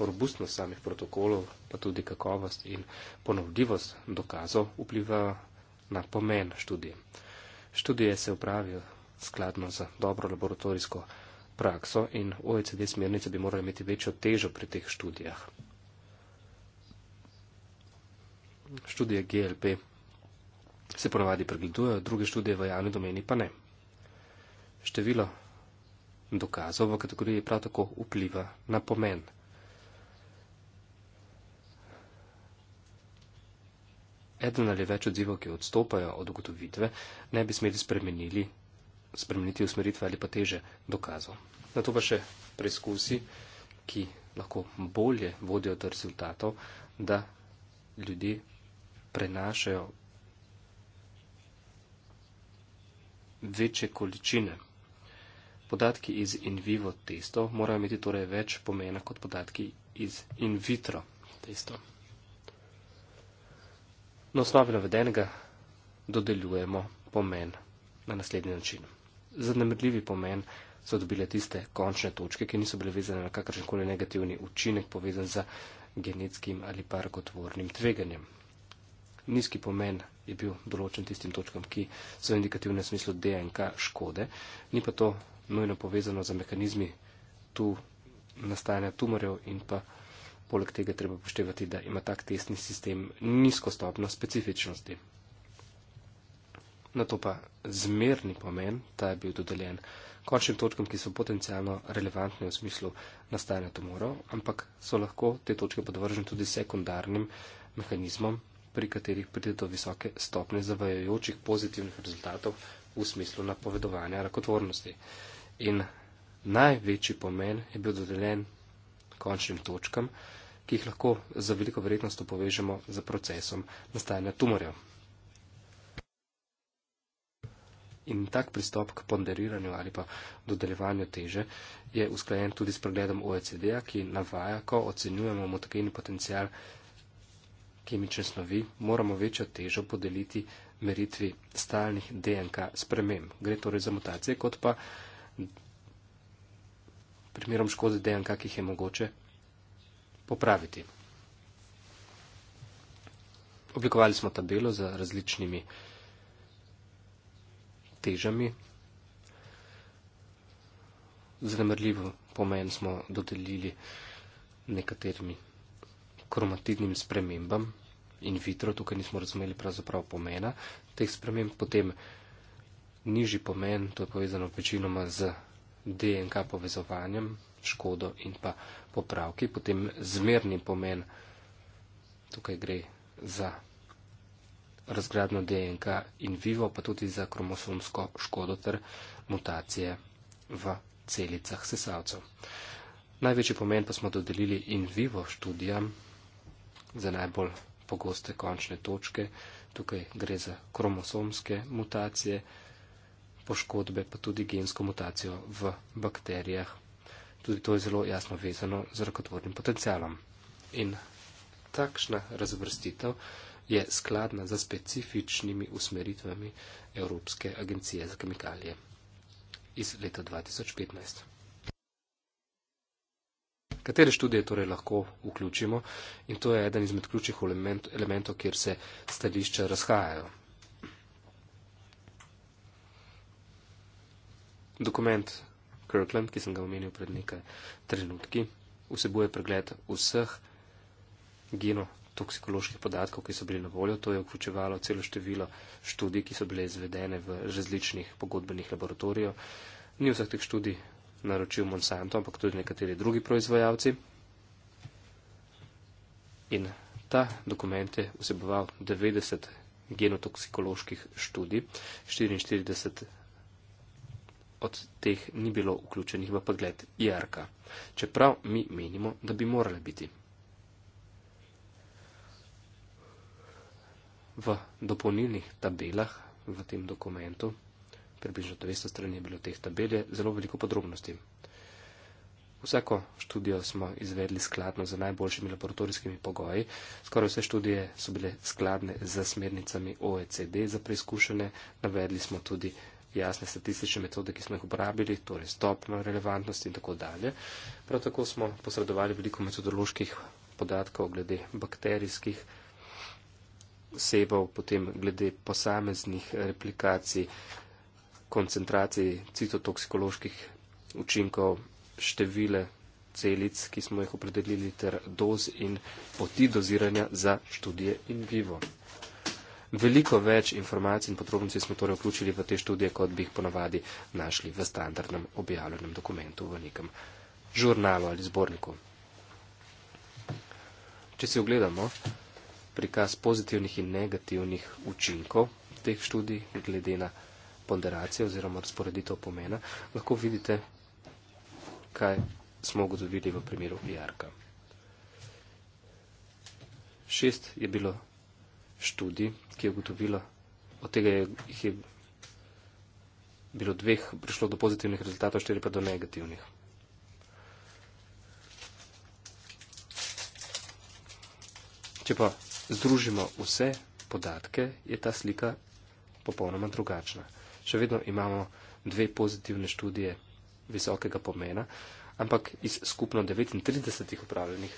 E Robustnost samih protokolov, pa tudi kakovost in ponovljivost dokazov vpliva na pomen študije. Študije se upravijo skladno z dobro laboratorijsko prakso in OECD smernice bi morali imeti večjo težo pri teh študijah. Študije GLP se ponavadi pregledujejo, druge študije v javni domeni pa ne. Število dokazov v kategoriji prav tako vpliva na pomen. Eden ali več odzivov, ki odstopajo od ugotovitve, ne bi smeli spremenili spremeniti usmeritve ali pa teže dokazov. Na to pa še preizkusi, ki lahko bolje vodijo do rezultatov, da ljudje prenašajo večje količine. Podatki iz in vivo testov morajo imeti torej več pomena kot podatki iz in vitro testov. Na osnovi navedenega dodeljujemo pomen na naslednji način zanemrljivi pomen so dobile tiste končne točke, ki niso bile vezane na kakršen koli negativni učinek povezan z genetskim ali parkotvornim tveganjem. Nizki pomen je bil določen tistim točkam, ki so indikativne v smislu DNK škode, ni pa to nujno povezano z mehanizmi tu nastajanja tumorjev in pa poleg tega treba poštevati, da ima tak testni sistem nizko stopno specifičnosti na to pa zmerni pomen, ta je bil dodeljen končnim točkam, ki so potencijalno relevantne v smislu nastajanja tumorov, ampak so lahko te točke podvržene tudi sekundarnim mehanizmom, pri katerih pride do visoke stopne zavajajočih pozitivnih rezultatov v smislu napovedovanja rakotvornosti. In največji pomen je bil dodeljen končnim točkam, ki jih lahko za veliko verjetnost povežemo z procesom nastajanja tumorjev. In tak pristop k ponderiranju ali pa dodeljevanju teže je usklajen tudi s pregledom OECD-ja, ki navaja, ko ocenjujemo mutageni potencial kemične snovi, moramo večjo težo podeliti meritvi stalnih DNK sprememb. Gre torej za mutacije, kot pa primerom škode DNK, ki jih je mogoče popraviti. Oblikovali smo tabelo z različnimi težami. Zanemrljivo pomen smo dodelili nekaterim kromatidnim spremembam in vitro, tukaj nismo razumeli pravzaprav pomena teh sprememb, potem nižji pomen, to je povezano večinoma z DNK povezovanjem, škodo in pa popravki, potem zmerni pomen, tukaj gre za razgradno DNK in vivo, pa tudi za kromosomsko škodo ter mutacije v celicah sesalcev. Največji pomen pa smo dodelili in vivo študijam za najbolj pogoste končne točke. Tukaj gre za kromosomske mutacije, poškodbe, pa tudi gensko mutacijo v bakterijah. Tudi to je zelo jasno vezano z rakotvornim potencialom. In takšna razvrstitev je skladna za specifičnimi usmeritvami Evropske agencije za kemikalije iz leta 2015. Katere študije torej lahko vključimo in to je eden izmed ključnih element, elementov, kjer se stališča razhajajo. Dokument Kirkland, ki sem ga omenil pred nekaj trenutki, vsebuje pregled vseh geno toksikoloških podatkov, ki so bili na voljo. To je vključevalo celo število študij, ki so bile izvedene v različnih pogodbenih laboratorijev. Ni vseh teh študij naročil Monsanto, ampak tudi nekateri drugi proizvajalci. In ta dokument je vseboval 90 genotoksikoloških študij, 44 od teh ni bilo vključenih v pogled IRK, čeprav mi menimo, da bi morale biti. v dopolnilnih tabelah v tem dokumentu, približno 200 strani je bilo teh tabel, zelo veliko podrobnosti. Vsako študijo smo izvedli skladno z najboljšimi laboratorijskimi pogoji. Skoraj vse študije so bile skladne z smernicami OECD za preizkušene. Navedli smo tudi jasne statistične metode, ki smo jih uporabili, torej stopno relevantnost in tako dalje. Prav tako smo posredovali veliko metodoloških podatkov glede bakterijskih sebov, potem glede posameznih replikacij, koncentracij citotoksikoloških učinkov, števile celic, ki smo jih opredelili, ter doz in poti doziranja za študije in vivo. Veliko več informacij in podrobnosti smo torej vključili v te študije, kot bi jih ponavadi našli v standardnem objavljenem dokumentu v nekem žurnalu ali zborniku. Če si ogledamo, prikaz pozitivnih in negativnih učinkov teh študij, glede na ponderacijo oziroma razporeditev pomena, lahko vidite, kaj smo ugotovili v primeru Jarka. Šest je bilo študij, ki je ugotovilo, od tega je, jih je bilo dveh, prišlo do pozitivnih rezultatov, štiri pa do negativnih. Če pa združimo vse podatke, je ta slika popolnoma drugačna. Še vedno imamo dve pozitivne študije visokega pomena, ampak iz skupno 39 upravljenih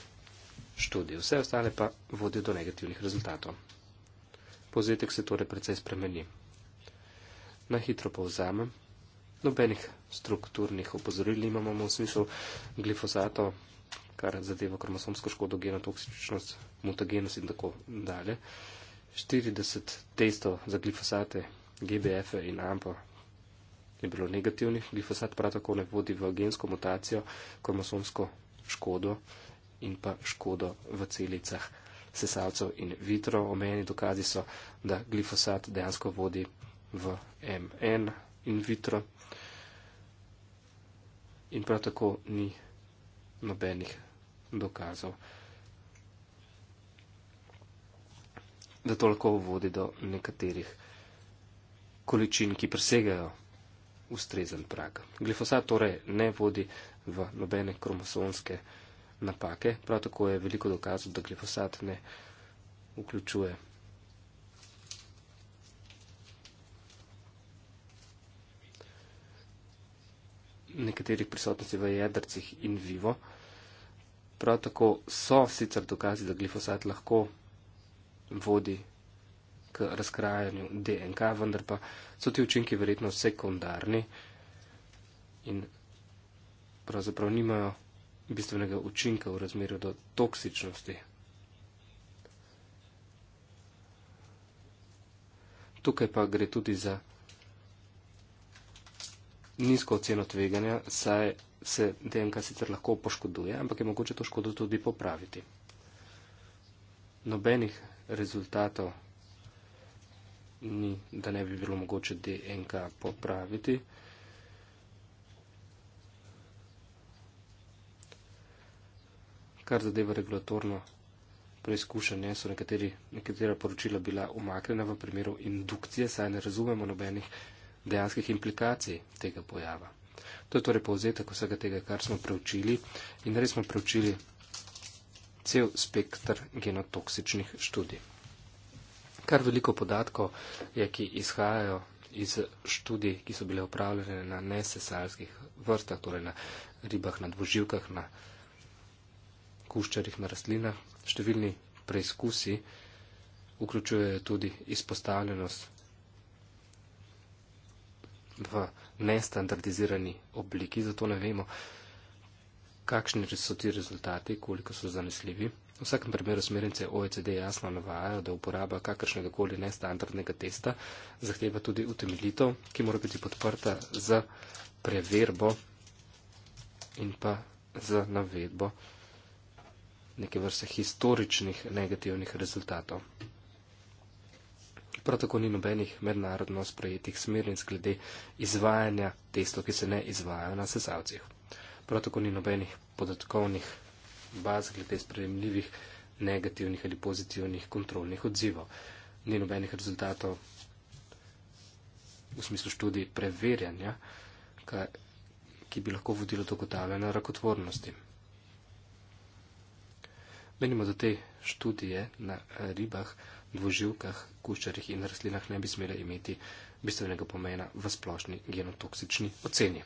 študij. Vse ostale pa vodijo do negativnih rezultatov. Pozetek se torej precej spremeni. Na hitro povzamem. Nobenih strukturnih opozoril imamo v smislu glifosato, kar zadeva kromosomsko škodo, genotoksičnost, mutagenost in tako dalje. 40 testov za glifosate, GBF in AMPA je bilo negativnih. Glifosat prav tako ne vodi v gensko mutacijo, kromosomsko škodo in pa škodo v celicah sesalcev in vitro. Omejeni dokazi so, da glifosat dejansko vodi v MN in vitro in prav tako ni nobenih dokazov. Da toliko vodi do nekaterih količin, ki presegajo ustrezen prag. Glifosat torej ne vodi v nobene kromosonske napake, prav tako je veliko dokazov, da glifosat ne vključuje. nekaterih prisotnosti v jedrcih in vivo. Uh, Prav tako so sicer dokazi, da glifosat lahko vodi k razkrajanju DNK, vendar pa so ti učinki verjetno sekundarni in pravzaprav nimajo bistvenega učinka v razmerju do toksičnosti. Tukaj pa gre tudi za nizko oceno tveganja, saj se DNK sicer lahko poškoduje, ampak je mogoče to škodo tudi popraviti. Nobenih rezultatov ni, da ne bi bilo mogoče DNK popraviti. Kar zadeva regulatorno preizkušanje, so nekateri, nekatera poročila bila umaknjena v primeru indukcije, saj ne razumemo nobenih dejanskih implikacij tega pojava. To je torej povzetek vsega tega, kar smo preučili in res smo preučili cel spektr genotoksičnih študij. Kar veliko podatkov je, ki izhajajo iz študij, ki so bile upravljene na nesesalskih vrstah, torej na ribah, na dvoživkah, na kuščarjih, na rastlinah. Številni preizkusi vključujejo tudi izpostavljenost v nestandardizirani obliki, zato ne vemo, kakšni so ti rezultati, koliko so zanesljivi. V vsakem primeru smernice OECD jasno navajajo, da uporaba kakršnega koli nestandardnega testa zahteva tudi utemeljitev, ki mora biti podprta z preverbo in pa z navedbo neke vrste historičnih negativnih rezultatov prav tako ni nobenih mednarodno sprejetih smernic glede izvajanja testov, ki se ne izvajajo na sesalcih. Prav tako ni nobenih podatkovnih baz glede sprejemljivih negativnih ali pozitivnih kontrolnih odzivov. Ni nobenih rezultatov v smislu študij preverjanja, kaj, ki bi lahko vodilo do gotavljanja rakotvornosti. Menimo, da te študije na ribah v živkah, kuščarjih in rastlinah ne bi smele imeti bistvenega pomena v splošni genotoksični oceni.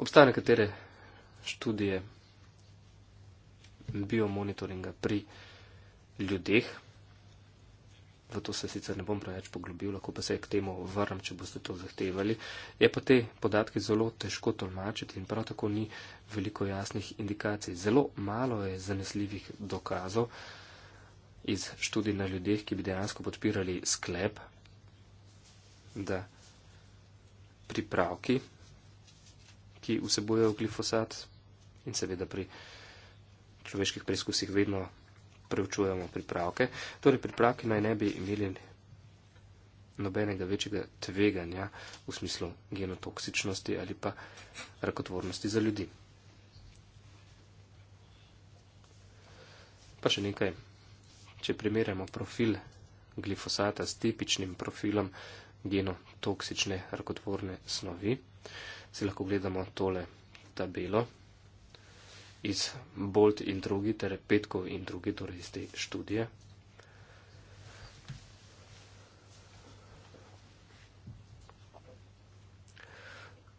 Obstajajo nekatere študije biomonitoringa pri ljudeh, v to se sicer ne bom preveč poglobil, lahko pa se k temu vrnem, če boste to zahtevali. Je pa te podatke zelo težko tolmačiti in prav tako ni veliko jasnih indikacij. Zelo malo je zanesljivih dokazov iz študij na ljudeh, ki bi dejansko podpirali sklep, da pripravki, ki vsebojo glifosat in seveda pri človeških preizkusih vedno preučujemo pripravke. Torej, pripravki naj ne bi imeli nobenega večjega tveganja v smislu genotoksičnosti ali pa rakotvornosti za ljudi. Pa še nekaj, če primerjamo profil glifosata s tipičnim profilom genotoksične rakotvorne snovi, si lahko gledamo tole tabelo iz Bolt in drugi, ter Petkov in drugi, torej iz te študije.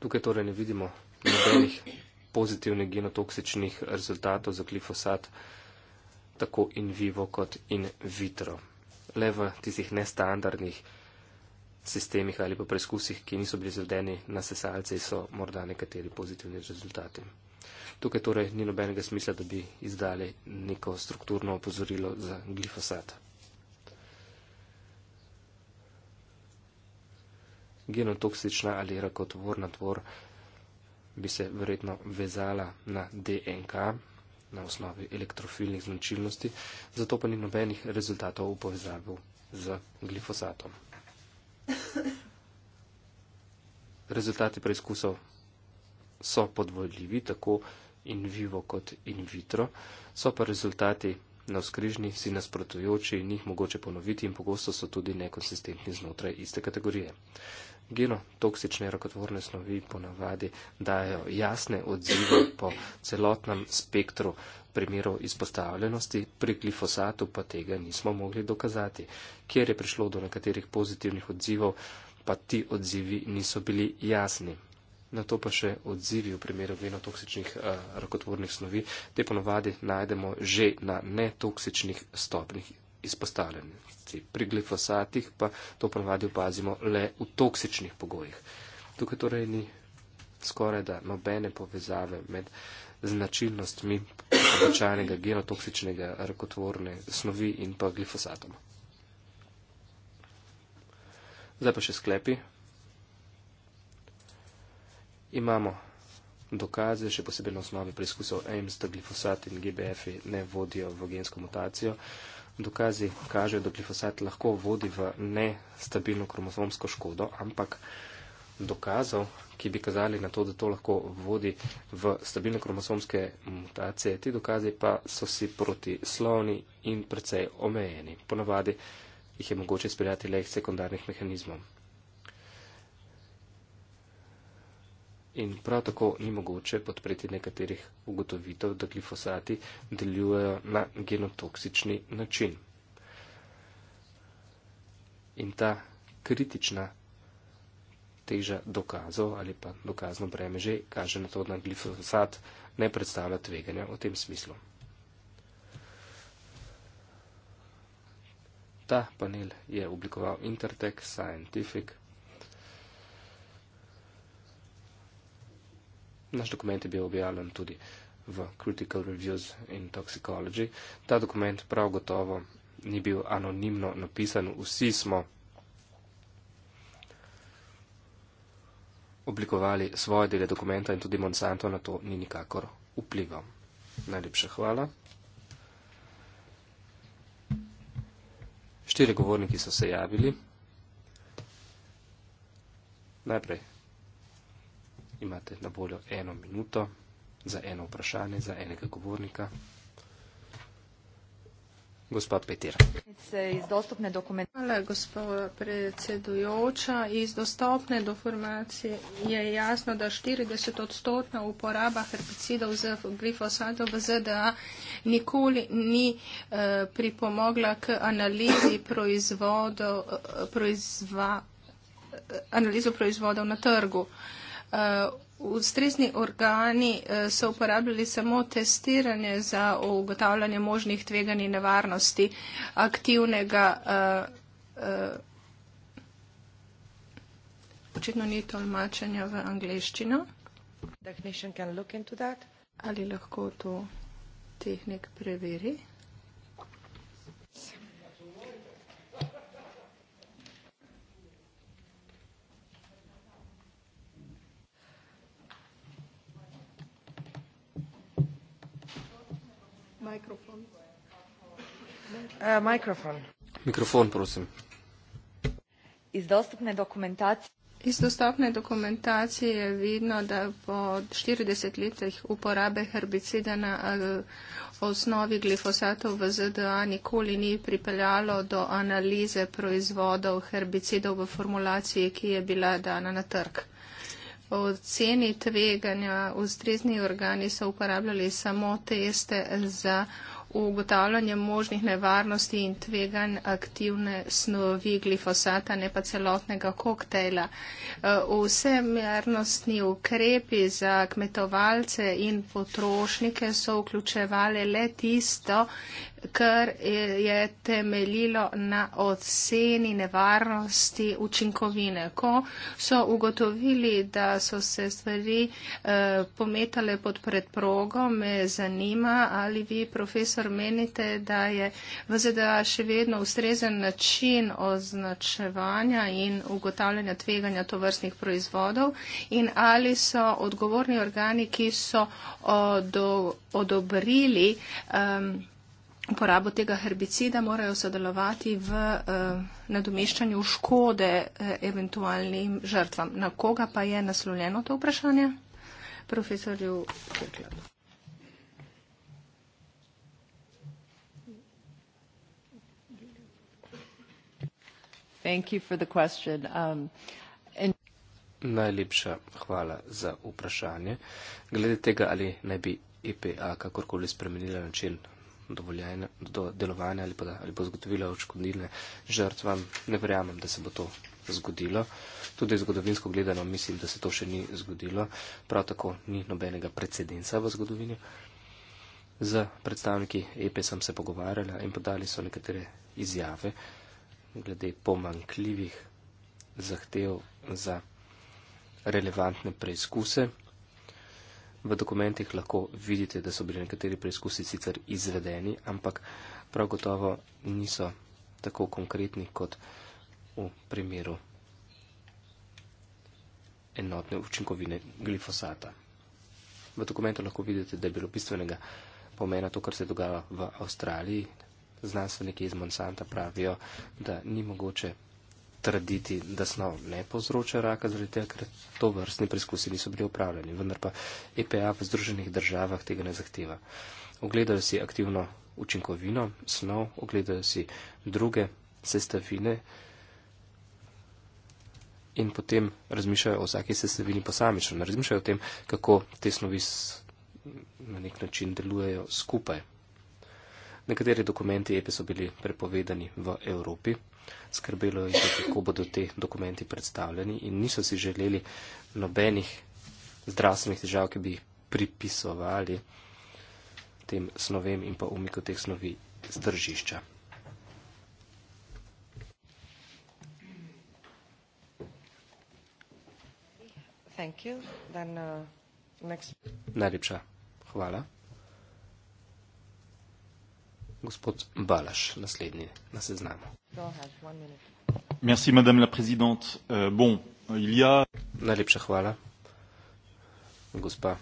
Tukaj torej ne vidimo nobenih pozitivnih genotoksičnih rezultatov za glifosat, tako in vivo kot in vitro. Le v tistih nestandardnih sistemih ali pa preizkusih, ki niso bili izvedeni na sesalce, so morda nekateri pozitivni rezultati. Tukaj torej ni nobenega smisla, da bi izdali neko strukturno opozorilo za glifosat. Genotoksična ali rakotvorna tvor bi se verjetno vezala na DNK na osnovi elektrofilnih značilnosti, zato pa ni nobenih rezultatov v povezavi z glifosatom. Rezultati preizkusov so podvodljivi, tako in vivo kot in vitro, so pa rezultati na skrižni si nasprotujoči in jih mogoče ponoviti in pogosto so tudi nekonsistentni znotraj iste kategorije. Geno toksične rakotvorne snovi ponavadi dajo jasne odzive po celotnem spektru primerov izpostavljenosti, pri glifosatu pa tega nismo mogli dokazati, kjer je prišlo do nekaterih pozitivnih odzivov, pa ti odzivi niso bili jasni na to pa še odzivi v primeru genotoksičnih uh, rakotvornih snovi, te ponovadi najdemo že na netoksičnih stopnih izpostavljenosti. Pri glifosatih pa to ponovadi opazimo le v toksičnih pogojih. Tukaj torej ni skoraj da nobene povezave med značilnostmi običajnega genotoksičnega rakotvorne snovi in pa glifosatom. Zdaj pa še sklepi imamo dokaze, še posebej na osnovi preizkusov AIMS, da glifosat in GBF ne vodijo v gensko mutacijo. Dokazi kažejo, da glifosat lahko vodi v nestabilno kromosomsko škodo, ampak dokazov, ki bi kazali na to, da to lahko vodi v stabilne kromosomske mutacije, ti dokazi pa so si protislovni in precej omejeni. Ponavadi jih je mogoče izpeljati le iz sekundarnih mehanizmov. in prav tako ni mogoče podpreti nekaterih ugotovitev, da glifosati delujejo na genotoksični način. In ta kritična teža dokazov ali pa dokazno breme že kaže na to, da glifosat ne predstavlja tveganja v tem smislu. Ta panel je oblikoval Intertech Scientific. Naš dokument je bil objavljen tudi v Critical Reviews in Toxicology. Ta dokument prav gotovo ni bil anonimno napisan. Vsi smo oblikovali svoje dele dokumenta in tudi Monsanto na to ni nikakor vplival. Najlepša hvala. Štiri govorniki so se javili. Najprej imate na voljo eno minuto za eno vprašanje, za enega govornika. Gospa Petir. Iz dostopne dokumentacije. Hvala, gospa predsedujoča. Iz dostopne informacije je jasno, da 40 odstotna uporaba herbicidov z glifosatov v ZDA nikoli ni uh, pripomogla k analizi proizvodov, uh, eh, proizva, uh, analizo proizvodov na trgu. Uh, Eh, ustrezni organi eh, so uporabljali samo testiranje za ugotavljanje možnih tveganj in nevarnosti aktivnega. Eh, očitno ni tolmačenja v angleščino. Ali lahko to tehnik preveri? Mikrofon. E, mikrofon. Mikrofon, prosim. Iz dostupne dokumentacije. Iz dostopne dokumentacije je vidno, da po 40 letih uporabe herbicida na osnovi glifosatov v ZDA nikoli ni pripeljalo do analize proizvodov herbicidov v formulaciji, ki je bila dana na trg o ceni tveganja ustrezni organi so uporabljali samo teste za ugotavljanje možnih nevarnosti in tveganj aktivne snovi glifosata, ne pa celotnega koktejla. E, Vse mernostni ukrepi za kmetovalce in potrošnike so vključevali le tisto, kar je temeljilo na oceni nevarnosti učinkovine. Ko so ugotovili, da so se stvari eh, pometale pod predprogo, me zanima, ali vi, profesor, kar menite, da je v ZDA še vedno ustrezen način označevanja in ugotavljanja tveganja tovrstnih proizvodov in ali so odgovorni organi, ki so odo, odobrili um, uporabo tega herbicida, morajo sodelovati v uh, nadomeščanju škode uh, eventualnim žrtvam. Na koga pa je naslovljeno to vprašanje? Profesorju Kukladu. Thank you for the question. Um, and... Najlepša hvala za vprašanje. Glede tega, ali naj bi IPA e kakorkoli spremenila način dovoljenja do delovanja ali pa da, ali bo zagotovila očkodnilne žrtvam, ne verjamem, da se bo to zgodilo. Tudi zgodovinsko gledano mislim, da se to še ni zgodilo. Prav tako ni nobenega precedensa v zgodovini. Z predstavniki EPE sem se pogovarjala in podali so nekatere izjave. Uh, glede pomankljivih zahtev za relevantne preizkuse. V dokumentih lahko vidite, da so bili nekateri preizkusi sicer izvedeni, ampak prav gotovo niso tako konkretni kot v primeru enotne učinkovine glifosata. V dokumentu lahko vidite, da je bilo bistvenega pomena to, kar se dogaja v Avstraliji, znanstveniki iz Monsanta pravijo, da ni mogoče trditi, da snov ne povzroča raka, zaradi tega, ker to vrstni preskusi niso bili upravljeni. Vendar pa EPA v Združenih državah tega ne zahteva. Ogledajo si aktivno učinkovino snov, ogledajo si druge sestavine in potem razmišljajo o vsaki sestavini posamično. Ne razmišljajo o tem, kako te snovi na nek način delujejo skupaj. Nekateri dokumenti EPE e so bili prepovedani v Evropi, skrbelo jih je, kako bodo te dokumenti predstavljeni in niso si želeli nobenih zdravstvenih težav, ki bi jih pripisovali tem snovem in pa umiku teh snovi z držišča. Uh, Najlepša hvala gospod Balaš, naslednji na seznamu. Euh, Najlepša hvala, gospa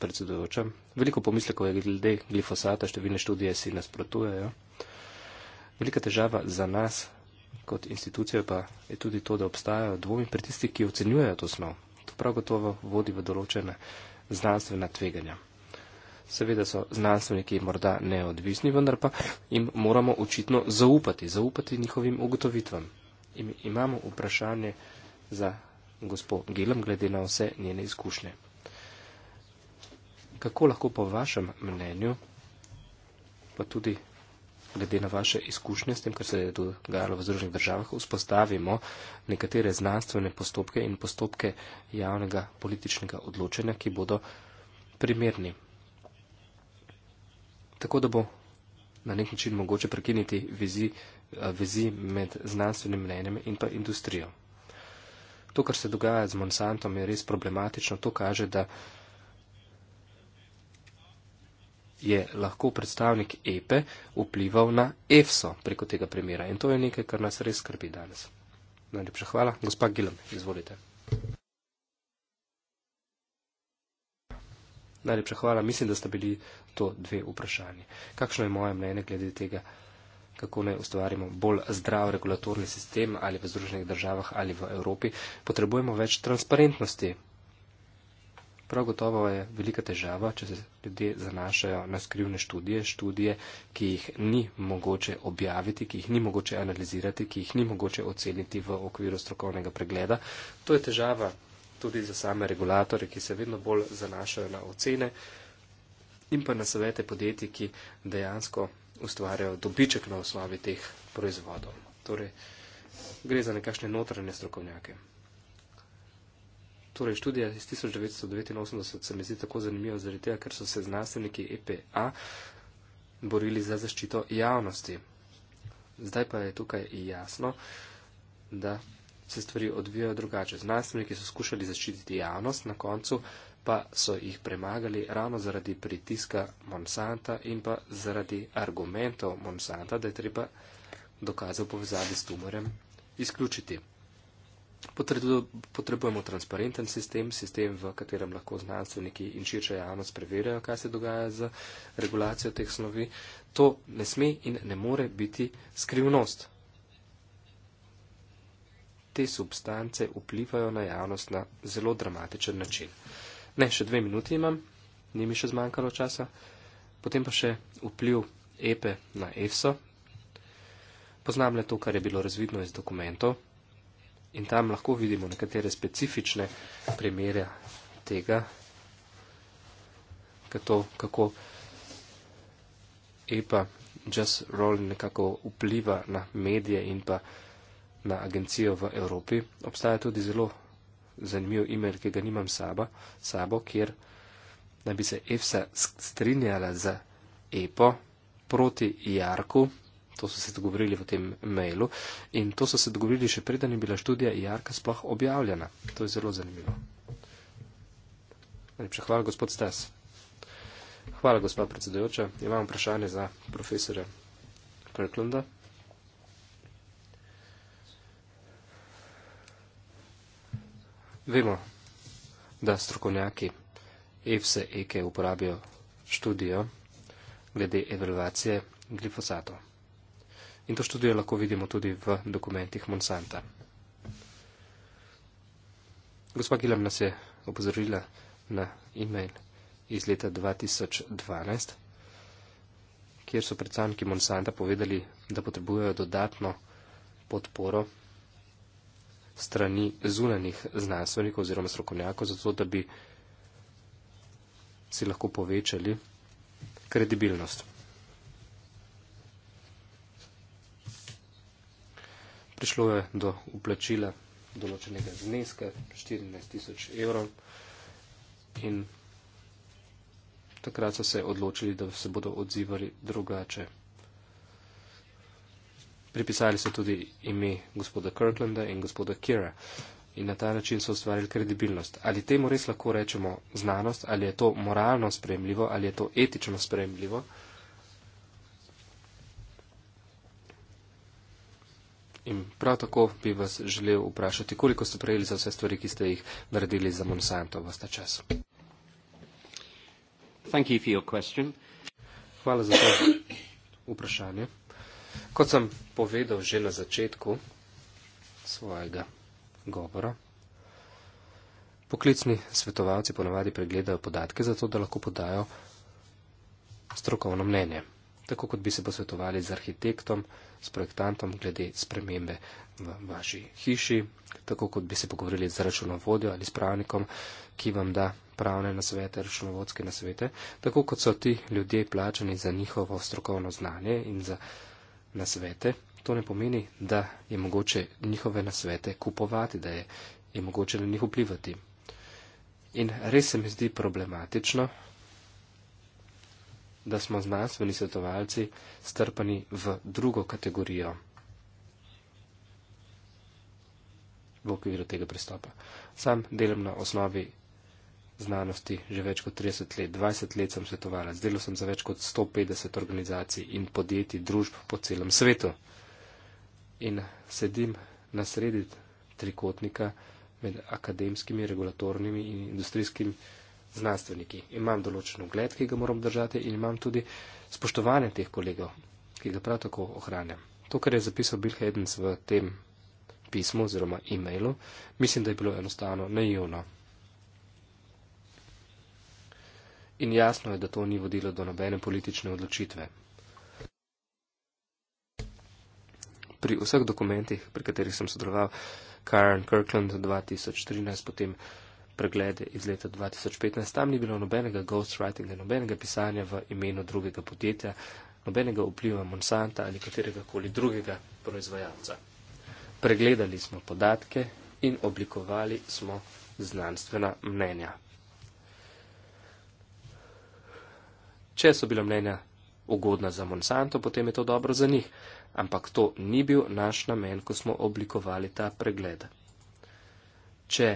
predsedujoča. Veliko pomislekov je glede glifosata, številne študije si nasprotujejo. Velika težava za nas kot institucijo pa je tudi to, da obstajajo dvomi pri tistih, ki ocenjujejo to snov. To prav gotovo vodi v določene znanstvena tveganja seveda so znanstveniki morda neodvisni, vendar pa jim moramo očitno zaupati, zaupati njihovim ugotovitvam. In imamo vprašanje za gospod Gilem, glede na vse njene izkušnje. Kako lahko po vašem mnenju, pa tudi glede na vaše izkušnje s tem, kar se je dogajalo v Združenih državah, vzpostavimo nekatere znanstvene postopke in postopke javnega političnega odločanja, ki bodo primerni tako da bo na nek način mogoče prekiniti vizi, eh, vizi med znanstvenim mnenjem in pa industrijo. To, kar se dogaja z Monsantom, je res problematično. To kaže, da je lahko predstavnik EPE e vplival na EFSO preko tega primera. In to je nekaj, kar nas res skrbi danes. Najlepša hvala. Gospa Gilam, izvolite. Najlepša hvala. Mislim, da sta bili to dve vprašanji. Kakšno je moje mnenje glede tega, kako naj ustvarimo bolj zdrav regulatorni sistem ali v Združenih državah ali v Evropi? Potrebujemo več transparentnosti. Prav gotovo je velika težava, če se ljudje zanašajo na skrivne študije, študije, ki jih ni mogoče objaviti, ki jih ni mogoče analizirati, ki jih ni mogoče oceniti v okviru strokovnega pregleda. To je težava tudi za same regulatore, ki se vedno bolj zanašajo na ocene in pa na svete podjetij, ki dejansko ustvarjajo dobiček na osnovi teh proizvodov. Torej, gre za nekakšne notranje strokovnjake. Torej, študija iz 1989 se mi zdi tako zanimiva, zaradi tega, ker so se znanstveniki EPA borili za zaščito javnosti. Zdaj pa je tukaj jasno, da se stvari odvijajo drugače. Znanstveniki so skušali zaščititi javnost, na koncu pa so jih premagali ravno zaradi pritiska Monsanta in pa zaradi argumentov Monsanta, da je treba dokaze v povezavi s tumorem izključiti. Potrebujemo transparenten sistem, sistem, v katerem lahko znanstveniki in širša javnost preverjajo, kaj se dogaja z regulacijo teh snovi. To ne sme in ne more biti skrivnost te substance vplivajo na javnost na zelo dramatičen način. Ne, še dve minuti imam, ni mi še zmanjkalo časa. Potem pa še vpliv EPE e na EFSO. Poznam le to, kar je bilo razvidno iz dokumentov in tam lahko vidimo nekatere specifične primere tega, kato, kako EPA e Just Rolling nekako vpliva na medije in pa na agencijo v Evropi, obstaja tudi zelo zanimiv e-mail, ki ga nimam sabo, sabo kjer naj bi se EFSA strinjala z EPO proti Jarku. To so se dogovorili v tem mailu in to so se dogovorili še preden je bila študija Jarka sploh objavljena. To je zelo zanimivo. Najlepša hvala, gospod Stas. Hvala, gospod predsedujoča. Imam vprašanje za profesora Kirklunda. Vemo, da strokovnjaki EFSE EKE uporabijo študijo glede evaluacije glifosatov. In to študijo lahko vidimo tudi v dokumentih Monsanta. Gospa Gilam nas je opozorila na e-mail iz leta 2012, kjer so predstavniki Monsanta povedali, da potrebujejo dodatno podporo strani zunanih znanstvenikov oziroma strokovnjakov, zato da bi si lahko povečali kredibilnost. Prišlo je do uplačila določenega zneska 14 tisoč evrov in takrat so se odločili, da se bodo odzivali drugače pripisali so tudi ime gospoda Kirklanda in gospoda Kira. In na ta način so ustvarili kredibilnost. Ali temu res lahko rečemo znanost, ali je to moralno spremljivo, ali je to etično spremljivo? In prav tako bi vas želel vprašati, koliko ste prejeli za vse stvari, ki ste jih naredili za Monsanto v ta čas. Thank you for your question. Hvala za to vprašanje. Kot sem povedal že na začetku svojega govora, poklicni svetovalci ponavadi pregledajo podatke zato, da lahko podajo strokovno mnenje. Tako kot bi se posvetovali z arhitektom, s projektantom glede spremembe v vaši hiši, tako kot bi se pogovorili z računovodjo ali s pravnikom, ki vam da pravne nasvete, računovodske nasvete, tako kot so ti ljudje plačani za njihovo strokovno znanje in za nasvete, to ne pomeni, da je mogoče njihove nasvete kupovati, da je, je mogoče na njih vplivati. In res se mi zdi problematično, da smo znanstveni svetovalci strpani v drugo kategorijo v okviru tega pristopa. Sam delam na osnovi znanosti že več kot 30 let, 20 let sem svetovala, zdelo sem za več kot 150 organizacij in podjetij, družb po celem svetu. In sedim na sredi trikotnika med akademskimi, regulatornimi in industrijskimi znanstveniki. Imam določen ugled, ki ga moram držati in imam tudi spoštovanje teh kolegov, ki ga prav tako ohranjam. To, kar je zapisal Bill Hedens v tem pismu oziroma e-mailu, mislim, da je bilo enostavno naivno. in jasno je, da to ni vodilo do nobene politične odločitve. Pri vseh dokumentih, pri katerih sem sodeloval, Karen Kirkland 2013, potem preglede iz leta 2015, tam ni bilo nobenega ghostwritinga, nobenega pisanja v imenu drugega podjetja, nobenega vpliva Monsanta ali katerega koli drugega proizvajalca. Pregledali smo podatke in oblikovali smo znanstvena mnenja. Če so bila mnenja ugodna za Monsanto, potem je to dobro za njih, ampak to ni bil naš namen, ko smo oblikovali ta pregled. Če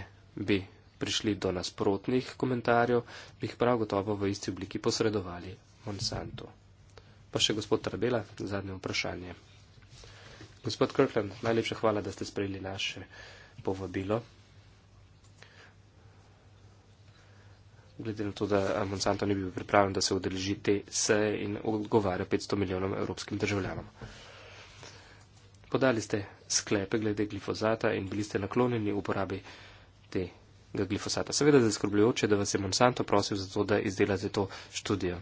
bi prišli do nasprotnih komentarjev, bi jih prav gotovo v isti obliki posredovali Monsanto. Pa še gospod Trabela, zadnje vprašanje. Gospod Kirkland, najlepša hvala, da ste sprejeli naše povabilo. glede na to, da Monsanto ni bil pripravljen, da se odeleži te seje in odgovarja 500 milijonom evropskim državljanom. Podali ste sklepe glede glifozata in bili ste naklonjeni uporabi tega glifozata. Seveda je zaskrbljujoče, da vas je Monsanto prosil za to, da izdelate to študijo.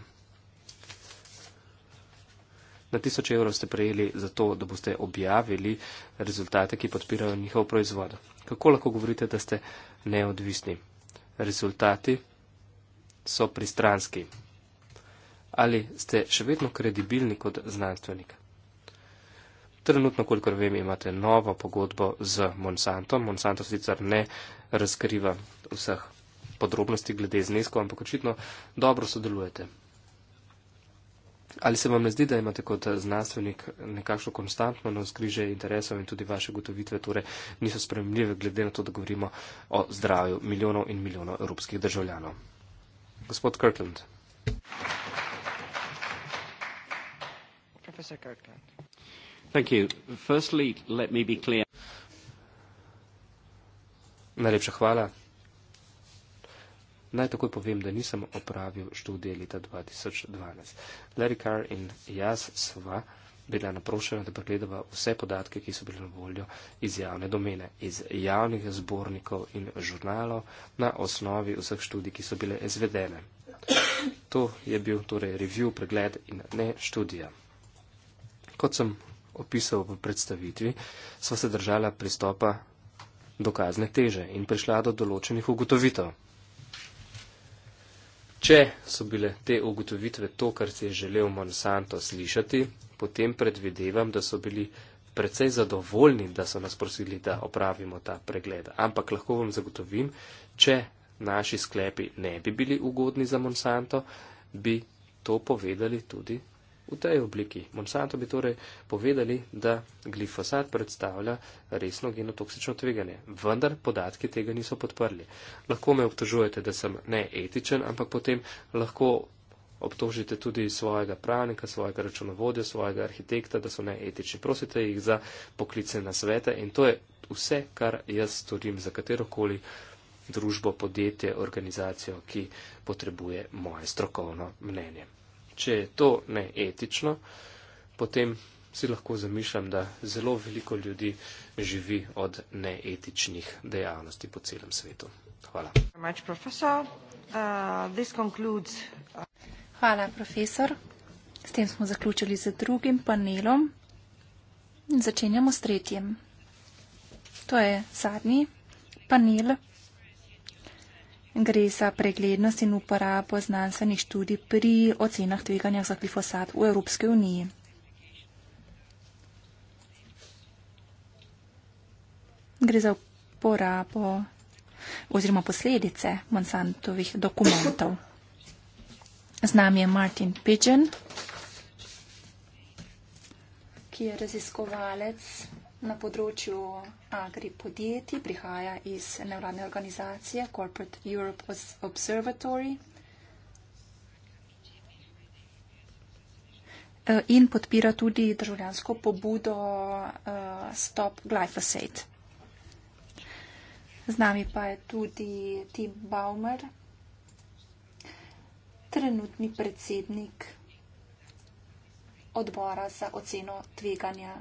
Na tisoč evrov ste prejeli za to, da boste objavili rezultate, ki podpirajo njihov proizvod. Kako lahko govorite, da ste neodvisni? Rezultati so pristranski. Ali ste še vedno kredibilni kot znanstvenik? Trenutno, kolikor vem, imate novo pogodbo z Monsanto. Monsanto sicer ne razkriva vseh podrobnosti glede znesko, ampak očitno dobro sodelujete. Ali se vam ne zdi, da imate kot znanstvenik nekakšno konstantno navzgriže interesov in tudi vaše gotovitve torej niso spremljive glede na to, da govorimo o zdravju milijonov in milijonov evropskih državljanov? gospod Kirkland. Professor Kirkland. Thank you. Firstly, let me be clear. Najlepša hvala. Naj takoj povem, da nisem opravil študije leta 2012. Larry Carr in jaz sva bila naprošena, da pregledava vse podatke, ki so bile na voljo iz javne domene, iz javnih zbornikov in žurnalov na osnovi vseh študij, ki so bile izvedene. To je bil torej review, pregled in ne študija. Kot sem opisal v predstavitvi, sva se držala pristopa dokazne teže in prišla do določenih ugotovitev. Če so bile te ugotovitve to, kar si je želel Monsanto slišati, potem predvidevam, da so bili precej zadovoljni, da so nas prosili, da opravimo ta pregled. Ampak lahko vam zagotovim, če naši sklepi ne bi bili ugodni za Monsanto, bi to povedali tudi v tej obliki. Monsanto bi torej povedali, da glifosat predstavlja resno genotoksično tveganje, vendar podatki tega niso podprli. Lahko me obtožujete, da sem neetičen, ampak potem lahko obtožite tudi svojega pravnika, svojega računovodja, svojega arhitekta, da so neetični. Prosite jih za poklice na svete in to je vse, kar jaz storim za katerokoli družbo, podjetje, organizacijo, ki potrebuje moje strokovno mnenje če je to neetično, potem si lahko zamišljam, da zelo veliko ljudi živi od neetičnih dejavnosti po celem svetu. Hvala. Uh, uh, Hvala, profesor. S tem smo zaključili z drugim panelom. Začenjamo s tretjim. To je zadnji panel Gre za preglednost in uporabo znanstvenih študij pri ocenah tveganja za glifosat v Evropski uniji. Gre za uporabo oziroma posledice Monsantovih dokumentov. Z nami je Martin Pidgeon, ki je raziskovalec na področju agri podjetij, prihaja iz nevladne organizacije Corporate Europe Observatory e, in podpira tudi državljansko pobudo e, Stop Glyphosate. Z nami pa je tudi Tim Baumer, trenutni predsednik odbora za oceno tveganja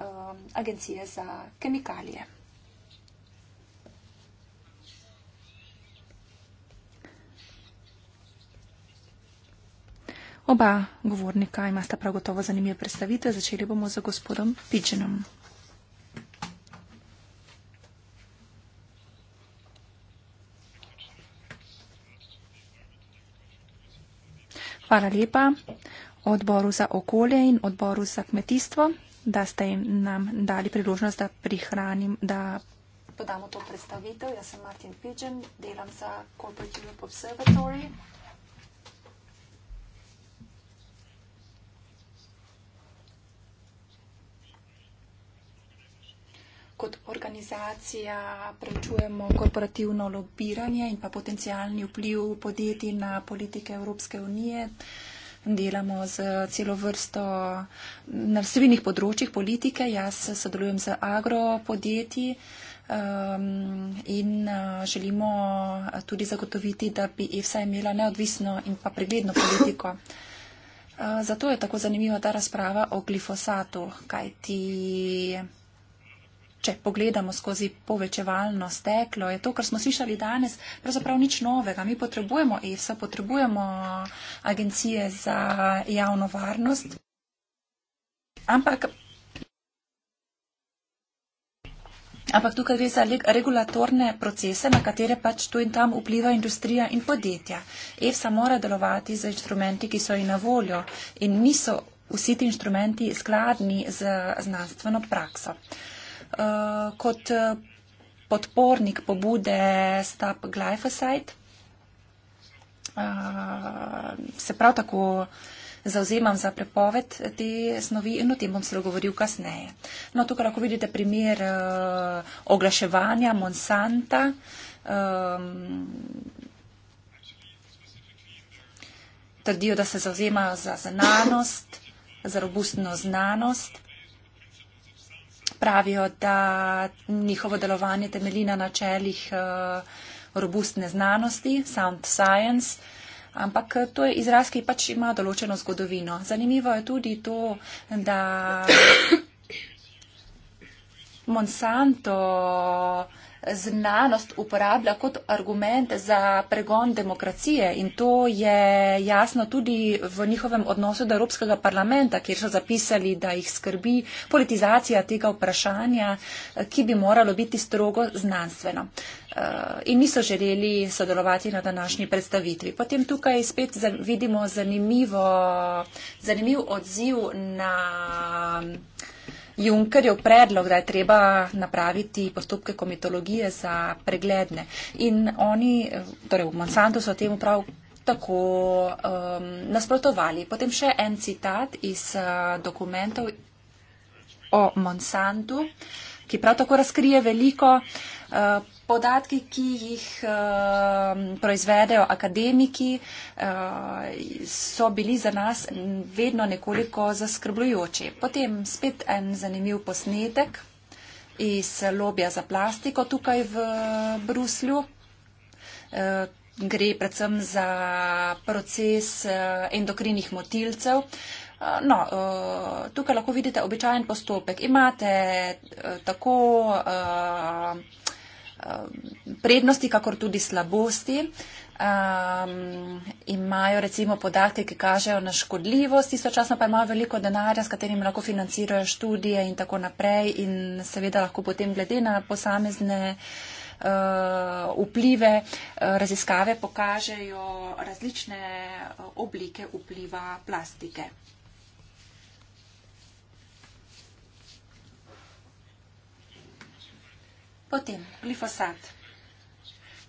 um, agencije za kemikalije. Oba govornika imata prav gotovo zanimive predstavitve. Začeli bomo z gospodom Pidgenom. Hvala lepa odboru za okolje in odboru za kmetijstvo da ste nam dali priložnost, da prihranim, da podamo to predstavitev. Jaz sem Martin Pidžen, delam za Corporate Europe Observatory. Kot organizacija prečujemo korporativno lobiranje in pa potencijalni vpliv podjetij na politike Evropske unije. Uh, delamo z celo vrsto na srednjih področjih politike. Jaz sodelujem z agropodjetji um, in uh, želimo tudi zagotoviti, da bi EFSA imela neodvisno in pa pregledno politiko. Uh, zato je tako zanimiva ta razprava o glifosatu, kaj ti je če pogledamo skozi povečevalno steklo, je to, kar smo slišali danes, pravzaprav nič novega. Mi potrebujemo EFSA, potrebujemo agencije za javno varnost. Ampak, ampak tukaj gre za regulatorne procese, na katere pač tu in tam vpliva industrija in podjetja. EFSA mora delovati z instrumenti, ki so ji na voljo in niso vsi ti instrumenti skladni z znanstveno prakso. Uh, Eh, kot eh, podpornik pobude Stop Glyphosite. Eh, se prav tako zauzemam za prepoved te snovi in o tem bom se dogovoril kasneje. No, tukaj lahko vidite primer oglaševanja Monsanta. Trdijo, da se zauzemajo za znanost, za robustno znanost pravijo, da njihovo delovanje temelji na načelih eh, robustne znanosti, sound science, ampak eh, to je izraz, ki pač ima določeno zgodovino. Zanimivo je tudi to, da Monsanto znanost uporablja kot argument za pregon demokracije in to je jasno tudi v njihovem odnosu do Evropskega parlamenta, kjer so zapisali, da jih skrbi politizacija tega vprašanja, ki bi moralo biti strogo znanstveno. Eh, in niso želeli sodelovati na današnji predstavitvi. Potem tukaj spet vidimo zanimiv odziv na Junkerjev predlog, da je treba napraviti postopke komitologije za pregledne. In oni, torej v Monsantu so temu prav tako um, nasprotovali. Potem še en citat iz uh, dokumentov o Monsantu, ki prav tako razkrije veliko. Uh, podatki, ki jih uh, proizvedejo akademiki, uh, so bili za nas vedno nekoliko zaskrbljujoči. Potem spet en zanimiv posnetek iz lobija za plastiko tukaj v Bruslju. Eh, gre predvsem za proces endokrinih motilcev. No, tukaj lahko vidite običajen postopek. Imate tako Eh, prednosti, kakor tudi slabosti. Um, imajo recimo podatke, ki kažejo na škodljivost, istočasno pa imajo veliko denarja, s katerim lahko financirajo študije in tako naprej in seveda lahko potem glede na posamezne uh, vplive uh, raziskave pokažejo različne oblike vpliva plastike. Potem glifosat.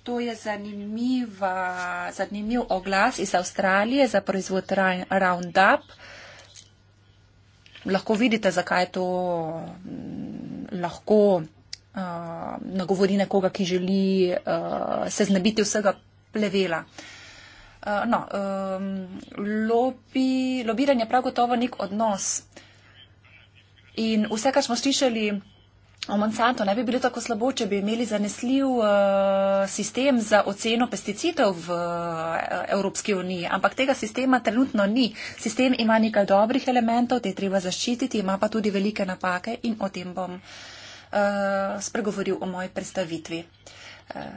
To je zanimiva, zanimiv oglas iz Avstralije za proizvod Roundup. Lahko vidite, zakaj to mm, lahko uh, nagovori nekoga, ki želi uh, se znebiti vsega plevela. Uh, no, um, lobi, lobiranje je prav gotovo nek odnos. In vse, kar smo slišali, O Monsanto ne bi bilo tako slabo, če bi imeli zanesljiv uh, sistem za oceno pesticidov v uh, Evropski uniji, ampak tega sistema trenutno ni. Sistem ima nekaj dobrih elementov, te treba zaščititi, ima pa tudi velike napake in o tem bom uh, spregovoril v moji predstavitvi. Uh,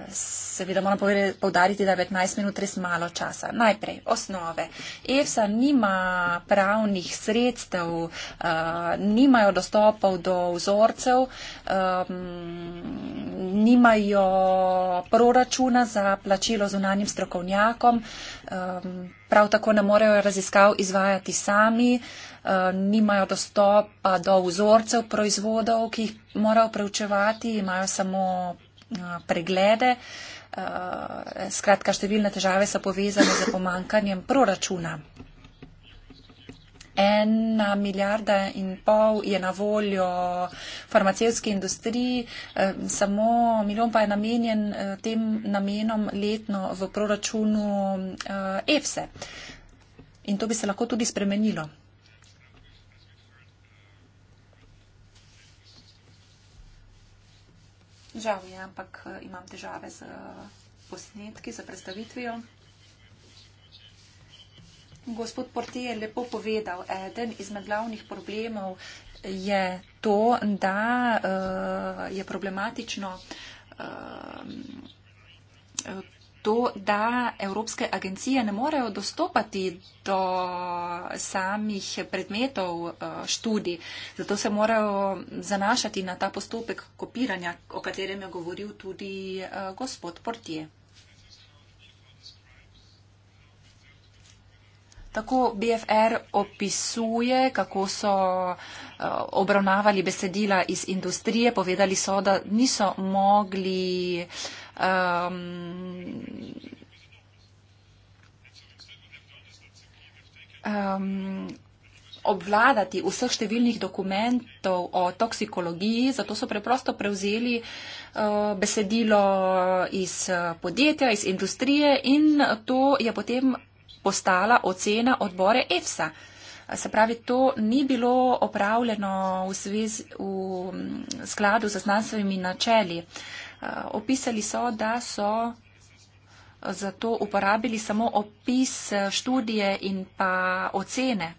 seveda moram povdariti, da je 15 minut res malo časa. Najprej, osnove. EFSA nima pravnih sredstev, uh, nimajo dostopov do vzorcev, um, nimajo proračuna za plačilo zunanjim strokovnjakom, um, prav tako ne morejo raziskav izvajati sami, uh, nimajo dostopa do vzorcev proizvodov, ki jih morajo preučevati, imajo samo Eh, preglede. Eh, skratka, številne težave so povezane z pomankanjem proračuna. Ena milijarda in pol je na voljo farmacevski industriji, eh, samo milijon pa je namenjen tem namenom letno v proračunu EFSE. In to bi se lahko tudi spremenilo. Žal je, ampak eh, imam težave z eh, posnetki, z predstavitvijo. Gospod Porti je lepo povedal, eden izmed glavnih problemov je to, da uh, je problematično uh, to, da evropske agencije ne morejo dostopati do samih predmetov eh, študij. Zato se morajo zanašati na ta postopek kopiranja, o katerem je govoril tudi eh, gospod Portje. Tako BFR opisuje, kako so eh, obravnavali besedila iz industrije, povedali so, da niso mogli uh, Um, um, obvladati vseh številnih dokumentov o toksikologiji, zato so preprosto prevzeli uh, besedilo iz eh, podjetja, iz industrije in to je potem postala ocena odbore EFSA. Se pravi, to ni bilo opravljeno v, zvez, v mm, skladu z znanstvenimi načeli. Uh, Eh, opisali so, da so eh, zato uporabili samo opis eh, študije in pa ocene.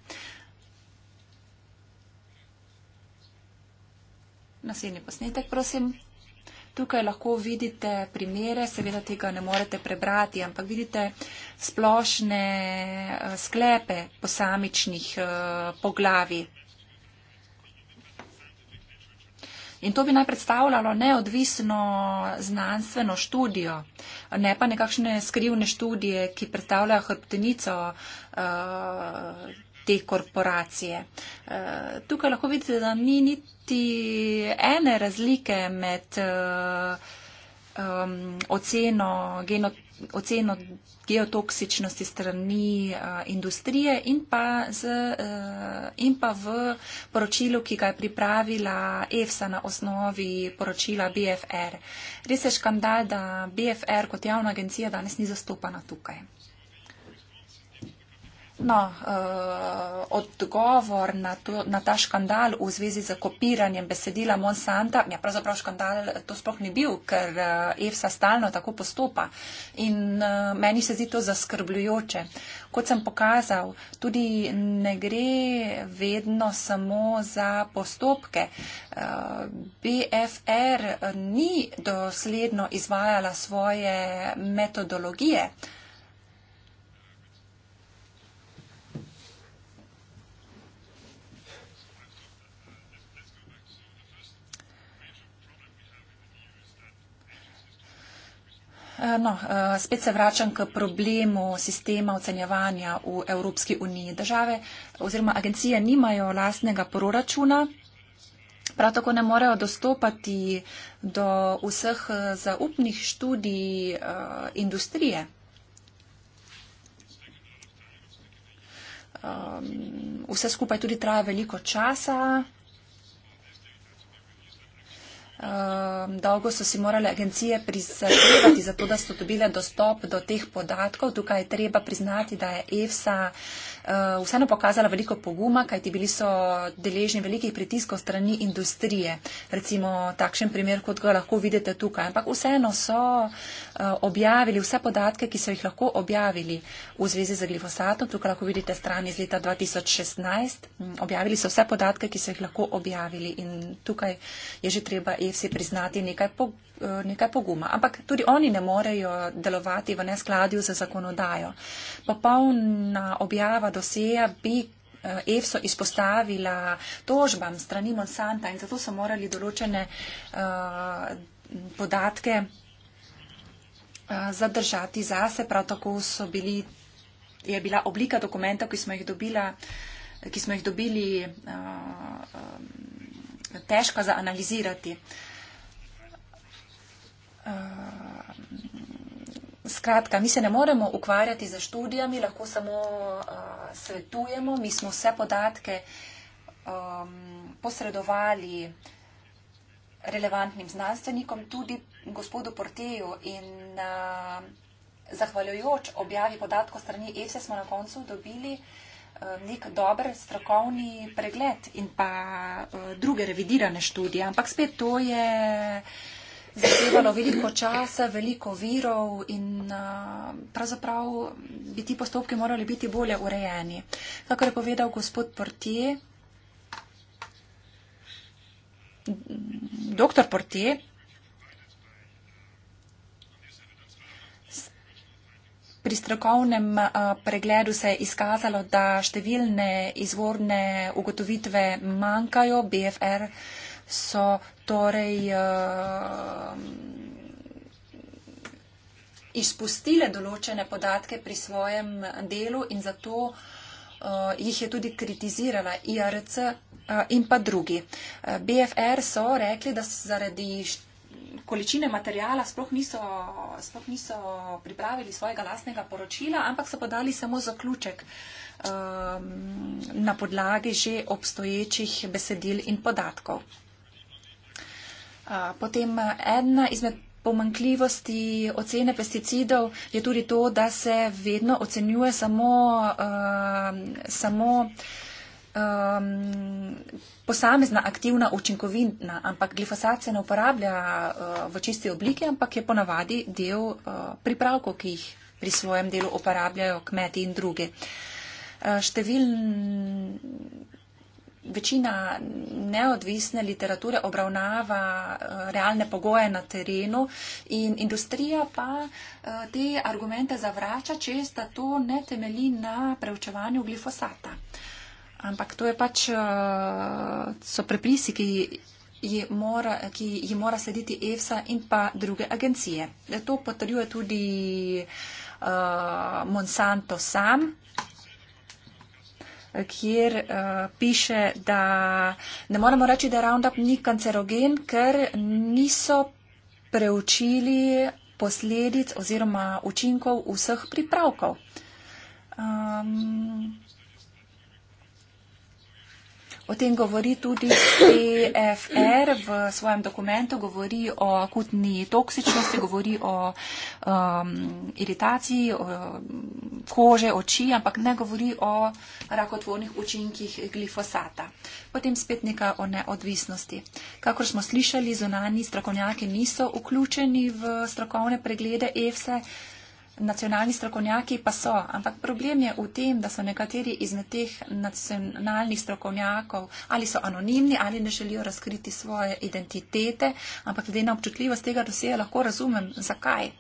Naslednji posnetek, prosim. Tukaj lahko vidite primere, seveda tega ne morete prebrati, ampak vidite splošne sklepe posamičnih poglavij. In to bi naj predstavljalo neodvisno znanstveno študijo, ne pa nekakšne skrivne študije, ki predstavljajo hrbtenico uh, te korporacije. Uh, tukaj lahko vidite, da ni niti ene razlike med uh, um, oceno genotipa oceno geotoksičnosti strani uh, industrije in pa, z, uh, in pa v poročilu, ki ga je pripravila EFSA na osnovi poročila BFR. Res je škandal, da BFR kot javna agencija danes ni zastopana tukaj. Na, no, uh, eh, odgovor na, to, na ta škandal v zvezi z kopiranjem besedila Monsanta, ja, pravzaprav škandal eh, to sploh ni bil, ker uh, eh, EFSA stalno tako postopa in uh, meni se zdi to zaskrbljujoče. Kot sem pokazal, tudi ne gre vedno samo za postopke. BFR ni dosledno izvajala svoje metodologije. Uh, Eh, no, eh, spet se vračam k problemu sistema ocenjevanja v Evropski uniji. Države oziroma agencije nimajo lastnega proračuna, prav tako ne morejo dostopati do vseh eh, zaupnih študij industrije. Ehm, vse skupaj tudi traja veliko časa. Um, dolgo so si morale agencije prizadevati za to, da so dobile dostop do teh podatkov. Tukaj je treba priznati, da je EFSA uh, vseeno pokazala veliko poguma, kajti bili so deležni velikih pritiskov strani industrije. Recimo takšen primer, kot ga lahko vidite tukaj. Ampak vseeno so uh, objavili vse podatke, ki so jih lahko objavili v zvezi z glifosatom. Tukaj lahko vidite stran iz leta 2016. Um, hm, objavili so vse podatke, ki so jih lahko objavili. In tukaj je že treba. EFSA si priznati nekaj, po, eh, nekaj poguma. Ampak tudi oni ne morejo delovati v neskladju z zakonodajo. Popolna objava doseja bi. Eh, EFSO izpostavila tožbam strani Monsanta in zato so morali določene uh, podatke uh, zadržati zase. Prav tako bili, je bila oblika dokumenta, ki smo jih, dobila, ki smo jih dobili. Uh, um, težka za analizirati. Eh, skratka, mi se ne moremo ukvarjati za študijami, lahko samo eh, svetujemo. Mi smo vse podatke ehm, posredovali relevantnim znanstvenikom, tudi gospodu Porteju in eh, zahvaljujoč objavi podatko strani EFSE smo na koncu dobili podatke, Eh, nek dober strokovni pregled in pa uh, druge revidirane študije. Ampak spet to je zahtevalo veliko časa, veliko virov in uh, pravzaprav bi ti postopki morali biti bolje urejeni. Kako je povedal gospod Portier, doktor Portier, pri strokovnem pregledu se je izkazalo, da številne izvorne ugotovitve manjkajo, BFR so torej uh, izpustile določene podatke pri svojem delu in zato uh, jih je tudi kritizirala IRC uh, in pa drugi. BFR so rekli, da so zaradi količine materijala sploh niso, sploh niso pripravili svojega lastnega poročila, ampak so podali samo zaključek um, na podlagi že obstoječih besedil in podatkov. Uh, potem ena izmed pomankljivosti ocene pesticidov je tudi to, da se vedno ocenjuje samo, uh, samo uh, um, posamezna aktivna učinkovina, ampak glifosat se ne uporablja uh, v čisti obliki, ampak je ponavadi del uh, pripravkov, ki jih pri svojem delu uporabljajo kmeti in druge. Uh, Številna večina neodvisne literature obravnava uh, realne pogoje na terenu in industrija pa uh, te argumente zavrača, če sta to ne temeli na preučevanju glifosata. Uh, Ampak to je pač eh, so prepisi, ki ji mora, ki ji mora slediti EFSA in pa druge agencije. To potrjuje tudi uh, Monsanto sam, kjer uh, piše, da ne moramo reči, da Roundup ni kancerogen, ker niso preučili posledic oziroma učinkov vseh pripravkov. Um, O tem govori tudi CFR v svojem dokumentu, govori o akutni toksičnosti, govori o um, iritaciji o, kože, oči, ampak ne govori o rakotvornih učinkih glifosata. Potem spet neka o neodvisnosti. Kakor smo slišali, zunani strokovnjaki niso vključeni v strokovne preglede EFSE nacionalni strokovnjaki pa so, ampak problem je v tem, da so nekateri izmed teh nacionalnih strokovnjakov ali so anonimni ali ne želijo razkriti svoje identitete, ampak glede na občutljivost tega doseja lahko razumem, zakaj.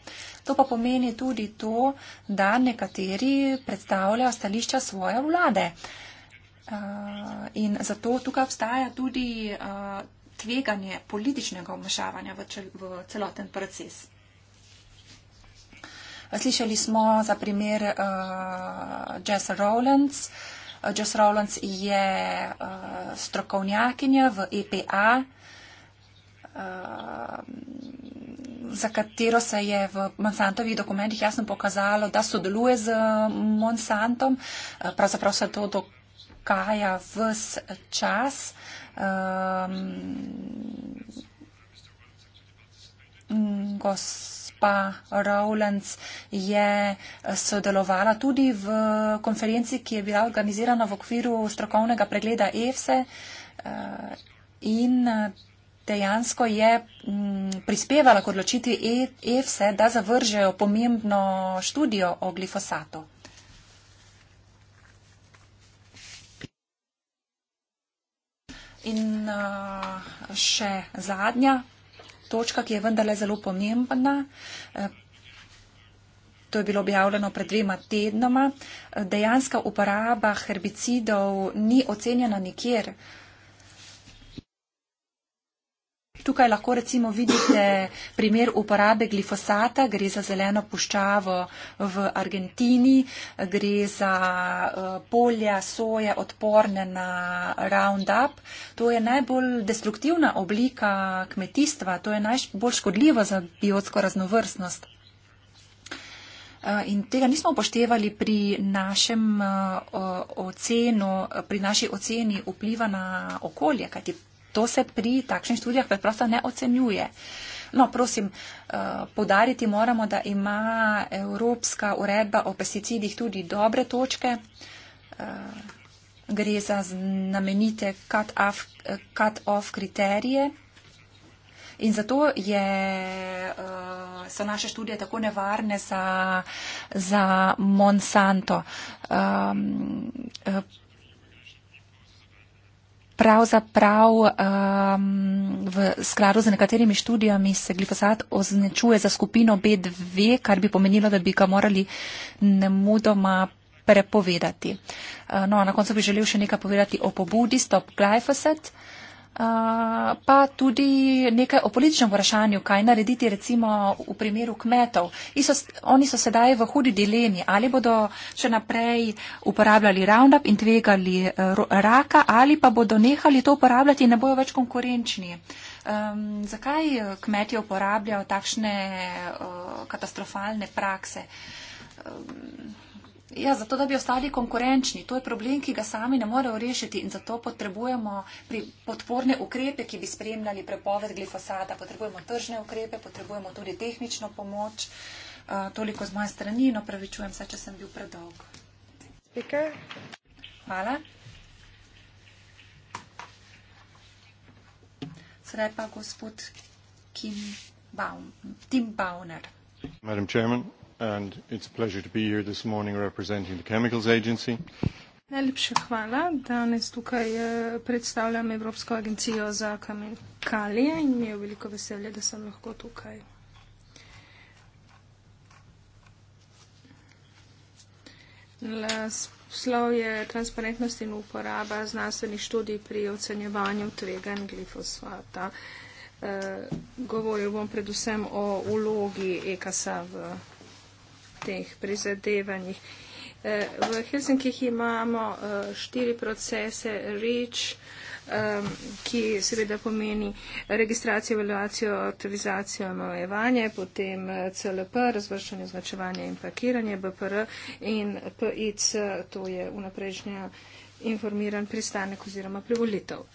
To pa pomeni tudi to, da nekateri predstavljajo stališča svoje vlade. Uh, in zato tukaj obstaja tudi uh, tveganje političnega vmešavanja v, v celoten proces. Slišali smo za primer uh, Jess Rowlands. Uh, Jess Rowlands je uh, strokovnjakinja v EPA, uh, za katero se je v Monsantovih dokumentih jasno pokazalo, da sodeluje z Monsantom. Uh, pravzaprav se to dokaja vse čas. Um, gos Pa Rowlands je eh, sodelovala tudi v konferenci, ki je bila organizirana v okviru strokovnega pregleda EFSE e, eh, in eh, dejansko je mm, prispevala k odločitvi EFSE, e e, da zavržejo pomembno študijo o glifosatu. In še zadnja točka, ki je vendarle zelo pomembna. Eh, to je bilo objavljeno pred dvema tednoma. Eh, dejanska uporaba herbicidov ni ocenjena nikjer. Tukaj lahko recimo vidite primer uporabe glifosata, gre za zeleno puščavo v Argentini, gre za eh, polja soje odporne na Roundup. To je najbolj destruktivna oblika kmetijstva, to je najbolj škodljivo za biotsko raznovrstnost. Eh, in tega nismo upoštevali pri, eh, ocenu, pri naši oceni vpliva na okolje, kajti To se pri takšnih študijah preprosto ne ocenjuje. No, prosim, eh, podariti moramo, da ima Evropska uredba o pesticidih tudi dobre točke. Eh, gre za znamenite cut-off cut off kriterije. In zato je, eh, so naše študije tako nevarne za, za Monsanto pravzaprav um, v skladu z nekaterimi študijami se glifosat označuje za skupino B2, kar bi pomenilo, da bi ga morali nemudoma prepovedati. Uh, no, na koncu bi želel še nekaj povedati o pobudi Stop Glyphosate. Eh, pa tudi nekaj o političnem vprašanju, kaj narediti recimo v primeru kmetov. So, oni so sedaj v hudi dilemi, ali bodo še naprej uporabljali Roundup in tvegali eh, raka, ali pa bodo nehali to uporabljati in ne bojo več konkurenčni. Um, zakaj kmetje uporabljajo takšne uh, katastrofalne prakse? Um, Ja, zato, da bi ostali konkurenčni. To je problem, ki ga sami ne morejo rešiti in zato potrebujemo podporne ukrepe, ki bi spremljali prepoved glifosata. Potrebujemo tržne ukrepe, potrebujemo tudi tehnično pomoč. Uh, toliko z moje strani in opravičujem se, če sem bil predolg. Speaker. Hvala. Sedaj pa gospod Kim Baum, Tim Bauner. Madam Chairman, and it's a pleasure to be here this morning representing the Chemicals Agency. Najlepša hvala. Danes tukaj eh, predstavljam Evropsko agencijo za kemikalije in mi je veliko veselje, da sem lahko tukaj. Slov je transparentnost in uporaba znanstvenih študij pri ocenjevanju tvegan glifosfata. Eh, govoril bom predvsem o ulogi EKS-a v teh prizadevanjih. Eh, v Helsinkih imamo eh, štiri procese REAC, ki seveda pomeni registracijo, evaluacijo, autorizacijo, omejevanje, potem eh, CLP, razvrščanje, označevanje in pakiranje, BPR in PIC, to je vnaprejšnja informiran pristanek oziroma privolitev.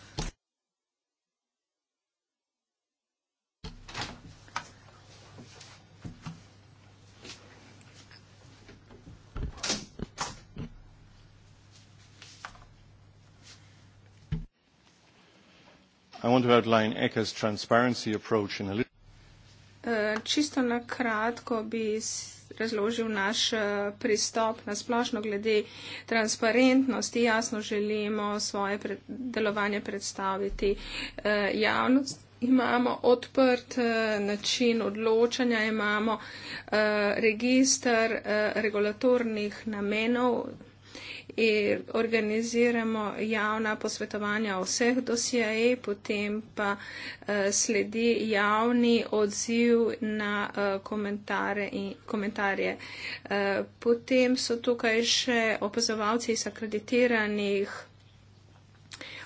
I want to outline ECHA's transparency approach in a little. Eh, čisto na kratko bi razložil naš eh, pristop na splošno glede transparentnosti. Jasno želimo svoje delovanje predstaviti eh, javnosti. Imamo odprt način odločanja, imamo register regulatornih namenov in eh, organiziramo javna posvetovanja o vseh dosjeji, potem pa eh, sledi javni odziv na eh, komentare in komentarje. Potem so tukaj še opazovalci iz akreditiranih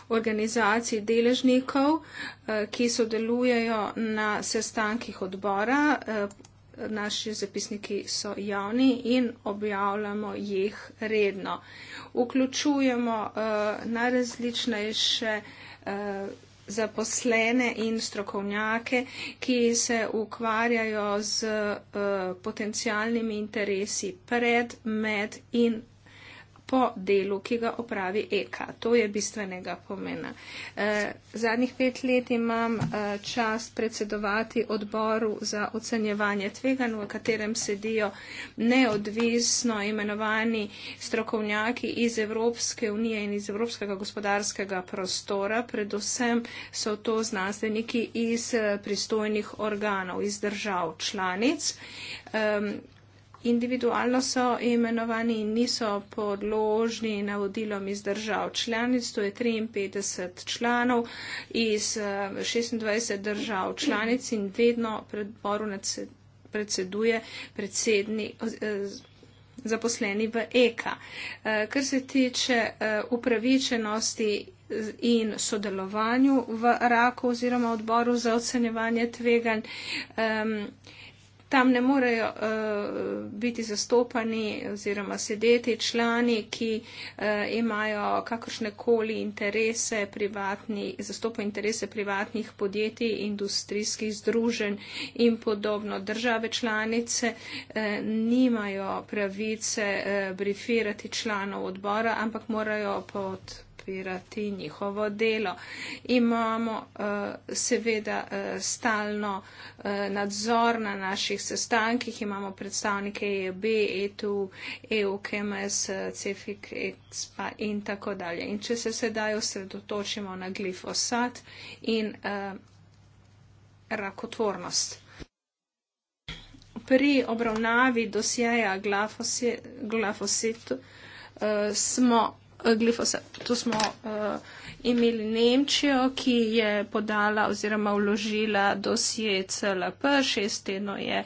organizacij deležnikov, ki sodelujejo na sestankih odbora, naši zapisniki so javni in objavljamo jih redno. Vključujemo uh, najrazličnejše uh, zaposlene in strokovnjake, ki se ukvarjajo z uh, eh, potencijalnimi interesi pred, med in pred po delu, ki ga opravi Eka. To je bistvenega pomena. E, zadnjih pet let imam e, čast predsedovati odboru za ocenjevanje tvegan, v katerem sedijo neodvisno imenovani strokovnjaki iz Evropske unije in iz Evropskega gospodarskega prostora. Predvsem so to znanstveniki iz e, pristojnih organov, iz držav članic individualno so imenovani in niso podložni navodilom iz držav članic. To je 53 članov iz 26 eh, držav članic in vedno pred boru predseduje predsednik eh, zaposleni v EKA. Eh, kar se tiče upravičenosti in sodelovanju v RAKO oziroma odboru za ocenjevanje tveganj, um, tam ne morejo uh, biti zastopani oziroma sedeti člani, ki uh, imajo kakršne koli interese, privatni, zastopajo interese privatnih podjetij, industrijskih združen in podobno. Države članice uh, nimajo pravice uh, brifirati članov odbora, ampak morajo pod fotografirati njihovo delo. Imamo eh, seveda eh, stalno eh, nadzor na naših sestankih, imamo predstavnike EB, ETU, EU, KMS, CEFIC, EXPA in tako dalje. In če se sedaj osredotočimo na glifosat in rakotvornost. Pri obravnavi dosjeja glafosit, glafosit uh, smo Eh, glifosat. Tu smo uh, imeli Nemčijo, ki je podala oziroma vložila dosje CLP, šest tedno je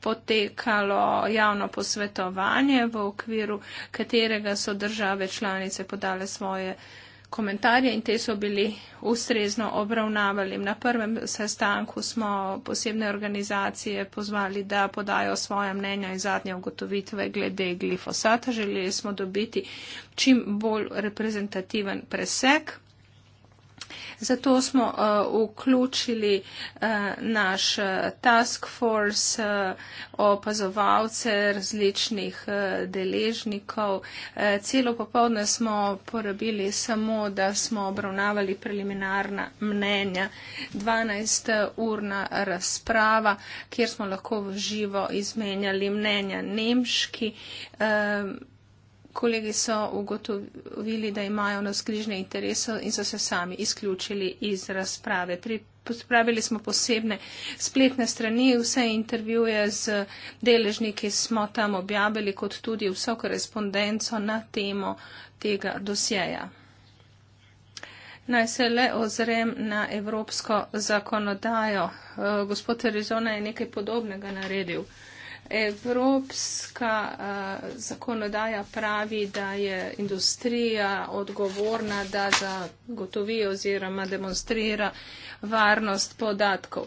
potekalo javno posvetovanje, v okviru katerega so države članice podale svoje. Uh, komentarje in te so bili ustrezno obravnavali. Na prvem sestanku smo posebne organizacije pozvali, da podajo svoje mnenja in zadnje ugotovitve glede glifosata. Želeli smo dobiti čim bolj reprezentativen preseg. Zato smo uh, vključili uh, naš uh, task force, uh, opazovalce različnih uh, deležnikov. Uh, celo popovdne smo porabili samo, da smo obravnavali preliminarna mnenja. 12-urna uh, razprava, kjer smo lahko v živo izmenjali mnenja nemški. Uh, kolegi so ugotovili, da imajo navzkrižne interese in so se sami izključili iz razprave. Pripravili smo posebne spletne strani, vse intervjuje z deležniki smo tam objavili, kot tudi vso korespondenco na temo tega dosjeja. Naj se le ozrem na evropsko zakonodajo. Eh, gospod Rezona je nekaj podobnega naredil. Evropska uh, zakonodaja pravi, da je industrija odgovorna, da zagotovi oziroma demonstrira varnost podatkov.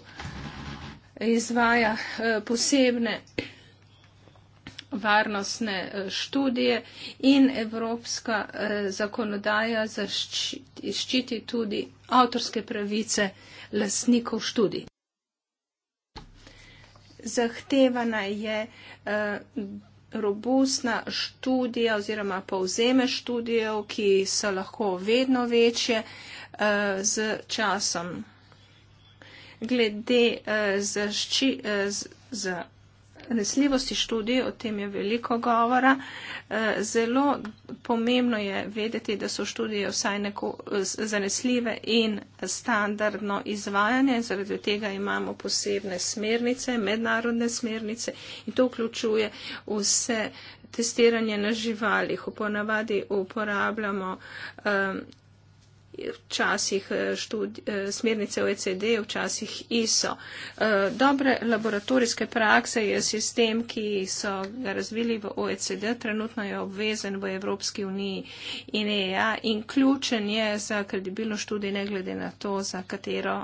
Izvaja uh, posebne varnostne eh, študije in evropska zakonodaja zaščiti tudi avtorske pravice lasnikov študij zahtevana je eh, robustna študija oziroma povzeme študijev, ki so lahko vedno večje eh, z časom. Glede eh, zaščit, z, z Zanesljivosti študij, o tem je veliko govora. E, zelo pomembno je vedeti, da so študije vsaj neko e, zanesljive in standardno izvajanje. Zaradi tega imamo posebne smernice, mednarodne smernice in to vključuje vse testiranje na živalih. Uporabljamo um, včasih eh, študi, eh, smernice OECD, včasih ISO. Eh, dobre laboratorijske prakse je sistem, ki so ga razvili v OECD, trenutno je obvezen v Evropski uniji in EA in ključen je za kredibilno študij, ne glede na to, za katero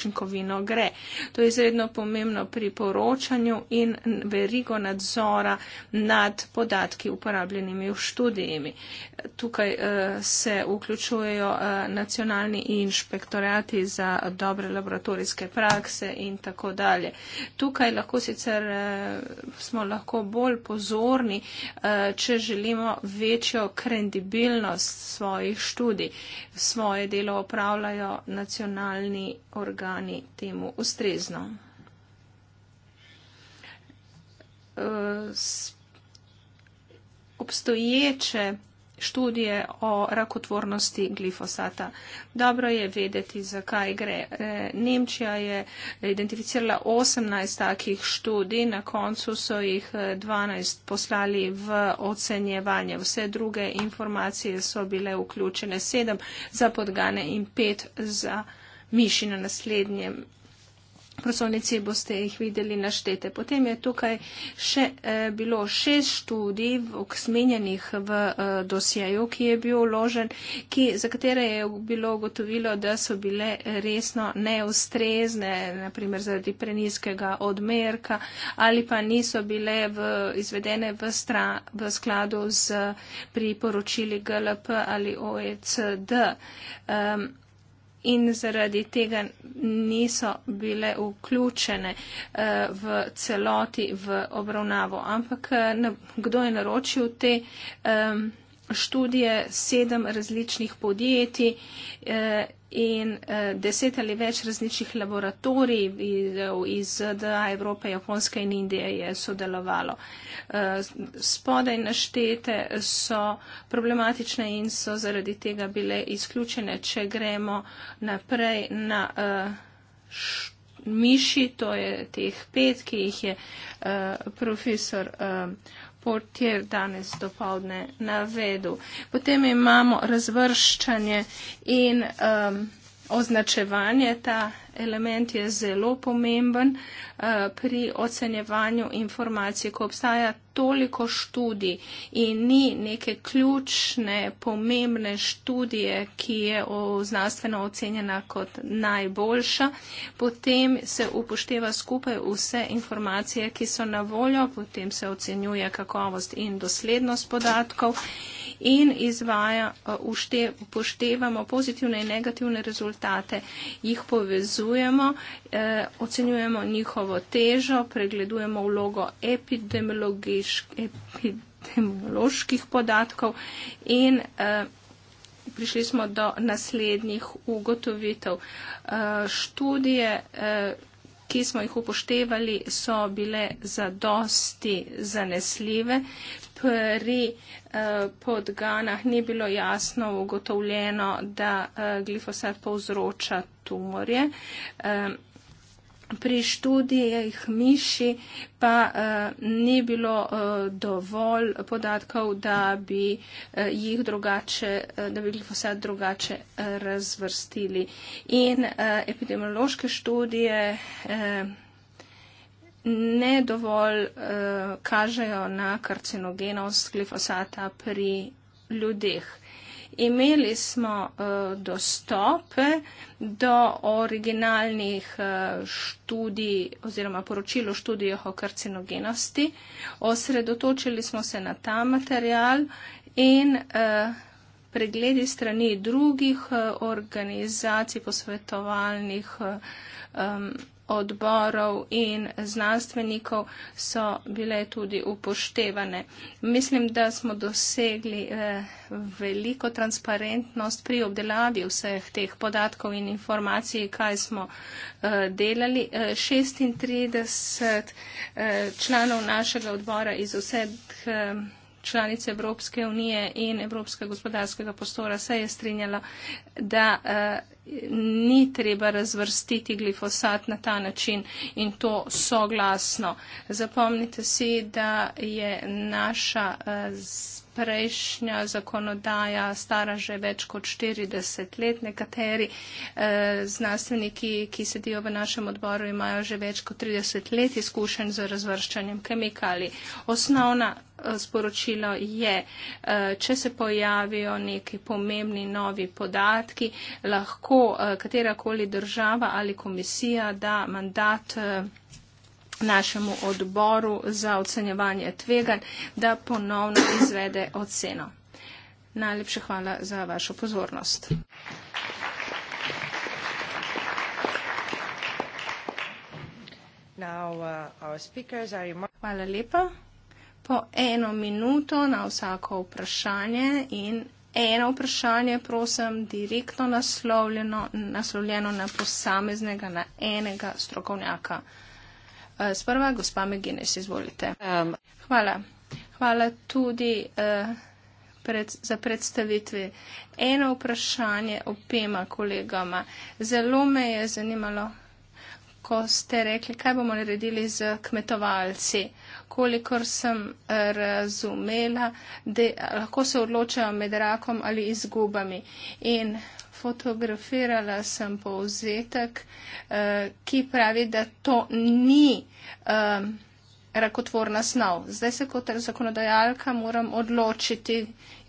učinkovino gre. To je izredno pomembno pri poročanju in verigo nadzora nad podatki uporabljenimi v študijimi. Tukaj eh, se vključujejo eh, nacionalni inšpektorati za dobre laboratorijske prakse in tako dalje. Tukaj lahko sicer eh, smo lahko bolj pozorni, če želimo večjo kredibilnost svojih študij. Svoje delo opravljajo nacionalni organi organi temu ustrezno. Obstoječe študije o rakotvornosti glifosata. Dobro je vedeti, zakaj gre. E, Nemčija je identificirala 18 takih študij, na koncu so jih 12 e, poslali v ocenjevanje. Vse druge informacije so bile vključene, 7 za podgane in 5 za miši na naslednjem. Prosovnici boste jih videli naštete. Potem je tukaj še, eh, bilo šest študij smenjenih v eh, dosjeju, ki je bil vložen, ki, za katere je bilo ugotovilo, da so bile resno neustrezne, naprimer zaradi preniskega odmerka ali pa niso bile v, izvedene v, stra, v skladu z priporočili GLP ali OECD. Um, ehm, in zaradi tega niso bile vključene eh, v celoti v obravnavo. Ampak eh, kdo je naročil te. Um, študije sedem različnih podjetij eh, in eh, deset ali več različnih laboratorij eh, iz ZDA, Evrope, Japonske in Indije je sodelovalo. Spodaj naštete so problematične in so zaradi tega bile izključene, če gremo naprej na miši, to je teh pet, ki jih je profesor portjer danes dopoldne navedel. Potem imamo razvrščanje in um, označevanje, ta element je zelo pomemben eh, pri ocenjevanju informacij, ko obstaja toliko študij in ni neke ključne, pomembne študije, ki je znanstveno ocenjena kot najboljša, potem se upošteva skupaj vse informacije, ki so na voljo, potem se ocenjuje kakovost in doslednost podatkov in izvaja, eh, ušte, upoštevamo pozitivne in negativne rezultate, jih povezujemo, eh, ocenjujemo njihovo težo, pregledujemo vlogo epidemioloških podatkov in eh, prišli smo do naslednjih ugotovitev. Eh, študije, eh, ki smo jih upoštevali, so bile zadosti zanesljive pri eh, podganah ni bilo jasno ugotovljeno, da eh, glifosat povzroča tumorje. Pri študijih miši pa eh, ni bilo dovolj podatkov, da bi, jih drugače, da bi glifosat drugače razvrstili. In epidemiološke študije ne dovolj uh, kažejo na karcinogenost glifosata pri ljudeh. Imeli smo uh, dostop do originalnih uh, študij oziroma poročil o študijah o karcinogenosti, osredotočili smo se na ta material in uh, pregledi strani drugih uh, organizacij posvetovalnih. Uh, um, odborov in znanstvenikov so bile tudi upoštevane. Mislim, da smo dosegli eh, veliko transparentnost pri obdelavi vseh teh podatkov in informacij, kaj smo eh, delali. 36 eh, članov našega odbora iz vseh članice Evropske unije in Evropskega gospodarskega postora se je strinjala, da ni treba razvrstiti glifosat na ta način in to soglasno. Zapomnite si, da je naša eh, prejšnja zakonodaja stara že več kot 40 let. Nekateri eh, znanstveniki, ki sedijo v našem odboru, imajo že več kot 30 let izkušenj z razvrščanjem kemikalij. Osnovna sporočilo je, eh, če se pojavijo neki pomembni novi podatki, lahko eh, katerakoli država ali komisija da mandat eh, našemu odboru za ocenjevanje tvegan, da ponovno izvede oceno. Najlepša hvala za vašo pozornost. Uh, hvala lepa po eno minuto na vsako vprašanje in eno vprašanje, prosim, direktno naslovljeno, naslovljeno na posameznega, na enega strokovnjaka. Eh, sprva, gospa Meginis, izvolite. Um, Hvala. Hvala tudi eh, pred, za predstavitvi. Eno vprašanje obema kolegama. Zelo me je zanimalo, ko ste rekli, kaj bomo naredili z kmetovalci kolikor sem eh, razumela, da lahko se odločajo med rakom ali izgubami. In fotografirala sem povzetek, eh, ki pravi, da to ni eh, rakotvorna snov. Zdaj se kot zakonodajalka moram odločiti,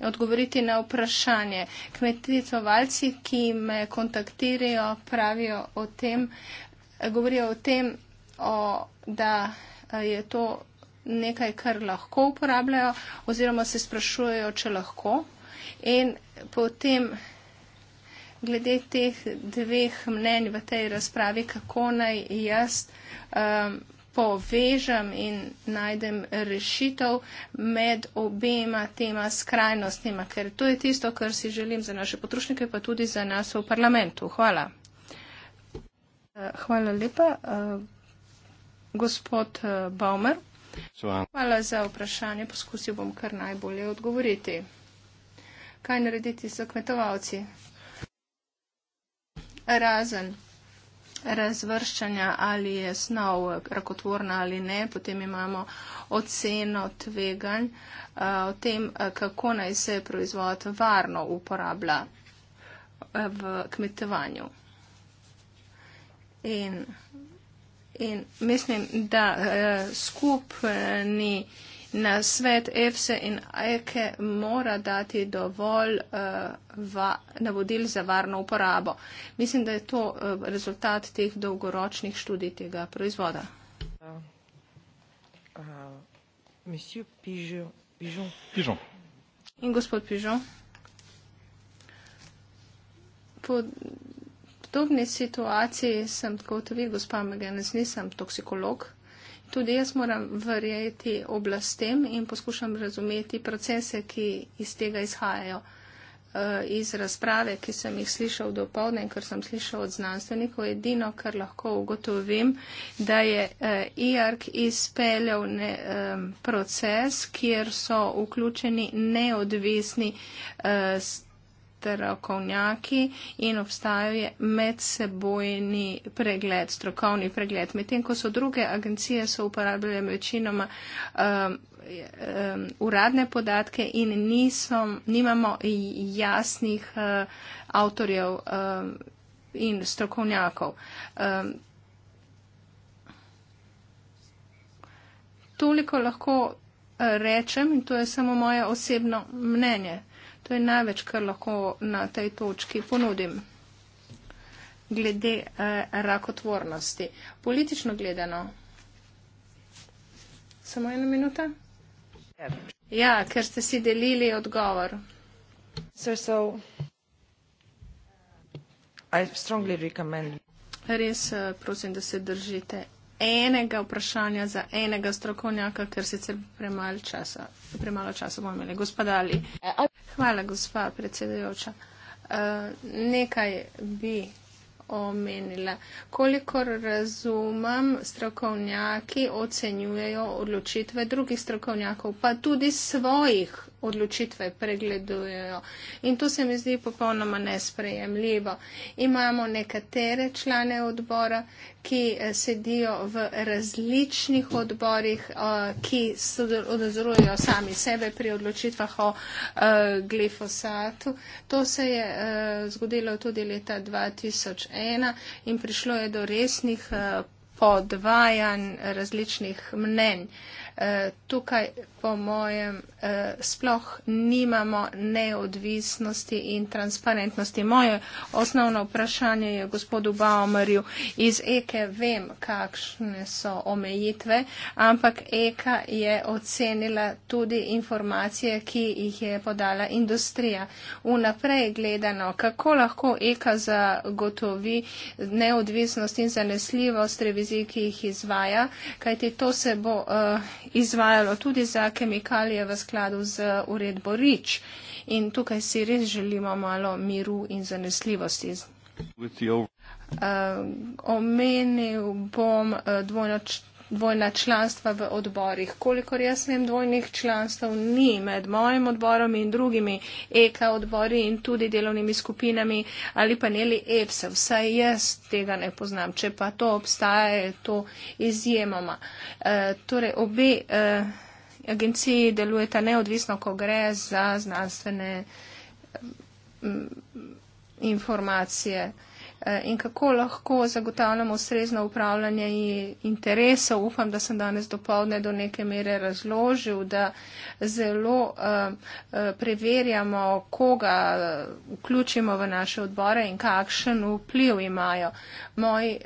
odgovoriti na vprašanje. Kmetitovalci, ki me kontaktirajo, pravijo o tem, govorijo o tem, o, da je to nekaj, kar lahko uporabljajo oziroma se sprašujejo, če lahko. In potem glede teh dveh mnenj v tej razpravi, kako naj jaz um, povežem in najdem rešitev med obema tema skrajnostima, ker to je tisto, kar si želim za naše potrošnike, pa tudi za nas v parlamentu. Hvala. Hvala lepa. Uh, gospod uh, Baumer, Um, Hvala za vprašanje. Poskusil bom kar najbolje odgovoriti. Kaj narediti za kmetovalci? Razen razvrščanja ali je snov rakotvorna ali ne, potem imamo oceno tveganj eh, o tem, eh, kako naj se proizvod varno uporablja eh, v kmetovanju. In In mislim, da uh, skupni na svet EFSE in AEKE mora dati dovolj uh, va, navodil za varno uporabo. Mislim, da je to uh, rezultat teh dolgoročnih študij tega proizvoda. Uh, uh, Pižon. Pižon. In gospod Pižon. Po, podobni situaciji sem tako kot vi, gospa Megenes, nisem toksikolog. Tudi jaz moram verjeti oblastem in poskušam razumeti procese, ki iz tega izhajajo. Eh, iz razprave, ki sem jih slišal do povdne in kar sem slišal od znanstvenikov, edino, kar lahko ugotovim, da je eh, IARC izpeljal ne, eh, proces, kjer so vključeni neodvisni strokovnjaki in obstajajo medsebojni pregled, strokovni pregled. Medtem, ko so druge agencije so uporabljale večinoma um, um, uradne podatke in niso, nimamo jasnih uh, avtorjev um, in strokovnjakov. Um, toliko lahko uh, rečem in to je samo moje osebno mnenje. To je največ, kar lahko na tej točki ponudim. Glede eh, rakotvornosti. Politično gledano. Samo ena minuta. Ja, ker ste si delili odgovor. Sir, so, Res eh, prosim, da se držite enega vprašanja za enega strokovnjaka, ker sicer premalo časa, premalo časa bomo imeli. Gospodali. Hvala, gospa predsedujoča. Uh, nekaj bi omenila. Kolikor razumem, strokovnjaki ocenjujejo odločitve drugih strokovnjakov, pa tudi svojih odločitve pregledujejo. In to se mi zdi popolnoma nesprejemljivo. Imamo nekatere člane odbora, ki eh, sedijo v različnih odborih, eh, ki odozorujejo sami sebe pri odločitvah o eh, glifosatu. To se je zgodilo tudi leta 2001 in prišlo je do resnih podvajanj različnih mnenj. Tukaj po mojem eh, sploh nimamo neodvisnosti in transparentnosti. Moje osnovno vprašanje je gospodu Baumerju iz Eke. Vem, kakšne so omejitve, ampak Eka je ocenila tudi informacije, ki jih je podala industrija. Vnaprej gledano, kako lahko Eka zagotovi neodvisnost in zanesljivost revizij, ki jih izvaja, kajti to se bo uh, izvajalo tudi za kemikalije v skladu z uredbo REACH. In tukaj si res želimo malo miru in zanesljivosti. Uh, omenil bom uh, eh, dvojno dvojna članstva v odborih. Kolikor jaz vem, dvojnih članstv ni med mojim odborom in drugimi EK odbori in tudi delovnimi skupinami ali paneli EPS-a. Vsaj jaz tega ne poznam. Če pa to obstaja, je to izjemoma. Uh, torej, obe. Uh, agenciji delujeta neodvisno, ko gre za znanstvene mm, informacije. Eh, in kako lahko zagotavljamo ustrezno upravljanje interesov. Upam, da sem danes dopolne do neke mere razložil, da zelo eh, eh, preverjamo, koga vključimo v naše odbore in kakšen vpliv imajo. Moji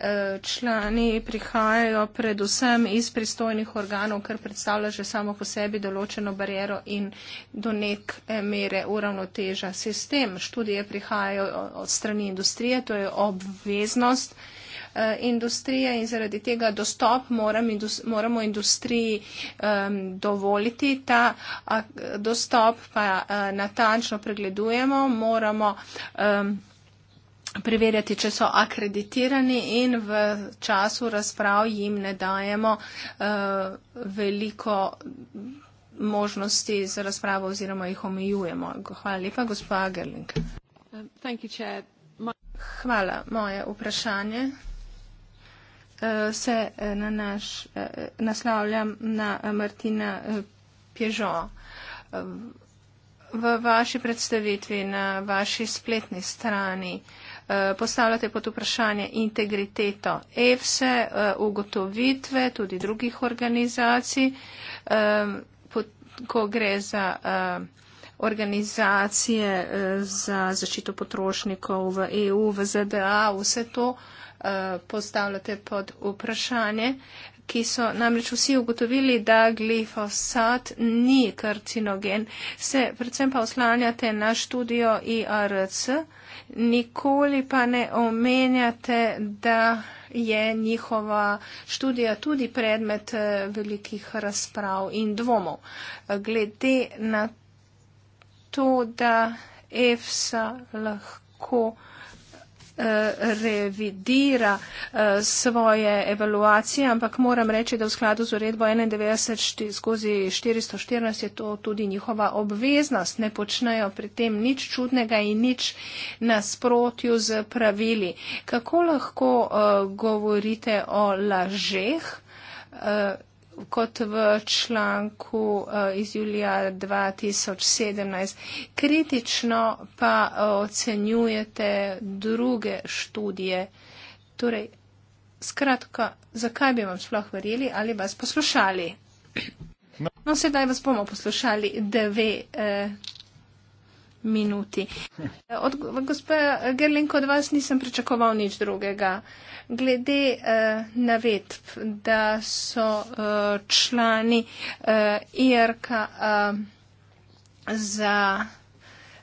člani prihajajo predvsem iz pristojnih organov, kar predstavlja že samo po sebi določeno bariero in do nek mere uravnoteža sistem. Študije prihajajo od strani industrije, to je o obveznost eh, industrije in zaradi tega dostop moramo industriji dovoliti. Ta dostop pa eh, natančno pregledujemo, moramo preverjati, če so akreditirani in v času razprav jim ne dajemo eh, veliko možnosti za razpravo oziroma jih omejujemo. Hvala lepa, gospa Gerling. Thank you, Chair. Hvala. Moje vprašanje eh, se eh, na naš, eh, naslavljam na Martina Pježon. V vaši predstavitvi na vaši spletni strani postavljate pod vprašanje integriteto EFSE, ugotovitve tudi drugih organizacij, ko gre za organizacije eh, za zaščito potrošnikov v EU, v ZDA, vse to eh, postavljate pod vprašanje, ki so namreč vsi ugotovili, da glifosat ni karcinogen. Se predvsem pa oslanjate na študijo IRC, nikoli pa ne omenjate, da je njihova študija tudi predmet eh, velikih razprav in dvomov. Glede na to, da EFSA lahko eh, revidira eh, svoje evaluacije, ampak moram reči, da v skladu z uredbo 91 skozi 414 je to tudi njihova obveznost. Ne počnejo pri tem nič čudnega in nič nasprotju z pravili. Kako lahko eh, govorite o lažeh? kot v članku eh, iz julija 2017. Kritično pa eh, ocenjujete druge študije. Torej, skratka, zakaj bi vam sploh verjeli ali vas poslušali? No, no sedaj vas bomo poslušali, da ve. Eh, minuti. Od gospoda Gerlinko od vas nisem pričakoval nič drugega. Glede eh, navedb, da so eh, člani eh, IRK eh, za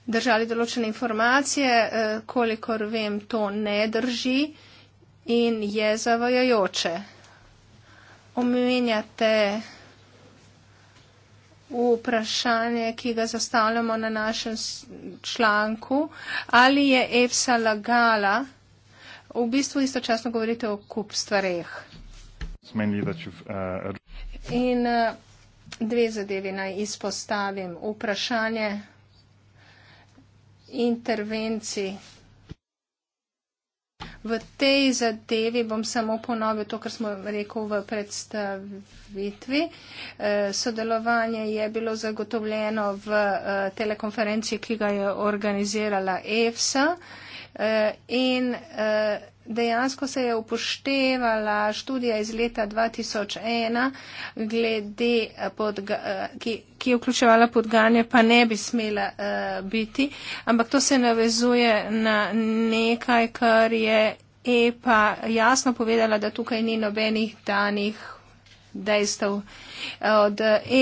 držali določene informacije, eh, kolikor vem, to ne drži in je zavajajoče. Omenjate vprašanje, ki ga zastavljamo na našem članku, ali je EFSA lagala, v bistvu istočasno govorite o kup stvareh. Uh, In uh, dve zadevi naj izpostavim. Vprašanje intervencij V tej zadevi bom samo ponovil to, kar smo rekel v predstavitvi. Eh, sodelovanje je bilo zagotovljeno v eh, telekonferenciji, ki ga je organizirala EFSA eh, in dejansko se je upoštevala študija iz leta 2001, glede pod, ki je vključevala podganje, pa ne bi smela uh, biti, ampak to se navezuje na nekaj, kar je EPA jasno povedala, da tukaj ni nobenih danih dejstev. Od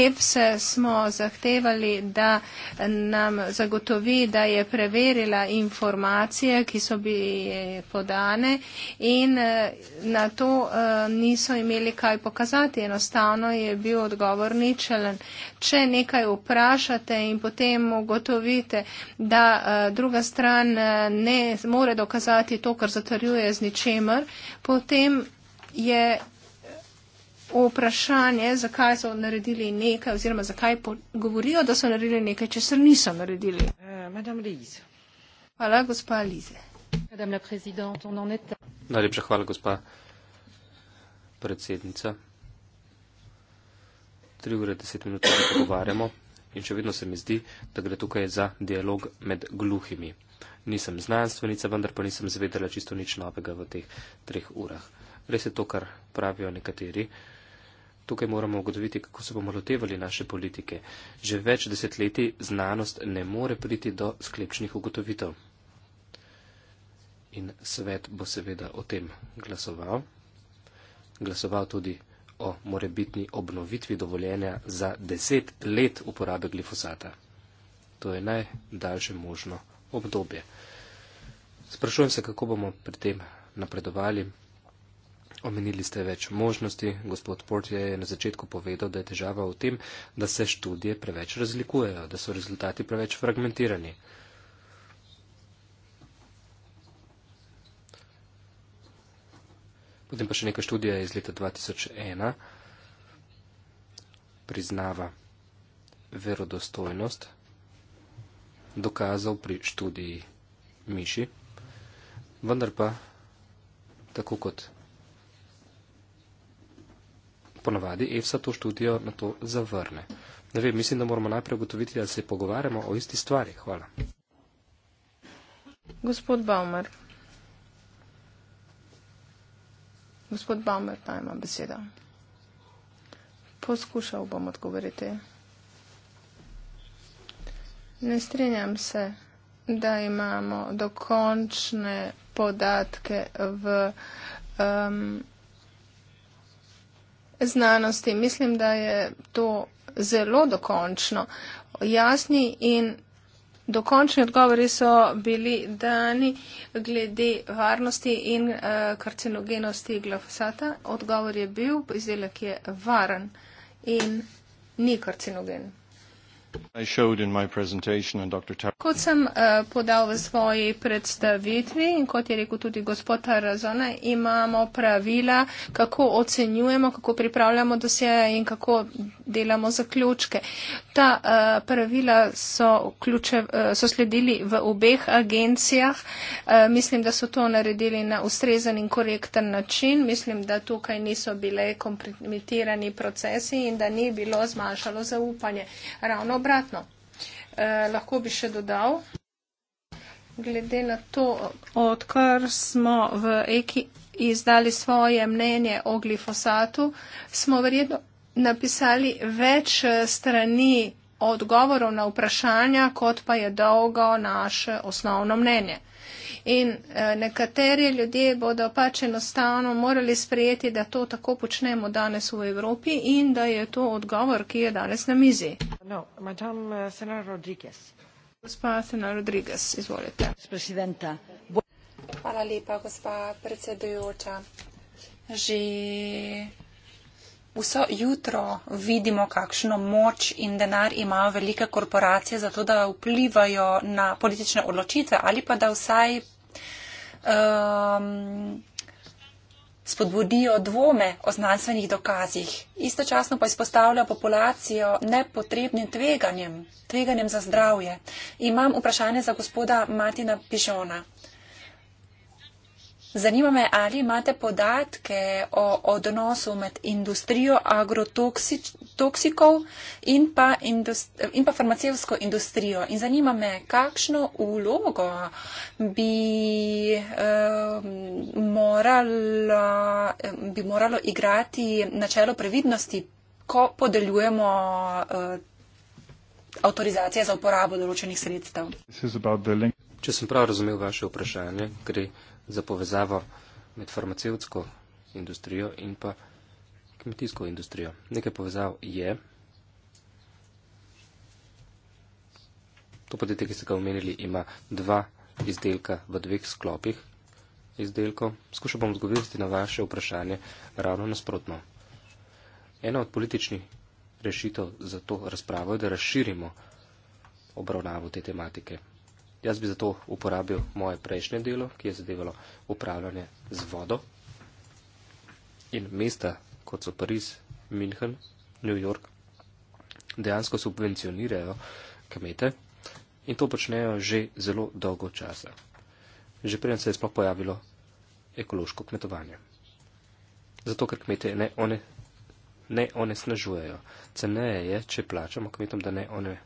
EFSE smo zahtevali, da nam zagotovi, da je preverila informacije, ki so bi podane in eh, na to eh, niso imeli kaj pokazati. Enostavno je bil odgovor ničelen. Če nekaj vprašate in potem ugotovite, da eh, druga stran ne more dokazati to, kar zatrjuje z ničemer, potem je vprašanje, zakaj so naredili nekaj oziroma zakaj govorijo, da so naredili nekaj, če se niso naredili. Eh, hvala, gospa Lize. Najlepša hvala, gospa predsednica. Tri ure deset minut se pogovarjamo in še vedno se mi zdi, da gre tukaj za dialog med gluhimi. Nisem znanstvenica, vendar pa nisem zvedela čisto nič novega v teh treh urah. Res je to, kar pravijo nekateri tukaj moramo ugotoviti, kako se bomo lotevali naše politike. Že več desetletij znanost ne more priti do sklepčnih ugotovitev. In svet bo seveda o tem glasoval. Glasoval tudi o morebitni obnovitvi dovoljenja za deset let uporabe glifosata. To je najdaljše možno obdobje. Sprašujem se, kako bomo pri tem napredovali, Omenili ste več možnosti. Gospod Portje je na začetku povedal, da je težava v tem, da se študije preveč razlikujejo, da so rezultati preveč fragmentirani. Potem pa še neka študija iz leta 2001 priznava verodostojnost dokazov pri študiji miši, vendar pa tako kot ponavadi EFSA to študijo na to zavrne. Ne vem, mislim, da moramo najprej ugotoviti, da se pogovarjamo o isti stvari. Hvala. Gospod Baumer. Gospod Baumer, pa ima beseda. Poskušal bom odgovoriti. Ne strinjam se, da imamo dokončne podatke v. Um, znanosti. Mislim, da je to zelo dokončno jasni in dokončni odgovori so bili dani glede varnosti in eh, karcinogenosti glafosata. Odgovor je bil, izdelek je varen in ni karcinogen. Kot sem eh, podal v svoji predstavitvi in kot je rekel tudi gospod Razone, imamo pravila, kako ocenjujemo, kako pripravljamo dosje in kako delamo zaključke. Ta uh, pravila so, ključe, uh, eh, so sledili v obeh agencijah. Uh, mislim, da so to naredili na ustrezen in korekten način. Mislim, da tukaj niso bile kompromitirani procesi in da ni bilo zmanjšalo zaupanje. Ravno obratno. Uh, lahko bi še dodal. Glede na to, odkar smo v Eki izdali svoje mnenje o glifosatu, smo verjetno napisali več eh, strani odgovorov na vprašanja, kot pa je dolgo naše osnovno mnenje. In eh, nekateri ljudje bodo pač enostavno morali sprejeti, da to tako počnemo danes v Evropi in da je to odgovor, ki je danes na mizi. No, eh, senar Rodriguez. Gospa senar Rodriguez, izvolite. Hvala lepa, gospa predsedujoča. Že vso jutro vidimo, kakšno moč in denar imajo velike korporacije za to, da vplivajo na politične odločitve ali pa da vsaj um, spodbudijo dvome o znanstvenih dokazih. Istočasno pa izpostavlja populacijo nepotrebnim tveganjem, tveganjem za zdravje. Imam vprašanje za gospoda Matina Pižona. Zanima me, ali imate podatke o odnosu med industrijo agrotoksikov in pa, industri in pa farmacijsko industrijo. In zanima me, kakšno ulogo bi, um, morala, bi moralo igrati načelo previdnosti, ko podeljujemo uh, avtorizacije za uporabo določenih sredstev. Če sem prav razumel vaše vprašanje, gre. Kri za povezavo med farmacevtsko industrijo in pa kmetijsko industrijo. Nekaj povezav je. To podjetje, ki ste ga omenili, ima dva izdelka v dveh sklopih izdelkov. Skušal bom zgovoriti na vaše vprašanje ravno nasprotno. Ena od političnih rešitev za to razpravo je, da razširimo obravnavo te tematike. Jaz bi zato uporabil moje prejšnje delo, ki je zadevalo upravljanje z vodo in mesta, kot so Pariz, München, New York, dejansko subvencionirajo kmete in to počnejo že zelo dolgo časa. Že prej se je sploh pojavilo ekološko kmetovanje. Zato, ker kmete ne one, ne one snažujejo. Ceneje je, če plačamo kmetom, da ne one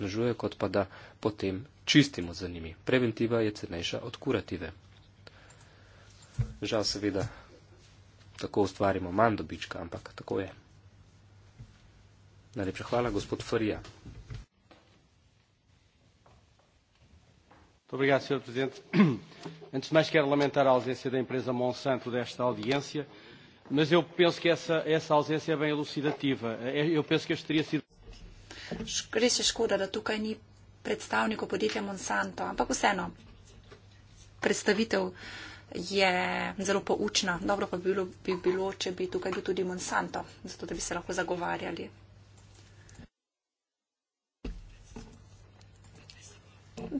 onesnažuje, kot pa da potem čistimo za njimi. Preventiva je cenejša od kurative. Žal seveda tako ustvarimo manj dobička, ampak tako je. Najlepša hvala, gospod Farija. Obrigado, Sr. Presidente. Antes de mais, quero lamentar a ausência da empresa Monsanto desta audiência, mas eu penso que essa, essa ausência é bem elucidativa. Eu penso que este teria sido res je škoda, da tukaj ni predstavnikov podjetja Monsanto, ampak vseeno predstavitev je zelo poučna. Dobro pa bilo, bi bilo, če bi tukaj bil tudi Monsanto, zato da bi se lahko zagovarjali.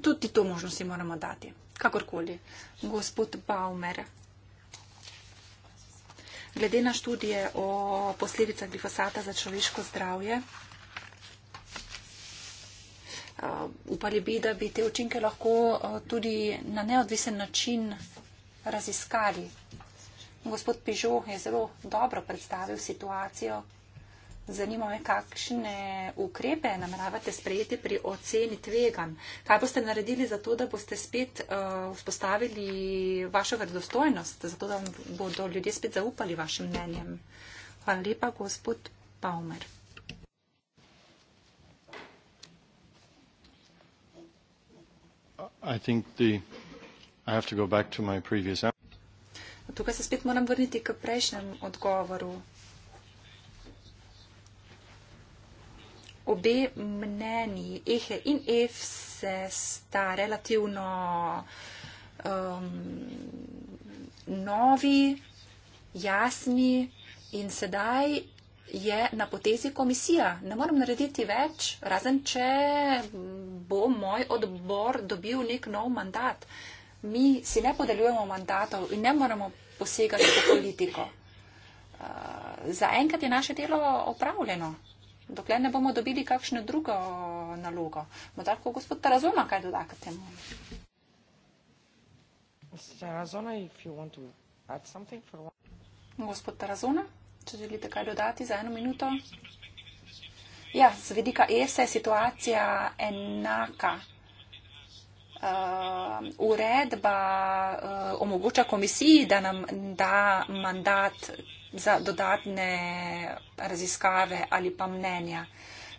Tudi to možnost si moramo dati. Kakorkoli. Gospod Baumer. Glede na študije o posledicah glifosata za človeško zdravje. Eh, upali bi, da bi te učinke lahko eh, tudi na neodvisen način raziskali. Gospod Pižo je zelo dobro predstavil situacijo. Zanima me, kakšne ukrepe nameravate sprejeti pri oceni tvegan. Kaj boste naredili za to, da boste spet uh, vzpostavili vašo verodostojnost, za to, da bodo ljudje spet zaupali vašim mnenjem? Hvala lepa, gospod Palmer. I think the I have to go back to my previous answer. Tukaj se spet moram vrniti k prejšnjemu odgovoru. Obe mneni, Ehe in Ef, se sta relativno um, novi, jasni in sedaj je na potezi komisija. Ne morem narediti več, razen če bo moj odbor dobil nek nov mandat. Mi si ne podeljujemo mandatov in ne moremo posegati v politiko. Uh, Za enkrat je naše delo opravljeno, dokler ne bomo dobili kakšno drugo nalogo. Morda lahko gospod ta razume, kaj dodakate mu. Gospod Tarazona, če želite kaj dodati za eno minuto. Ja, z vedika ESE je situacija enaka. Uh, uredba uh, omogoča komisiji, da nam da mandat za dodatne raziskave ali pa mnenja.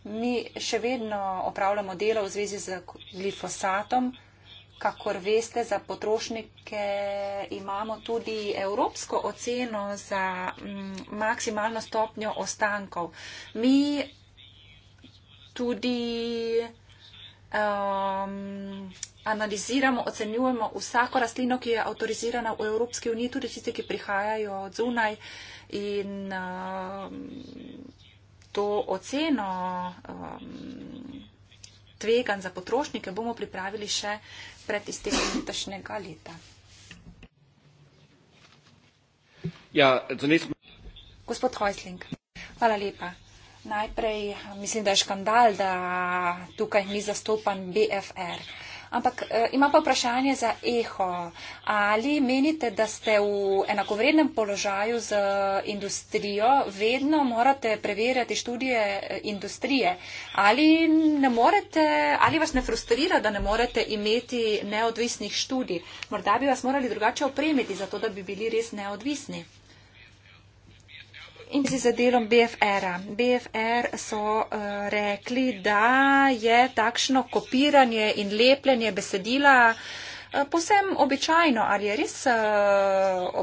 Mi še vedno opravljamo delo v zvezi z glifosatom. Uh, Kakor veste, za potrošnike imamo tudi evropsko oceno za mm, maksimalno stopnjo ostankov. Mi tudi um, analiziramo, ocenjujemo vsako rastlino, ki je avtorizirana v Evropski uniji, tudi tiste, ki prihajajo od zunaj in um, to oceno. Um, Tvegan za potrošnike bomo pripravili še pred iztekom letošnjega leta. Ja, zanesmo. Gospod Hojsling, hvala lepa. Najprej mislim, da je škandal, da tukaj ni zastopan BFR. Ampak eh, ima pa vprašanje za eho. Ali menite, da ste v enakovrednem položaju z eh, industrijo, vedno morate preverjati študije eh, industrije? Ali, morete, ali vas ne frustrira, da ne morete imeti neodvisnih študij? Morda bi vas morali drugače opremiti, zato da bi bili res neodvisni in si za delom BFR-a. BFR so uh, rekli, da je takšno kopiranje in lepljenje besedila uh, eh, posem običajno. Ali je res uh,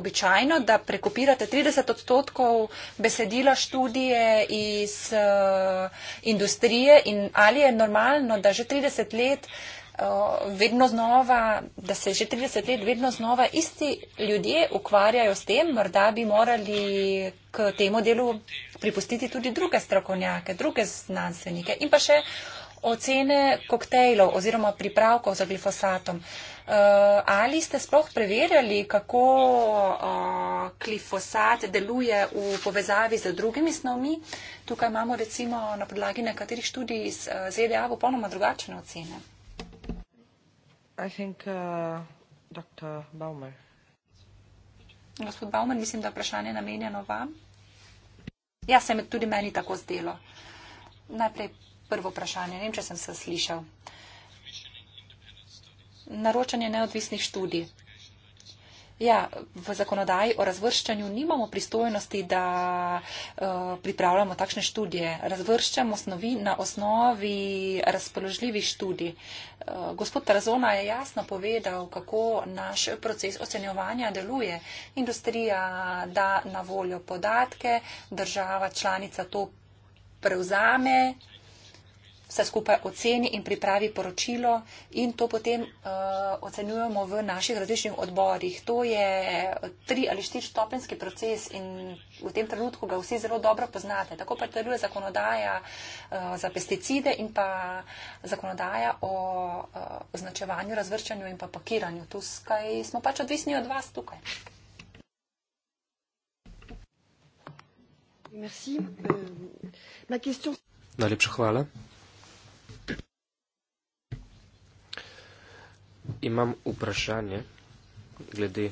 običajno, da prekopirate 30 odstotkov besedila študije iz uh, industrije in ali je normalno, da že 30 let uh, Eh, vedno znova, da se že 30 let vedno znova isti ljudje ukvarjajo s tem, morda bi morali k temu delu pripustiti tudi druge strokovnjake, druge znanstvenike in pa še ocene koktejlov oziroma pripravkov za glifosatom. Eh, ali ste sploh preverjali, kako eh, glifosat deluje v povezavi z drugimi snovmi? Tukaj imamo recimo na podlagi nekaterih študij iz ZDA popolnoma drugačne ocene. I think, uh, Gospod Baumer, mislim, da vprašanje je namenjeno vam. Ja, se je tudi meni tako zdelo. Najprej prvo vprašanje, ne vem, če sem se slišal. Naročanje neodvisnih študij. Ja, v zakonodaji o razvrščanju nimamo pristojnosti, da uh, pripravljamo takšne študije. Razvrščamo snovi na osnovi razpoložljivih študij. Uh, gospod Tarazona je jasno povedal, kako naš proces ocenjevanja deluje. Industrija da na voljo podatke, država članica to prevzame vse skupaj oceni in pripravi poročilo in to potem uh, ocenjujemo v naših različnih odborih. To je tri ali štiri stopenski proces in v tem trenutku ga vsi zelo dobro poznate. Tako pa deluje zakonodaja uh, za pesticide in pa zakonodaja o uh, označevanju, razvrščanju in pa pakiranju. Tukaj smo pač odvisni od vas tukaj. Euh, Najlepša hvala. Imam vprašanje glede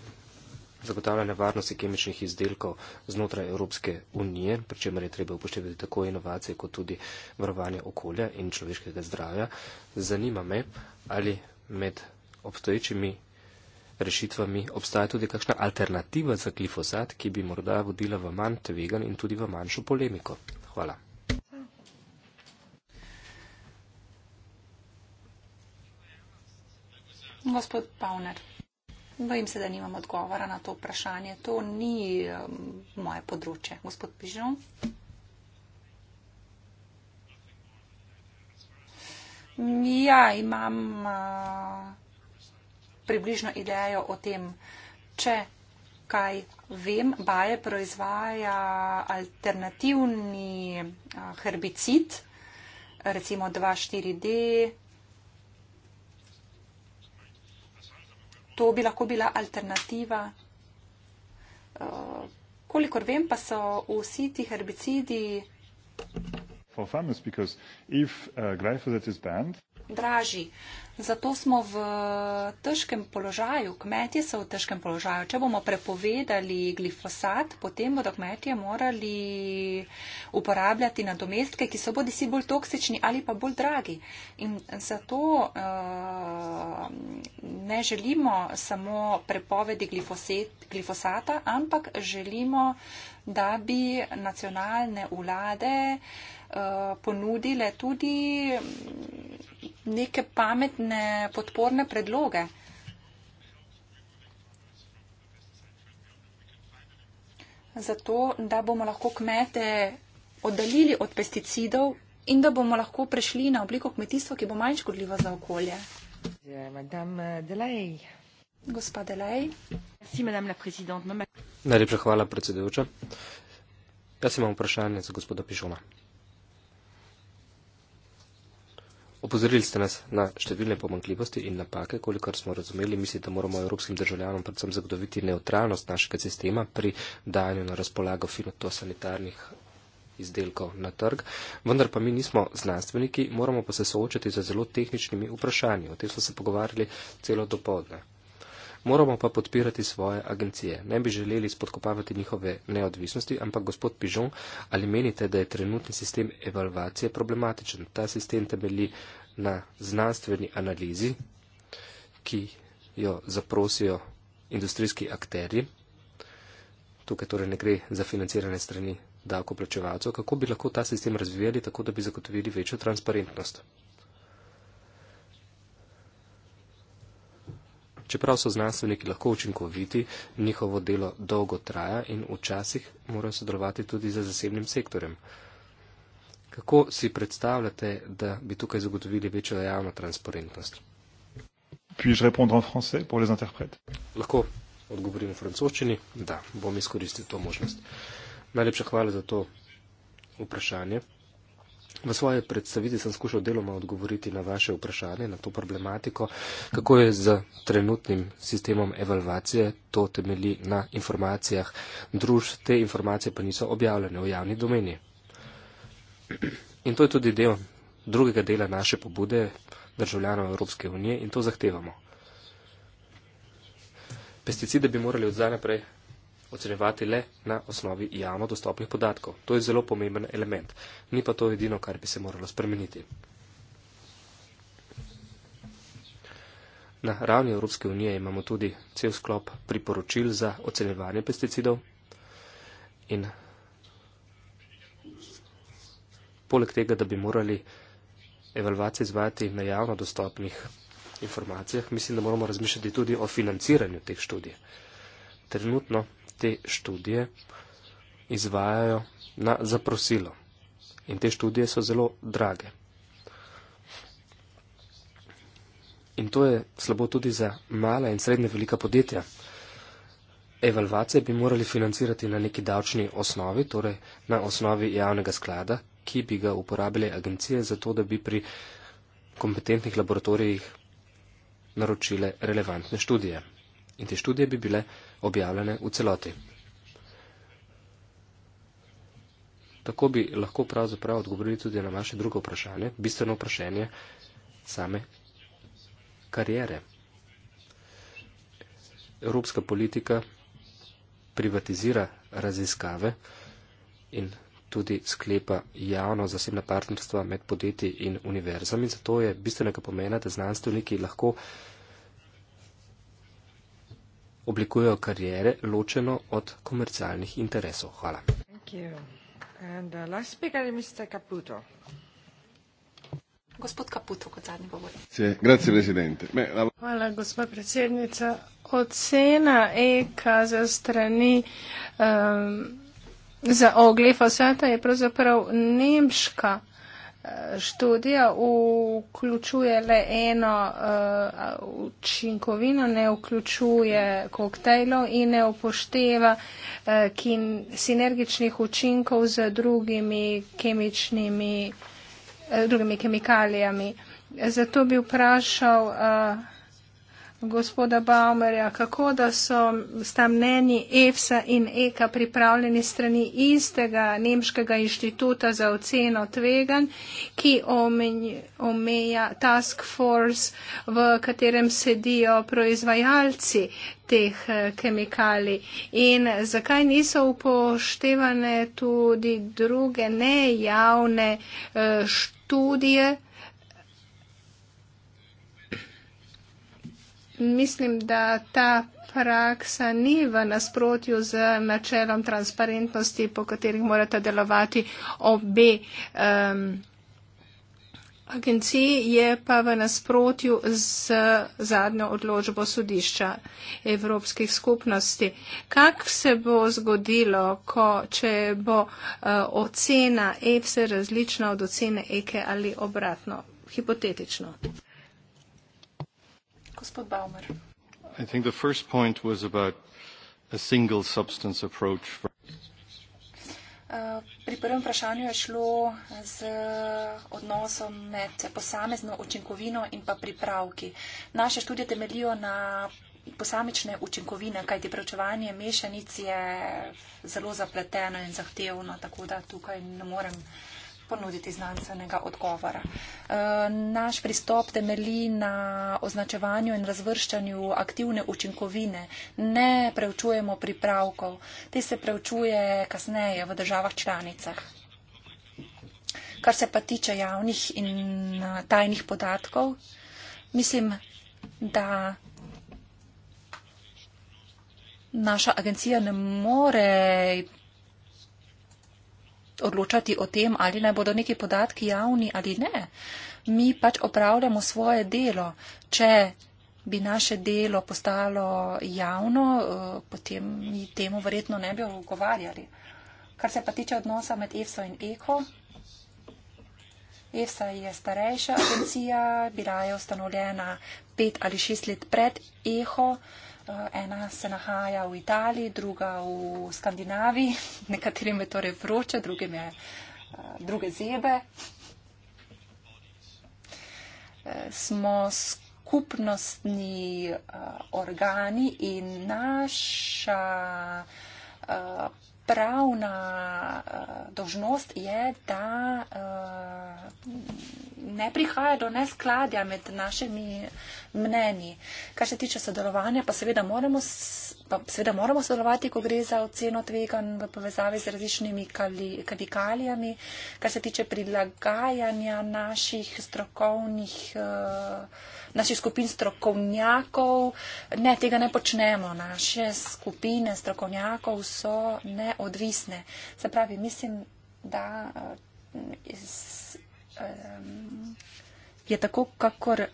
zagotavljanja varnosti kemičnih izdelkov znotraj Evropske unije, pri čemer je treba upoštevati tako inovacije, kot tudi varovanje okolja in človeškega zdravja. Zanima me, ali med obstoječimi rešitvami obstaja tudi kakšna alternativa za glifosat, ki bi morda vodila v manj tvegan in tudi v manjšo polemiko. Hvala. Gospod Pavner, bojim se, da nimam odgovora na to vprašanje. To ni um, moje področje. Gospod Pižon. Ja, imam uh, približno idejo o tem, če kaj vem, Baje proizvaja alternativni uh, herbicid, recimo 2,4D, to bi lahko bila alternativa. Uh, kolikor vem, pa so vsi ti herbicidi. For farmers, because if uh, glyphosate is banned, dražji. Zato smo v težkem položaju, kmetje so v težkem položaju. Če bomo prepovedali glifosat, potem bodo kmetje morali uporabljati nadomestke, ki so bodi si bolj toksični ali pa bolj dragi. In zato uh, ne želimo samo prepovedi glifosat, glifosata, ampak želimo uh, da bi nacionalne vlade eh, ponudile tudi mm, neke pametne podporne predloge. Zato, da bomo lahko kmete oddaljili od pesticidov in da bomo lahko prešli na obliko kmetijstva, ki bo manj škodljivo za okolje. Ja, madame Delay. Najlepša hvala, predsedujoča. Jaz imam vprašanje za gospoda Pišona. Opozorili ste nas na številne pomankljivosti in napake, kolikor smo razumeli, mislim, da moramo evropskim državljanom predvsem zagotoviti neutralnost našega sistema pri danju na razpolago finotosanitarnih izdelkov na trg, vendar pa mi nismo znanstveniki, moramo pa se soočati za zelo tehničnimi vprašanji. O tem smo se pogovarjali celo dopoledne moramo pa podpirati svoje agencije. Ne bi želeli spodkopavati njihove neodvisnosti, ampak gospod Pižon, ali menite, da je trenutni sistem evalvacije problematičen? Ta sistem temelji na znanstveni analizi, ki jo zaprosijo industrijski akterji. Tukaj torej ne gre za financirane strani davkoplačevalcev. Kako bi lahko ta sistem razvijali tako, da bi zagotovili večjo transparentnost? Čeprav so znanstveniki lahko učinkoviti, njihovo delo dolgo traja in včasih morajo sodelovati tudi za zasebnim sektorjem. Kako si predstavljate, da bi tukaj zagotovili večjo javno transparentnost? Lahko odgovorim v francoščini? Da, bom izkoristil to možnost. Najlepša hvala za to vprašanje. V svoji predstavitvi sem skušal deloma odgovoriti na vaše vprašanje, na to problematiko, kako je z trenutnim sistemom evalvacije, to temeli na informacijah družb, te informacije pa niso objavljene v javni domeni. In to je tudi del drugega dela naše pobude državljanov Evropske unije in to zahtevamo. Pesticide bi morali od zdaj naprej ocenjevati le na osnovi javno dostopnih podatkov. To je zelo pomemben element. Ni pa to edino, kar bi se moralo spremeniti. Na ravni Evropske unije imamo tudi cel sklop priporočil za ocenjevanje pesticidov in poleg tega, da bi morali evalvacije izvajati na javno dostopnih informacijah, mislim, da moramo razmišljati tudi o financiranju teh študij. Trenutno te študije izvajajo na zaprosilo. In te študije so zelo drage. In to je slabo tudi za mala in srednje velika podjetja. Evalvacije bi morali financirati na neki davčni osnovi, torej na osnovi javnega sklada, ki bi ga uporabile agencije za to, da bi pri kompetentnih laboratorijih naročile relevantne študije in te študije bi bile objavljene v celoti. Tako bi lahko pravzaprav odgovorili tudi na vaše drugo vprašanje, bistveno vprašanje same karijere. Evropska politika privatizira raziskave in tudi sklepa javno zasebna partnerstva med podjetji in univerzami, zato je bistvenega pomena, da znanstveniki lahko oblikujejo karijere ločeno od komercialnih interesov. Hvala. Uh, Gospod Kaputo, kot zadnji govori. Hvala, gospa predsednica. Ocena EKA za strani um, za oglifosata je pravzaprav nemška študija vključuje le eno uh, učinkovino, ne vključuje koktejlov in ne upošteva uh, kin, sinergičnih učinkov z drugimi, kemičnimi, uh, drugimi kemikalijami. Zato bi vprašal. Uh, gospoda Baumerja, kako da so sta mnenji EFSA in EKA pripravljeni strani istega Nemškega inštituta za oceno tvegan, ki omeja task force, v katerem sedijo proizvajalci teh kemikali in zakaj niso upoštevane tudi druge nejavne eh, študije, mislim, da ta praksa ni v nasprotju z načelom transparentnosti, po katerih morata delovati obe um, agenciji, je pa v nasprotju z zadnjo odločbo sodišča Evropskih skupnosti. Kak se bo zgodilo, ko, če bo uh, ocena EFSE različna od ocene EKE e ali obratno? Hipotetično gospod Baumer. Uh, pri prvem vprašanju je šlo z odnosom med posamezno učinkovino in pa pripravki. Naše študije temeljijo na posamične učinkovine, kajti preučevanje mešanic je zelo zapleteno in zahtevno, tako da tukaj ne morem uh, ponuditi znanstvenega odgovora. E, naš pristop temeli na označevanju in razvrščanju aktivne učinkovine. Ne preučujemo pripravkov. Te se preučuje kasneje v državah članicah. Kar se pa tiče javnih in e, tajnih podatkov, mislim, da naša agencija ne more odločati o tem, ali naj bodo neki podatki javni ali ne. Mi pač opravljamo svoje delo. Če bi naše delo postalo javno, eh, potem mi temu verjetno ne bi ogovarjali. Kar se pa tiče odnosa med EFSO in EKO, EFSA je starejša agencija, bila je ustanovljena pet ali šest let pred EHO. Eh, ena se nahaja v Italiji, druga v Skandinaviji, nekaterim je torej vroče, drugim je eh, druge zebe. Eh, smo skupnostni organi in naša pravna uh, eh, dožnost je, da uh, ne prihaja do neskladja med našimi mnenji. Kar se tiče sodelovanja, pa seveda moramo pa seveda moramo sodelovati, ko gre za oceno tvegan v povezavi z različnimi kemikalijami, kar se tiče prilagajanja naših strokovnih, eh, naših skupin strokovnjakov. Ne, tega ne počnemo. Naše skupine strokovnjakov so neodvisne. Se pravi, mislim, da eh, iz, um, je tako, kakor,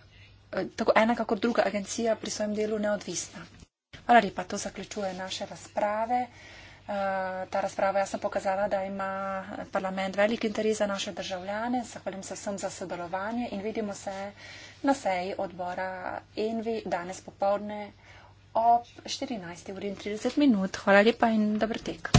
tako ena kakor druga agencija pri svojem delu neodvisna. Hvala lepa, to zaključuje naše razprave. Eh, ta razprava jasno pokazala, da ima parlament velik interes za naše državljane. Zahvaljujem se vsem za sodelovanje in vidimo se na seji odbora Envi danes popovdne ob 14.30. Hvala lepa in dobro tek.